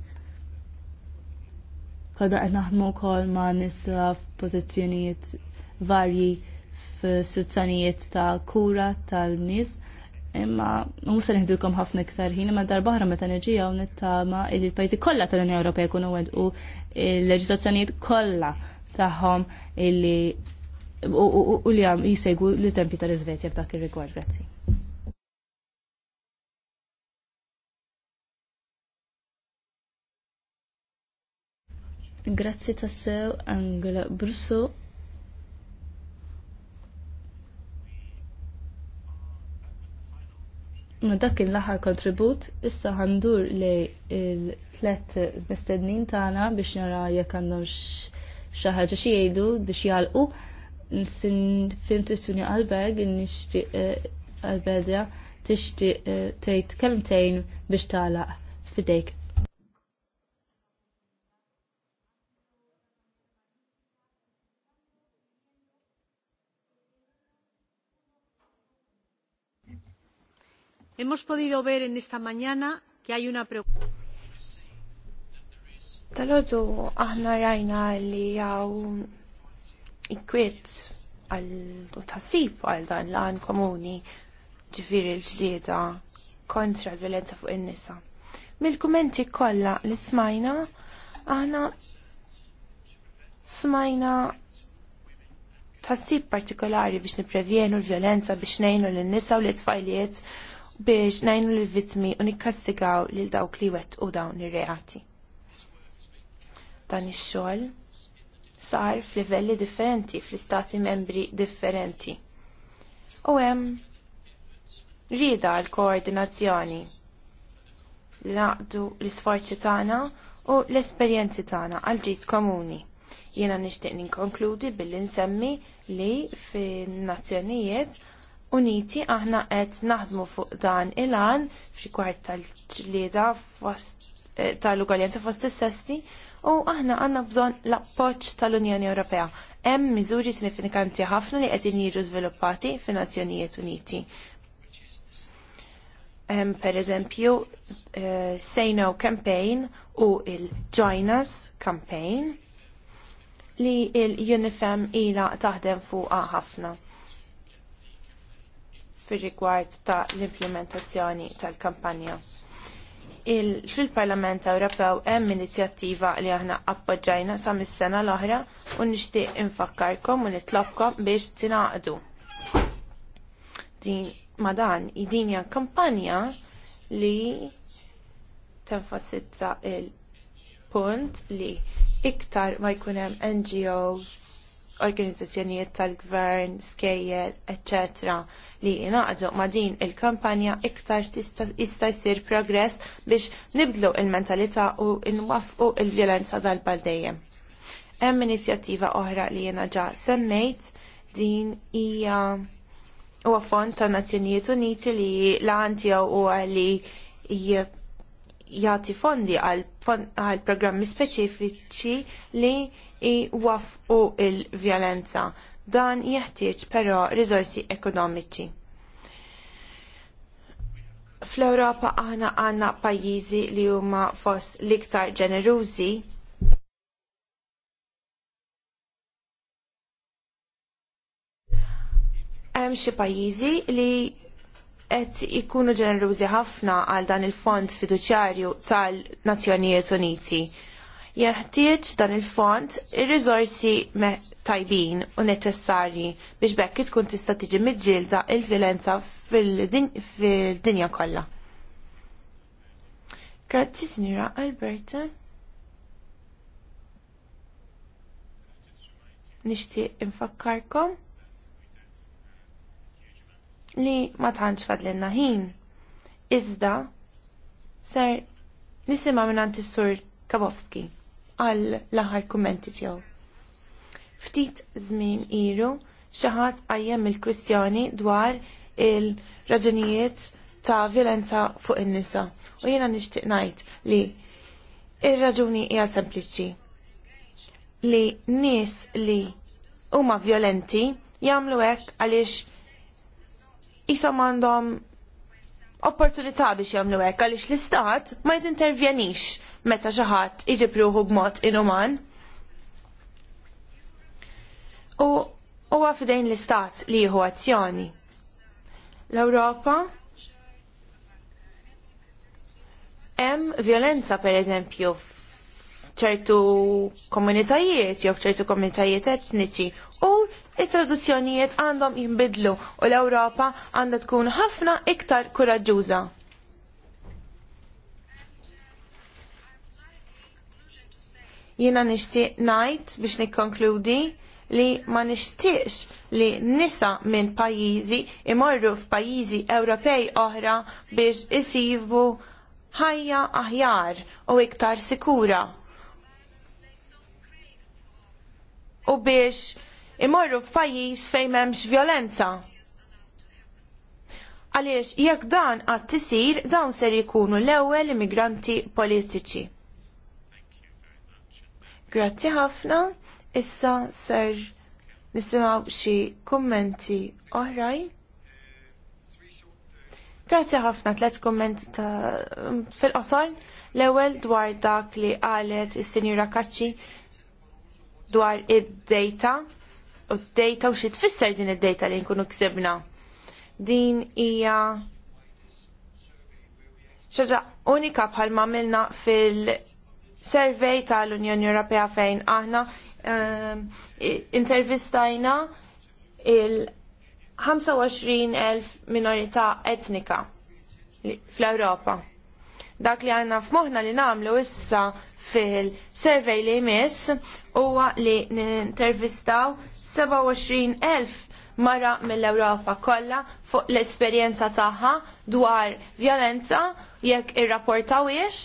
Kada qed naħdmu wkoll ma' nisa f'pożizzjonijiet varji f'istituzzjonijiet ta' kura tal-nies imma mhux se neħdilkom ħafna iktar ħin imma darba meta niġi u nittama li l-pajjiżi kollha tal-Unjoni Ewropea jkunu wedqu l-leġiżlazzjonijiet kollha tagħhom illi u li jisegwu l-eżempju tal-Iżvezja f'dak ir-rigward. Grazzi. Grazzi tassew Angela Brusso. Ma dak il-laħar kontribut, issa ħandur li il-tlet mistednin tagħna biex nara jekk għandhom xi ħaġa xi jgħidu biex jgħalqu. Fim tistuni għalberg, nixtieq għalbedja, eh, tixtieq eh, tgħid kelmtejn biex tagħlaq fidejk. Hemos podido ver en esta mañana que hay una preocupación. Tal-ħodu aħna rajna li jaw ikwiet għal tasib għal dan l-għan komuni ġifiri l ġdida kontra l-violenza fuq in-nisa. mil kumenti kollha li smajna aħna smajna tasib partikolari biex niprevjenu l-violenza biex nejnu l-nisa u l-tfajliet biex najnu l-vittmi u nikkastigaw lil dawk li wet u dawn ir-reati. Dan ix-xogħol sar f'livelli differenti fl-istati membri differenti. U hemm rida l koordinazzjoni li naqdu l-isforzi tagħna u l-esperjenzi tagħna għal ġid komuni. Jiena nixtieq ninkonkludi billi nsemmi li fin-nazzjonijiet Uniti aħna qed naħdmu fuq dan il-għan f'xi kwart tal-ġlieda eh, tal ugaljenza fost is-sessi u aħna għandna bżonn l-appoġġ tal-Unjoni Ewropea. Hemm miżuri sinifikanti ħafna li qegħdin jiġu żviluppati fin-Nazzjonijiet Uniti. Hemm pereżempju uh, eh, Say No Campaign u il-Join Us Campaign li il-UNIFEM ila taħdem fuqha ħafna fir-rigward ta' l-implementazzjoni tal-kampanja. Fil-Parlament Ewropew hemm inizjattiva li aħna appoġġajna sa mis-sena l-oħra u nixtieq infakkarkom u nitlobkom biex tingħaqdu. Din ma dan din hija kampanja li tenfasizza il-punt li iktar ma jkun hemm NGOs organizzazzjonijiet tal-gvern, skejjel, etc. li jinaqdu ma' din il-kampanja iktar jista' jsir progress biex nibdlu il-mentalità u nwaffqu il-vjolenza dal-baldejjem. Hemm inizjattiva oħra li jiena ġa semmejt din hija u fond tan Nazzjonijiet Uniti li l-għandja huwa li e jagħti fondi għal programmi speċifiċi li jwaffqu il-vjolenza. Dan jeħtieġ però riżorsi ekonomiċi fl-Europa aħna għandna pajjiżi li huma fost l-iktar ġenerużi hemm xi pajjiżi li qed ikunu ġenerużi ħafna għal dan il-fond fiduċjarju tal-Nazzjonijiet Uniti. Jeħtieġ dan il-fond ir-riżorsi tajbin u neċessarji biex bekk tkun tista' tiġi miġġielda il vilenza fil-dinja kollha. Grazzi, Sinjura Alberta. Nixtieq infakkarkom li ma tħanċ fadlenna ħin. Iżda ser nisima minn is-sur Kabowski għal laħar aħħar kummenti tiegħu. Ftit żmien iru xi ħadd il-kwistjoni dwar il-raġunijiet ta' violenza fuq in-nisa u jiena nixtieq ngħid li ir-raġuni hija sempliċi li nies li huma violenti jagħmlu hekk għaliex jisom għandhom opportunità biex jagħmlu hekk għaliex l-istat ma jintervjenix meta xi ħadd iġipruħu b'mod inuman. U huwa f'idejn l-istat li jieħu azzjoni. L-Ewropa hemm violenza pereżempju ċertu komunitajiet jew ċertu komunitajiet etniċi u it-traduzzjonijiet għandhom jinbidlu u l-Ewropa għandha tkun ħafna iktar kuraġġuża. Jiena nixtieq ngħid biex nikkonkludi li ma nixtieqx li nisa minn pajjiżi imorru f'pajjiżi Ewropej oħra biex isibu ħajja aħjar u iktar sikura. U biex imorru f'pajjiż fejn m'hemmx violenza. Għaliex jekk dan għad tisir dawn ser jkunu l-ewwel immigranti politiċi. Grazzi ħafna, issa ser nisimgħu xi kummenti oħrajn. Grazzi ħafna tlet komment ta' fil-qosor. L-ewwel dwar dak li qalet is-Sinjura Kaċċi dwar id-data u d-data u xie tfisser din id-data li nkunu ksibna. Din hija ċaġa unika bħalma milna fil-survey tal-Unjoni Ewropea fejn aħna um, intervistajna il-25,000 minorità etnika fl-Ewropa dak li għanna f'moħna li namlu issa fil-survey li jmiss huwa li nintervistaw 27,000 mara mill-Ewropa kollha fuq l-esperjenza tagħha dwar vjolenza jekk irrapportawiex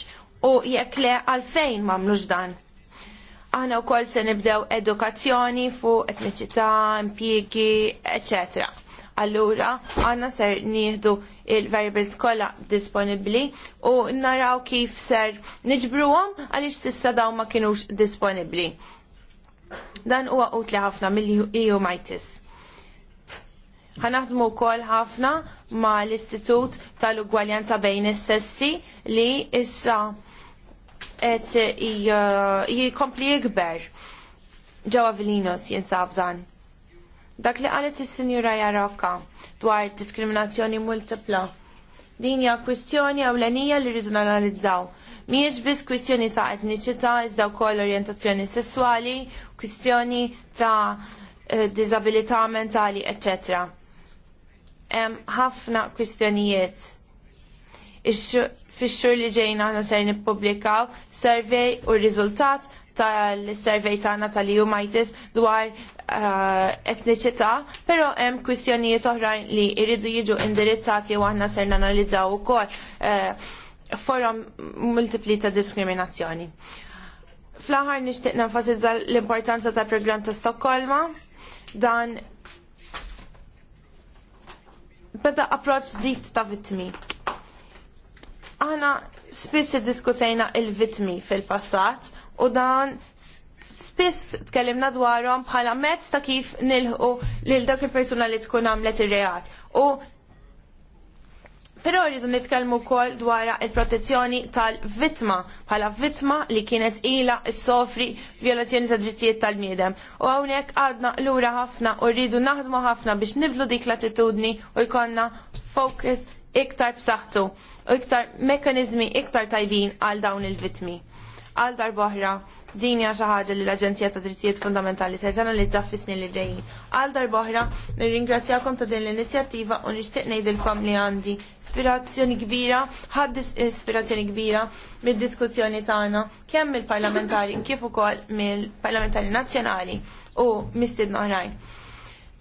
u jekk le għalfejn m'għamlux dan. Aħna wkoll se nibdew edukazzjoni fuq etniċità, impjiegi, etc. Allura, għanna ser nieħdu il-variables kolla disponibli u naraw kif ser niġbruhom għaliex sissa daw ma kienux disponibli. Dan huwa utli ħafna mill-EU Mitis. Ħanaħdmu wkoll ħafna ma l-Istitut tal-Ugwaljanza bejn is-sessi li issa qed uh, jikompli jikber ġewwa vilinus jinsab dan. Dak li qalet is-Sinjura Jaraka dwar diskriminazzjoni multipla. Din hija kwistjoni ewlenija li rridu nanalizzaw miex biss kwistjoni ta' etniċità, iżda wkoll orjentazzjoni sessuali, kwistjoni ta' eh, disabilità mentali, etc. Hemm ħafna kwistjonijiet. Fix-xhur li ġejna aħna ser nippubblikaw survey u r-riżultat tal-survey tagħna tal-Humaitis dwar uh, etniċità, però hemm kwistjonijiet oħrajn li jridu jiġu indirizzati u aħna ser nanalizzaw ukoll. Uh, forum multipli ta' diskriminazzjoni. Fl-aħħar nixtieq nenfasizza l-importanza tal programm ta' Stokkolma dan beda approċ dit ta' vittmi. Aħna spiss diskutejna il-vittmi fil-passat u dan spiss tkellimna dwarhom bħala mezz ta' kif nilħu lil dak il-persuna li tkun għamlet ir-reat. U Però rridu nitkellmu wkoll dwar il-protezzjoni tal-vittma bħala vittma li kienet ila issofri violazzjoni ta' drittijiet tal-bniedem. U hawnhekk għadna lura ħafna u rridu naħdmu ħafna biex nibdlu dik l-attitudni u jkollna focus iktar b'saħħtu u iktar mekkaniżmi iktar tajbin għal dawn il-vittmi. Għal oħra, din hija xi ħaġa li l-Aġenzija ta' Drittijiet Fundamentali se tanalizza fis-snin li ġejjin. Għal darb'oħra nirringrazzjakom ta' din l-inizjattiva u nixtieq ngħidilkom li għandi ispirazzjoni kbira, ħadd ispirazzjoni kbira mid-diskussjoni tagħna kemm mill-parlamentari kif ukoll mill-parlamentari nazzjonali u mistiedna oħrajn.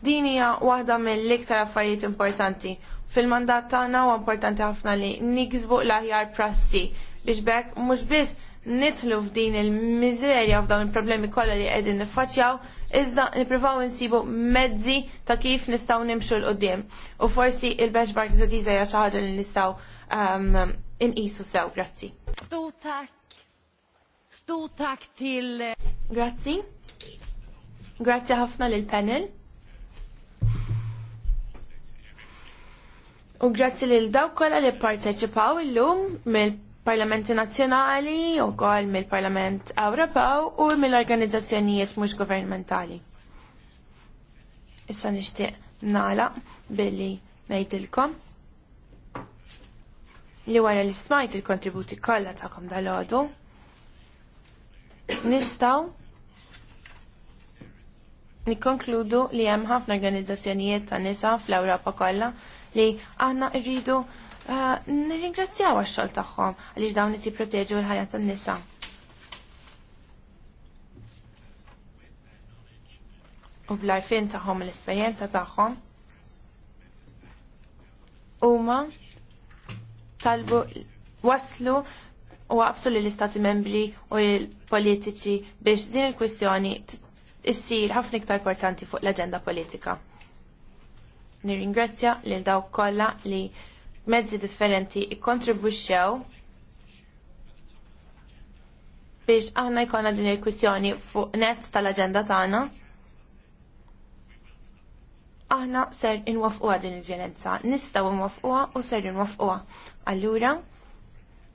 Din hija waħda mill-iktar affarijiet importanti. Fil-mandat tagħna huwa importanti ħafna li niksbu l-aħjar prassi biex bekk mhux biss nitlu f'din il-mizerja f'dawn il-problemi kollha li qegħdin niffaċċjaw, iżda nippruvaw insibu mezzi ta' kif nistgħu nimxu l qudiem U forsi il-benchmark żatiża hija xi ħaġa li nistgħu um, inqisu sew, grazzi. Stur tak. Stur tak til Grazzi. Grazzi ħafna lil panel. U grazzi lil dawk kollha li pparteċipaw illum mill parlamenti nazzjonali, u kol mill-Parlament Ewropew u mill-organizzazzjonijiet mhux governmentali. Issa nixtieq nala billi ngħidilkom li wara li smajt il-kontributi kollha tagħkom dal-għodu nistgħu nikkonkludu li hemm ħafna organizzazzjonijiet ta' nisa fl-Ewropa kollha li aħna rridu Ah, nirringrazzjaw għax-xogħol tagħhom għaliex dawn qed jipproteġu l-ħajja tan-nisa. u bl-arfin tagħhom l esperjenza tagħhom. huma talbu waslu u waqfsu lill istati membri u l-politiċi biex din il-kwistjoni issir ħafna iktar importanti fuq l aġenda politika. Nirringrazzja lil dawk kollha li mezzi differenti ikkontribwixxew biex aħna jkollna din il-kwistjoni fuq net tal-aġenda tagħna. Aħna ser inwafquha din il-vjolenza, nistgħu nwafquha u ser inwafquha. Allura,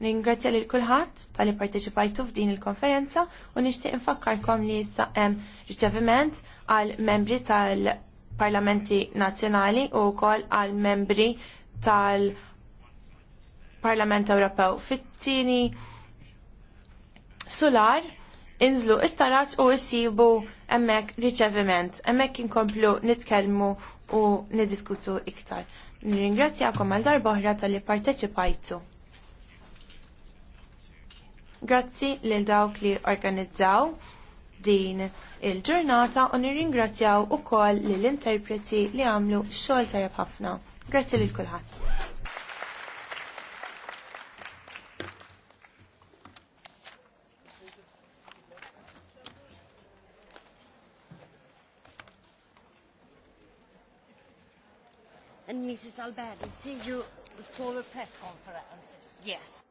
Ningrazzja lil kulħadd tal-li parteċipajtu f'din il-konferenza u nixtieq infakkarkom li issa hemm riċeviment għal membri tal-Parlamenti Nazzjonali u wkoll għal membri tal-Parlament Ewropew. Fit-tieni solar inżlu it-tarazz u jsibu hemmhekk riċeviment. Hemmhekk inkomplu nitkellmu u niddiskutu iktar. Nirringrazzjakom għal oħra tal-li parteċipajtu. Grazzi lil dawk li organizzaw din il-ġurnata u nirringrazzjaw ukoll lill interpreti li għamlu xogħol tajjeb ħafna. Grazie li kulħadd. And Mrs. Alberti, see you before the press conference. Yes.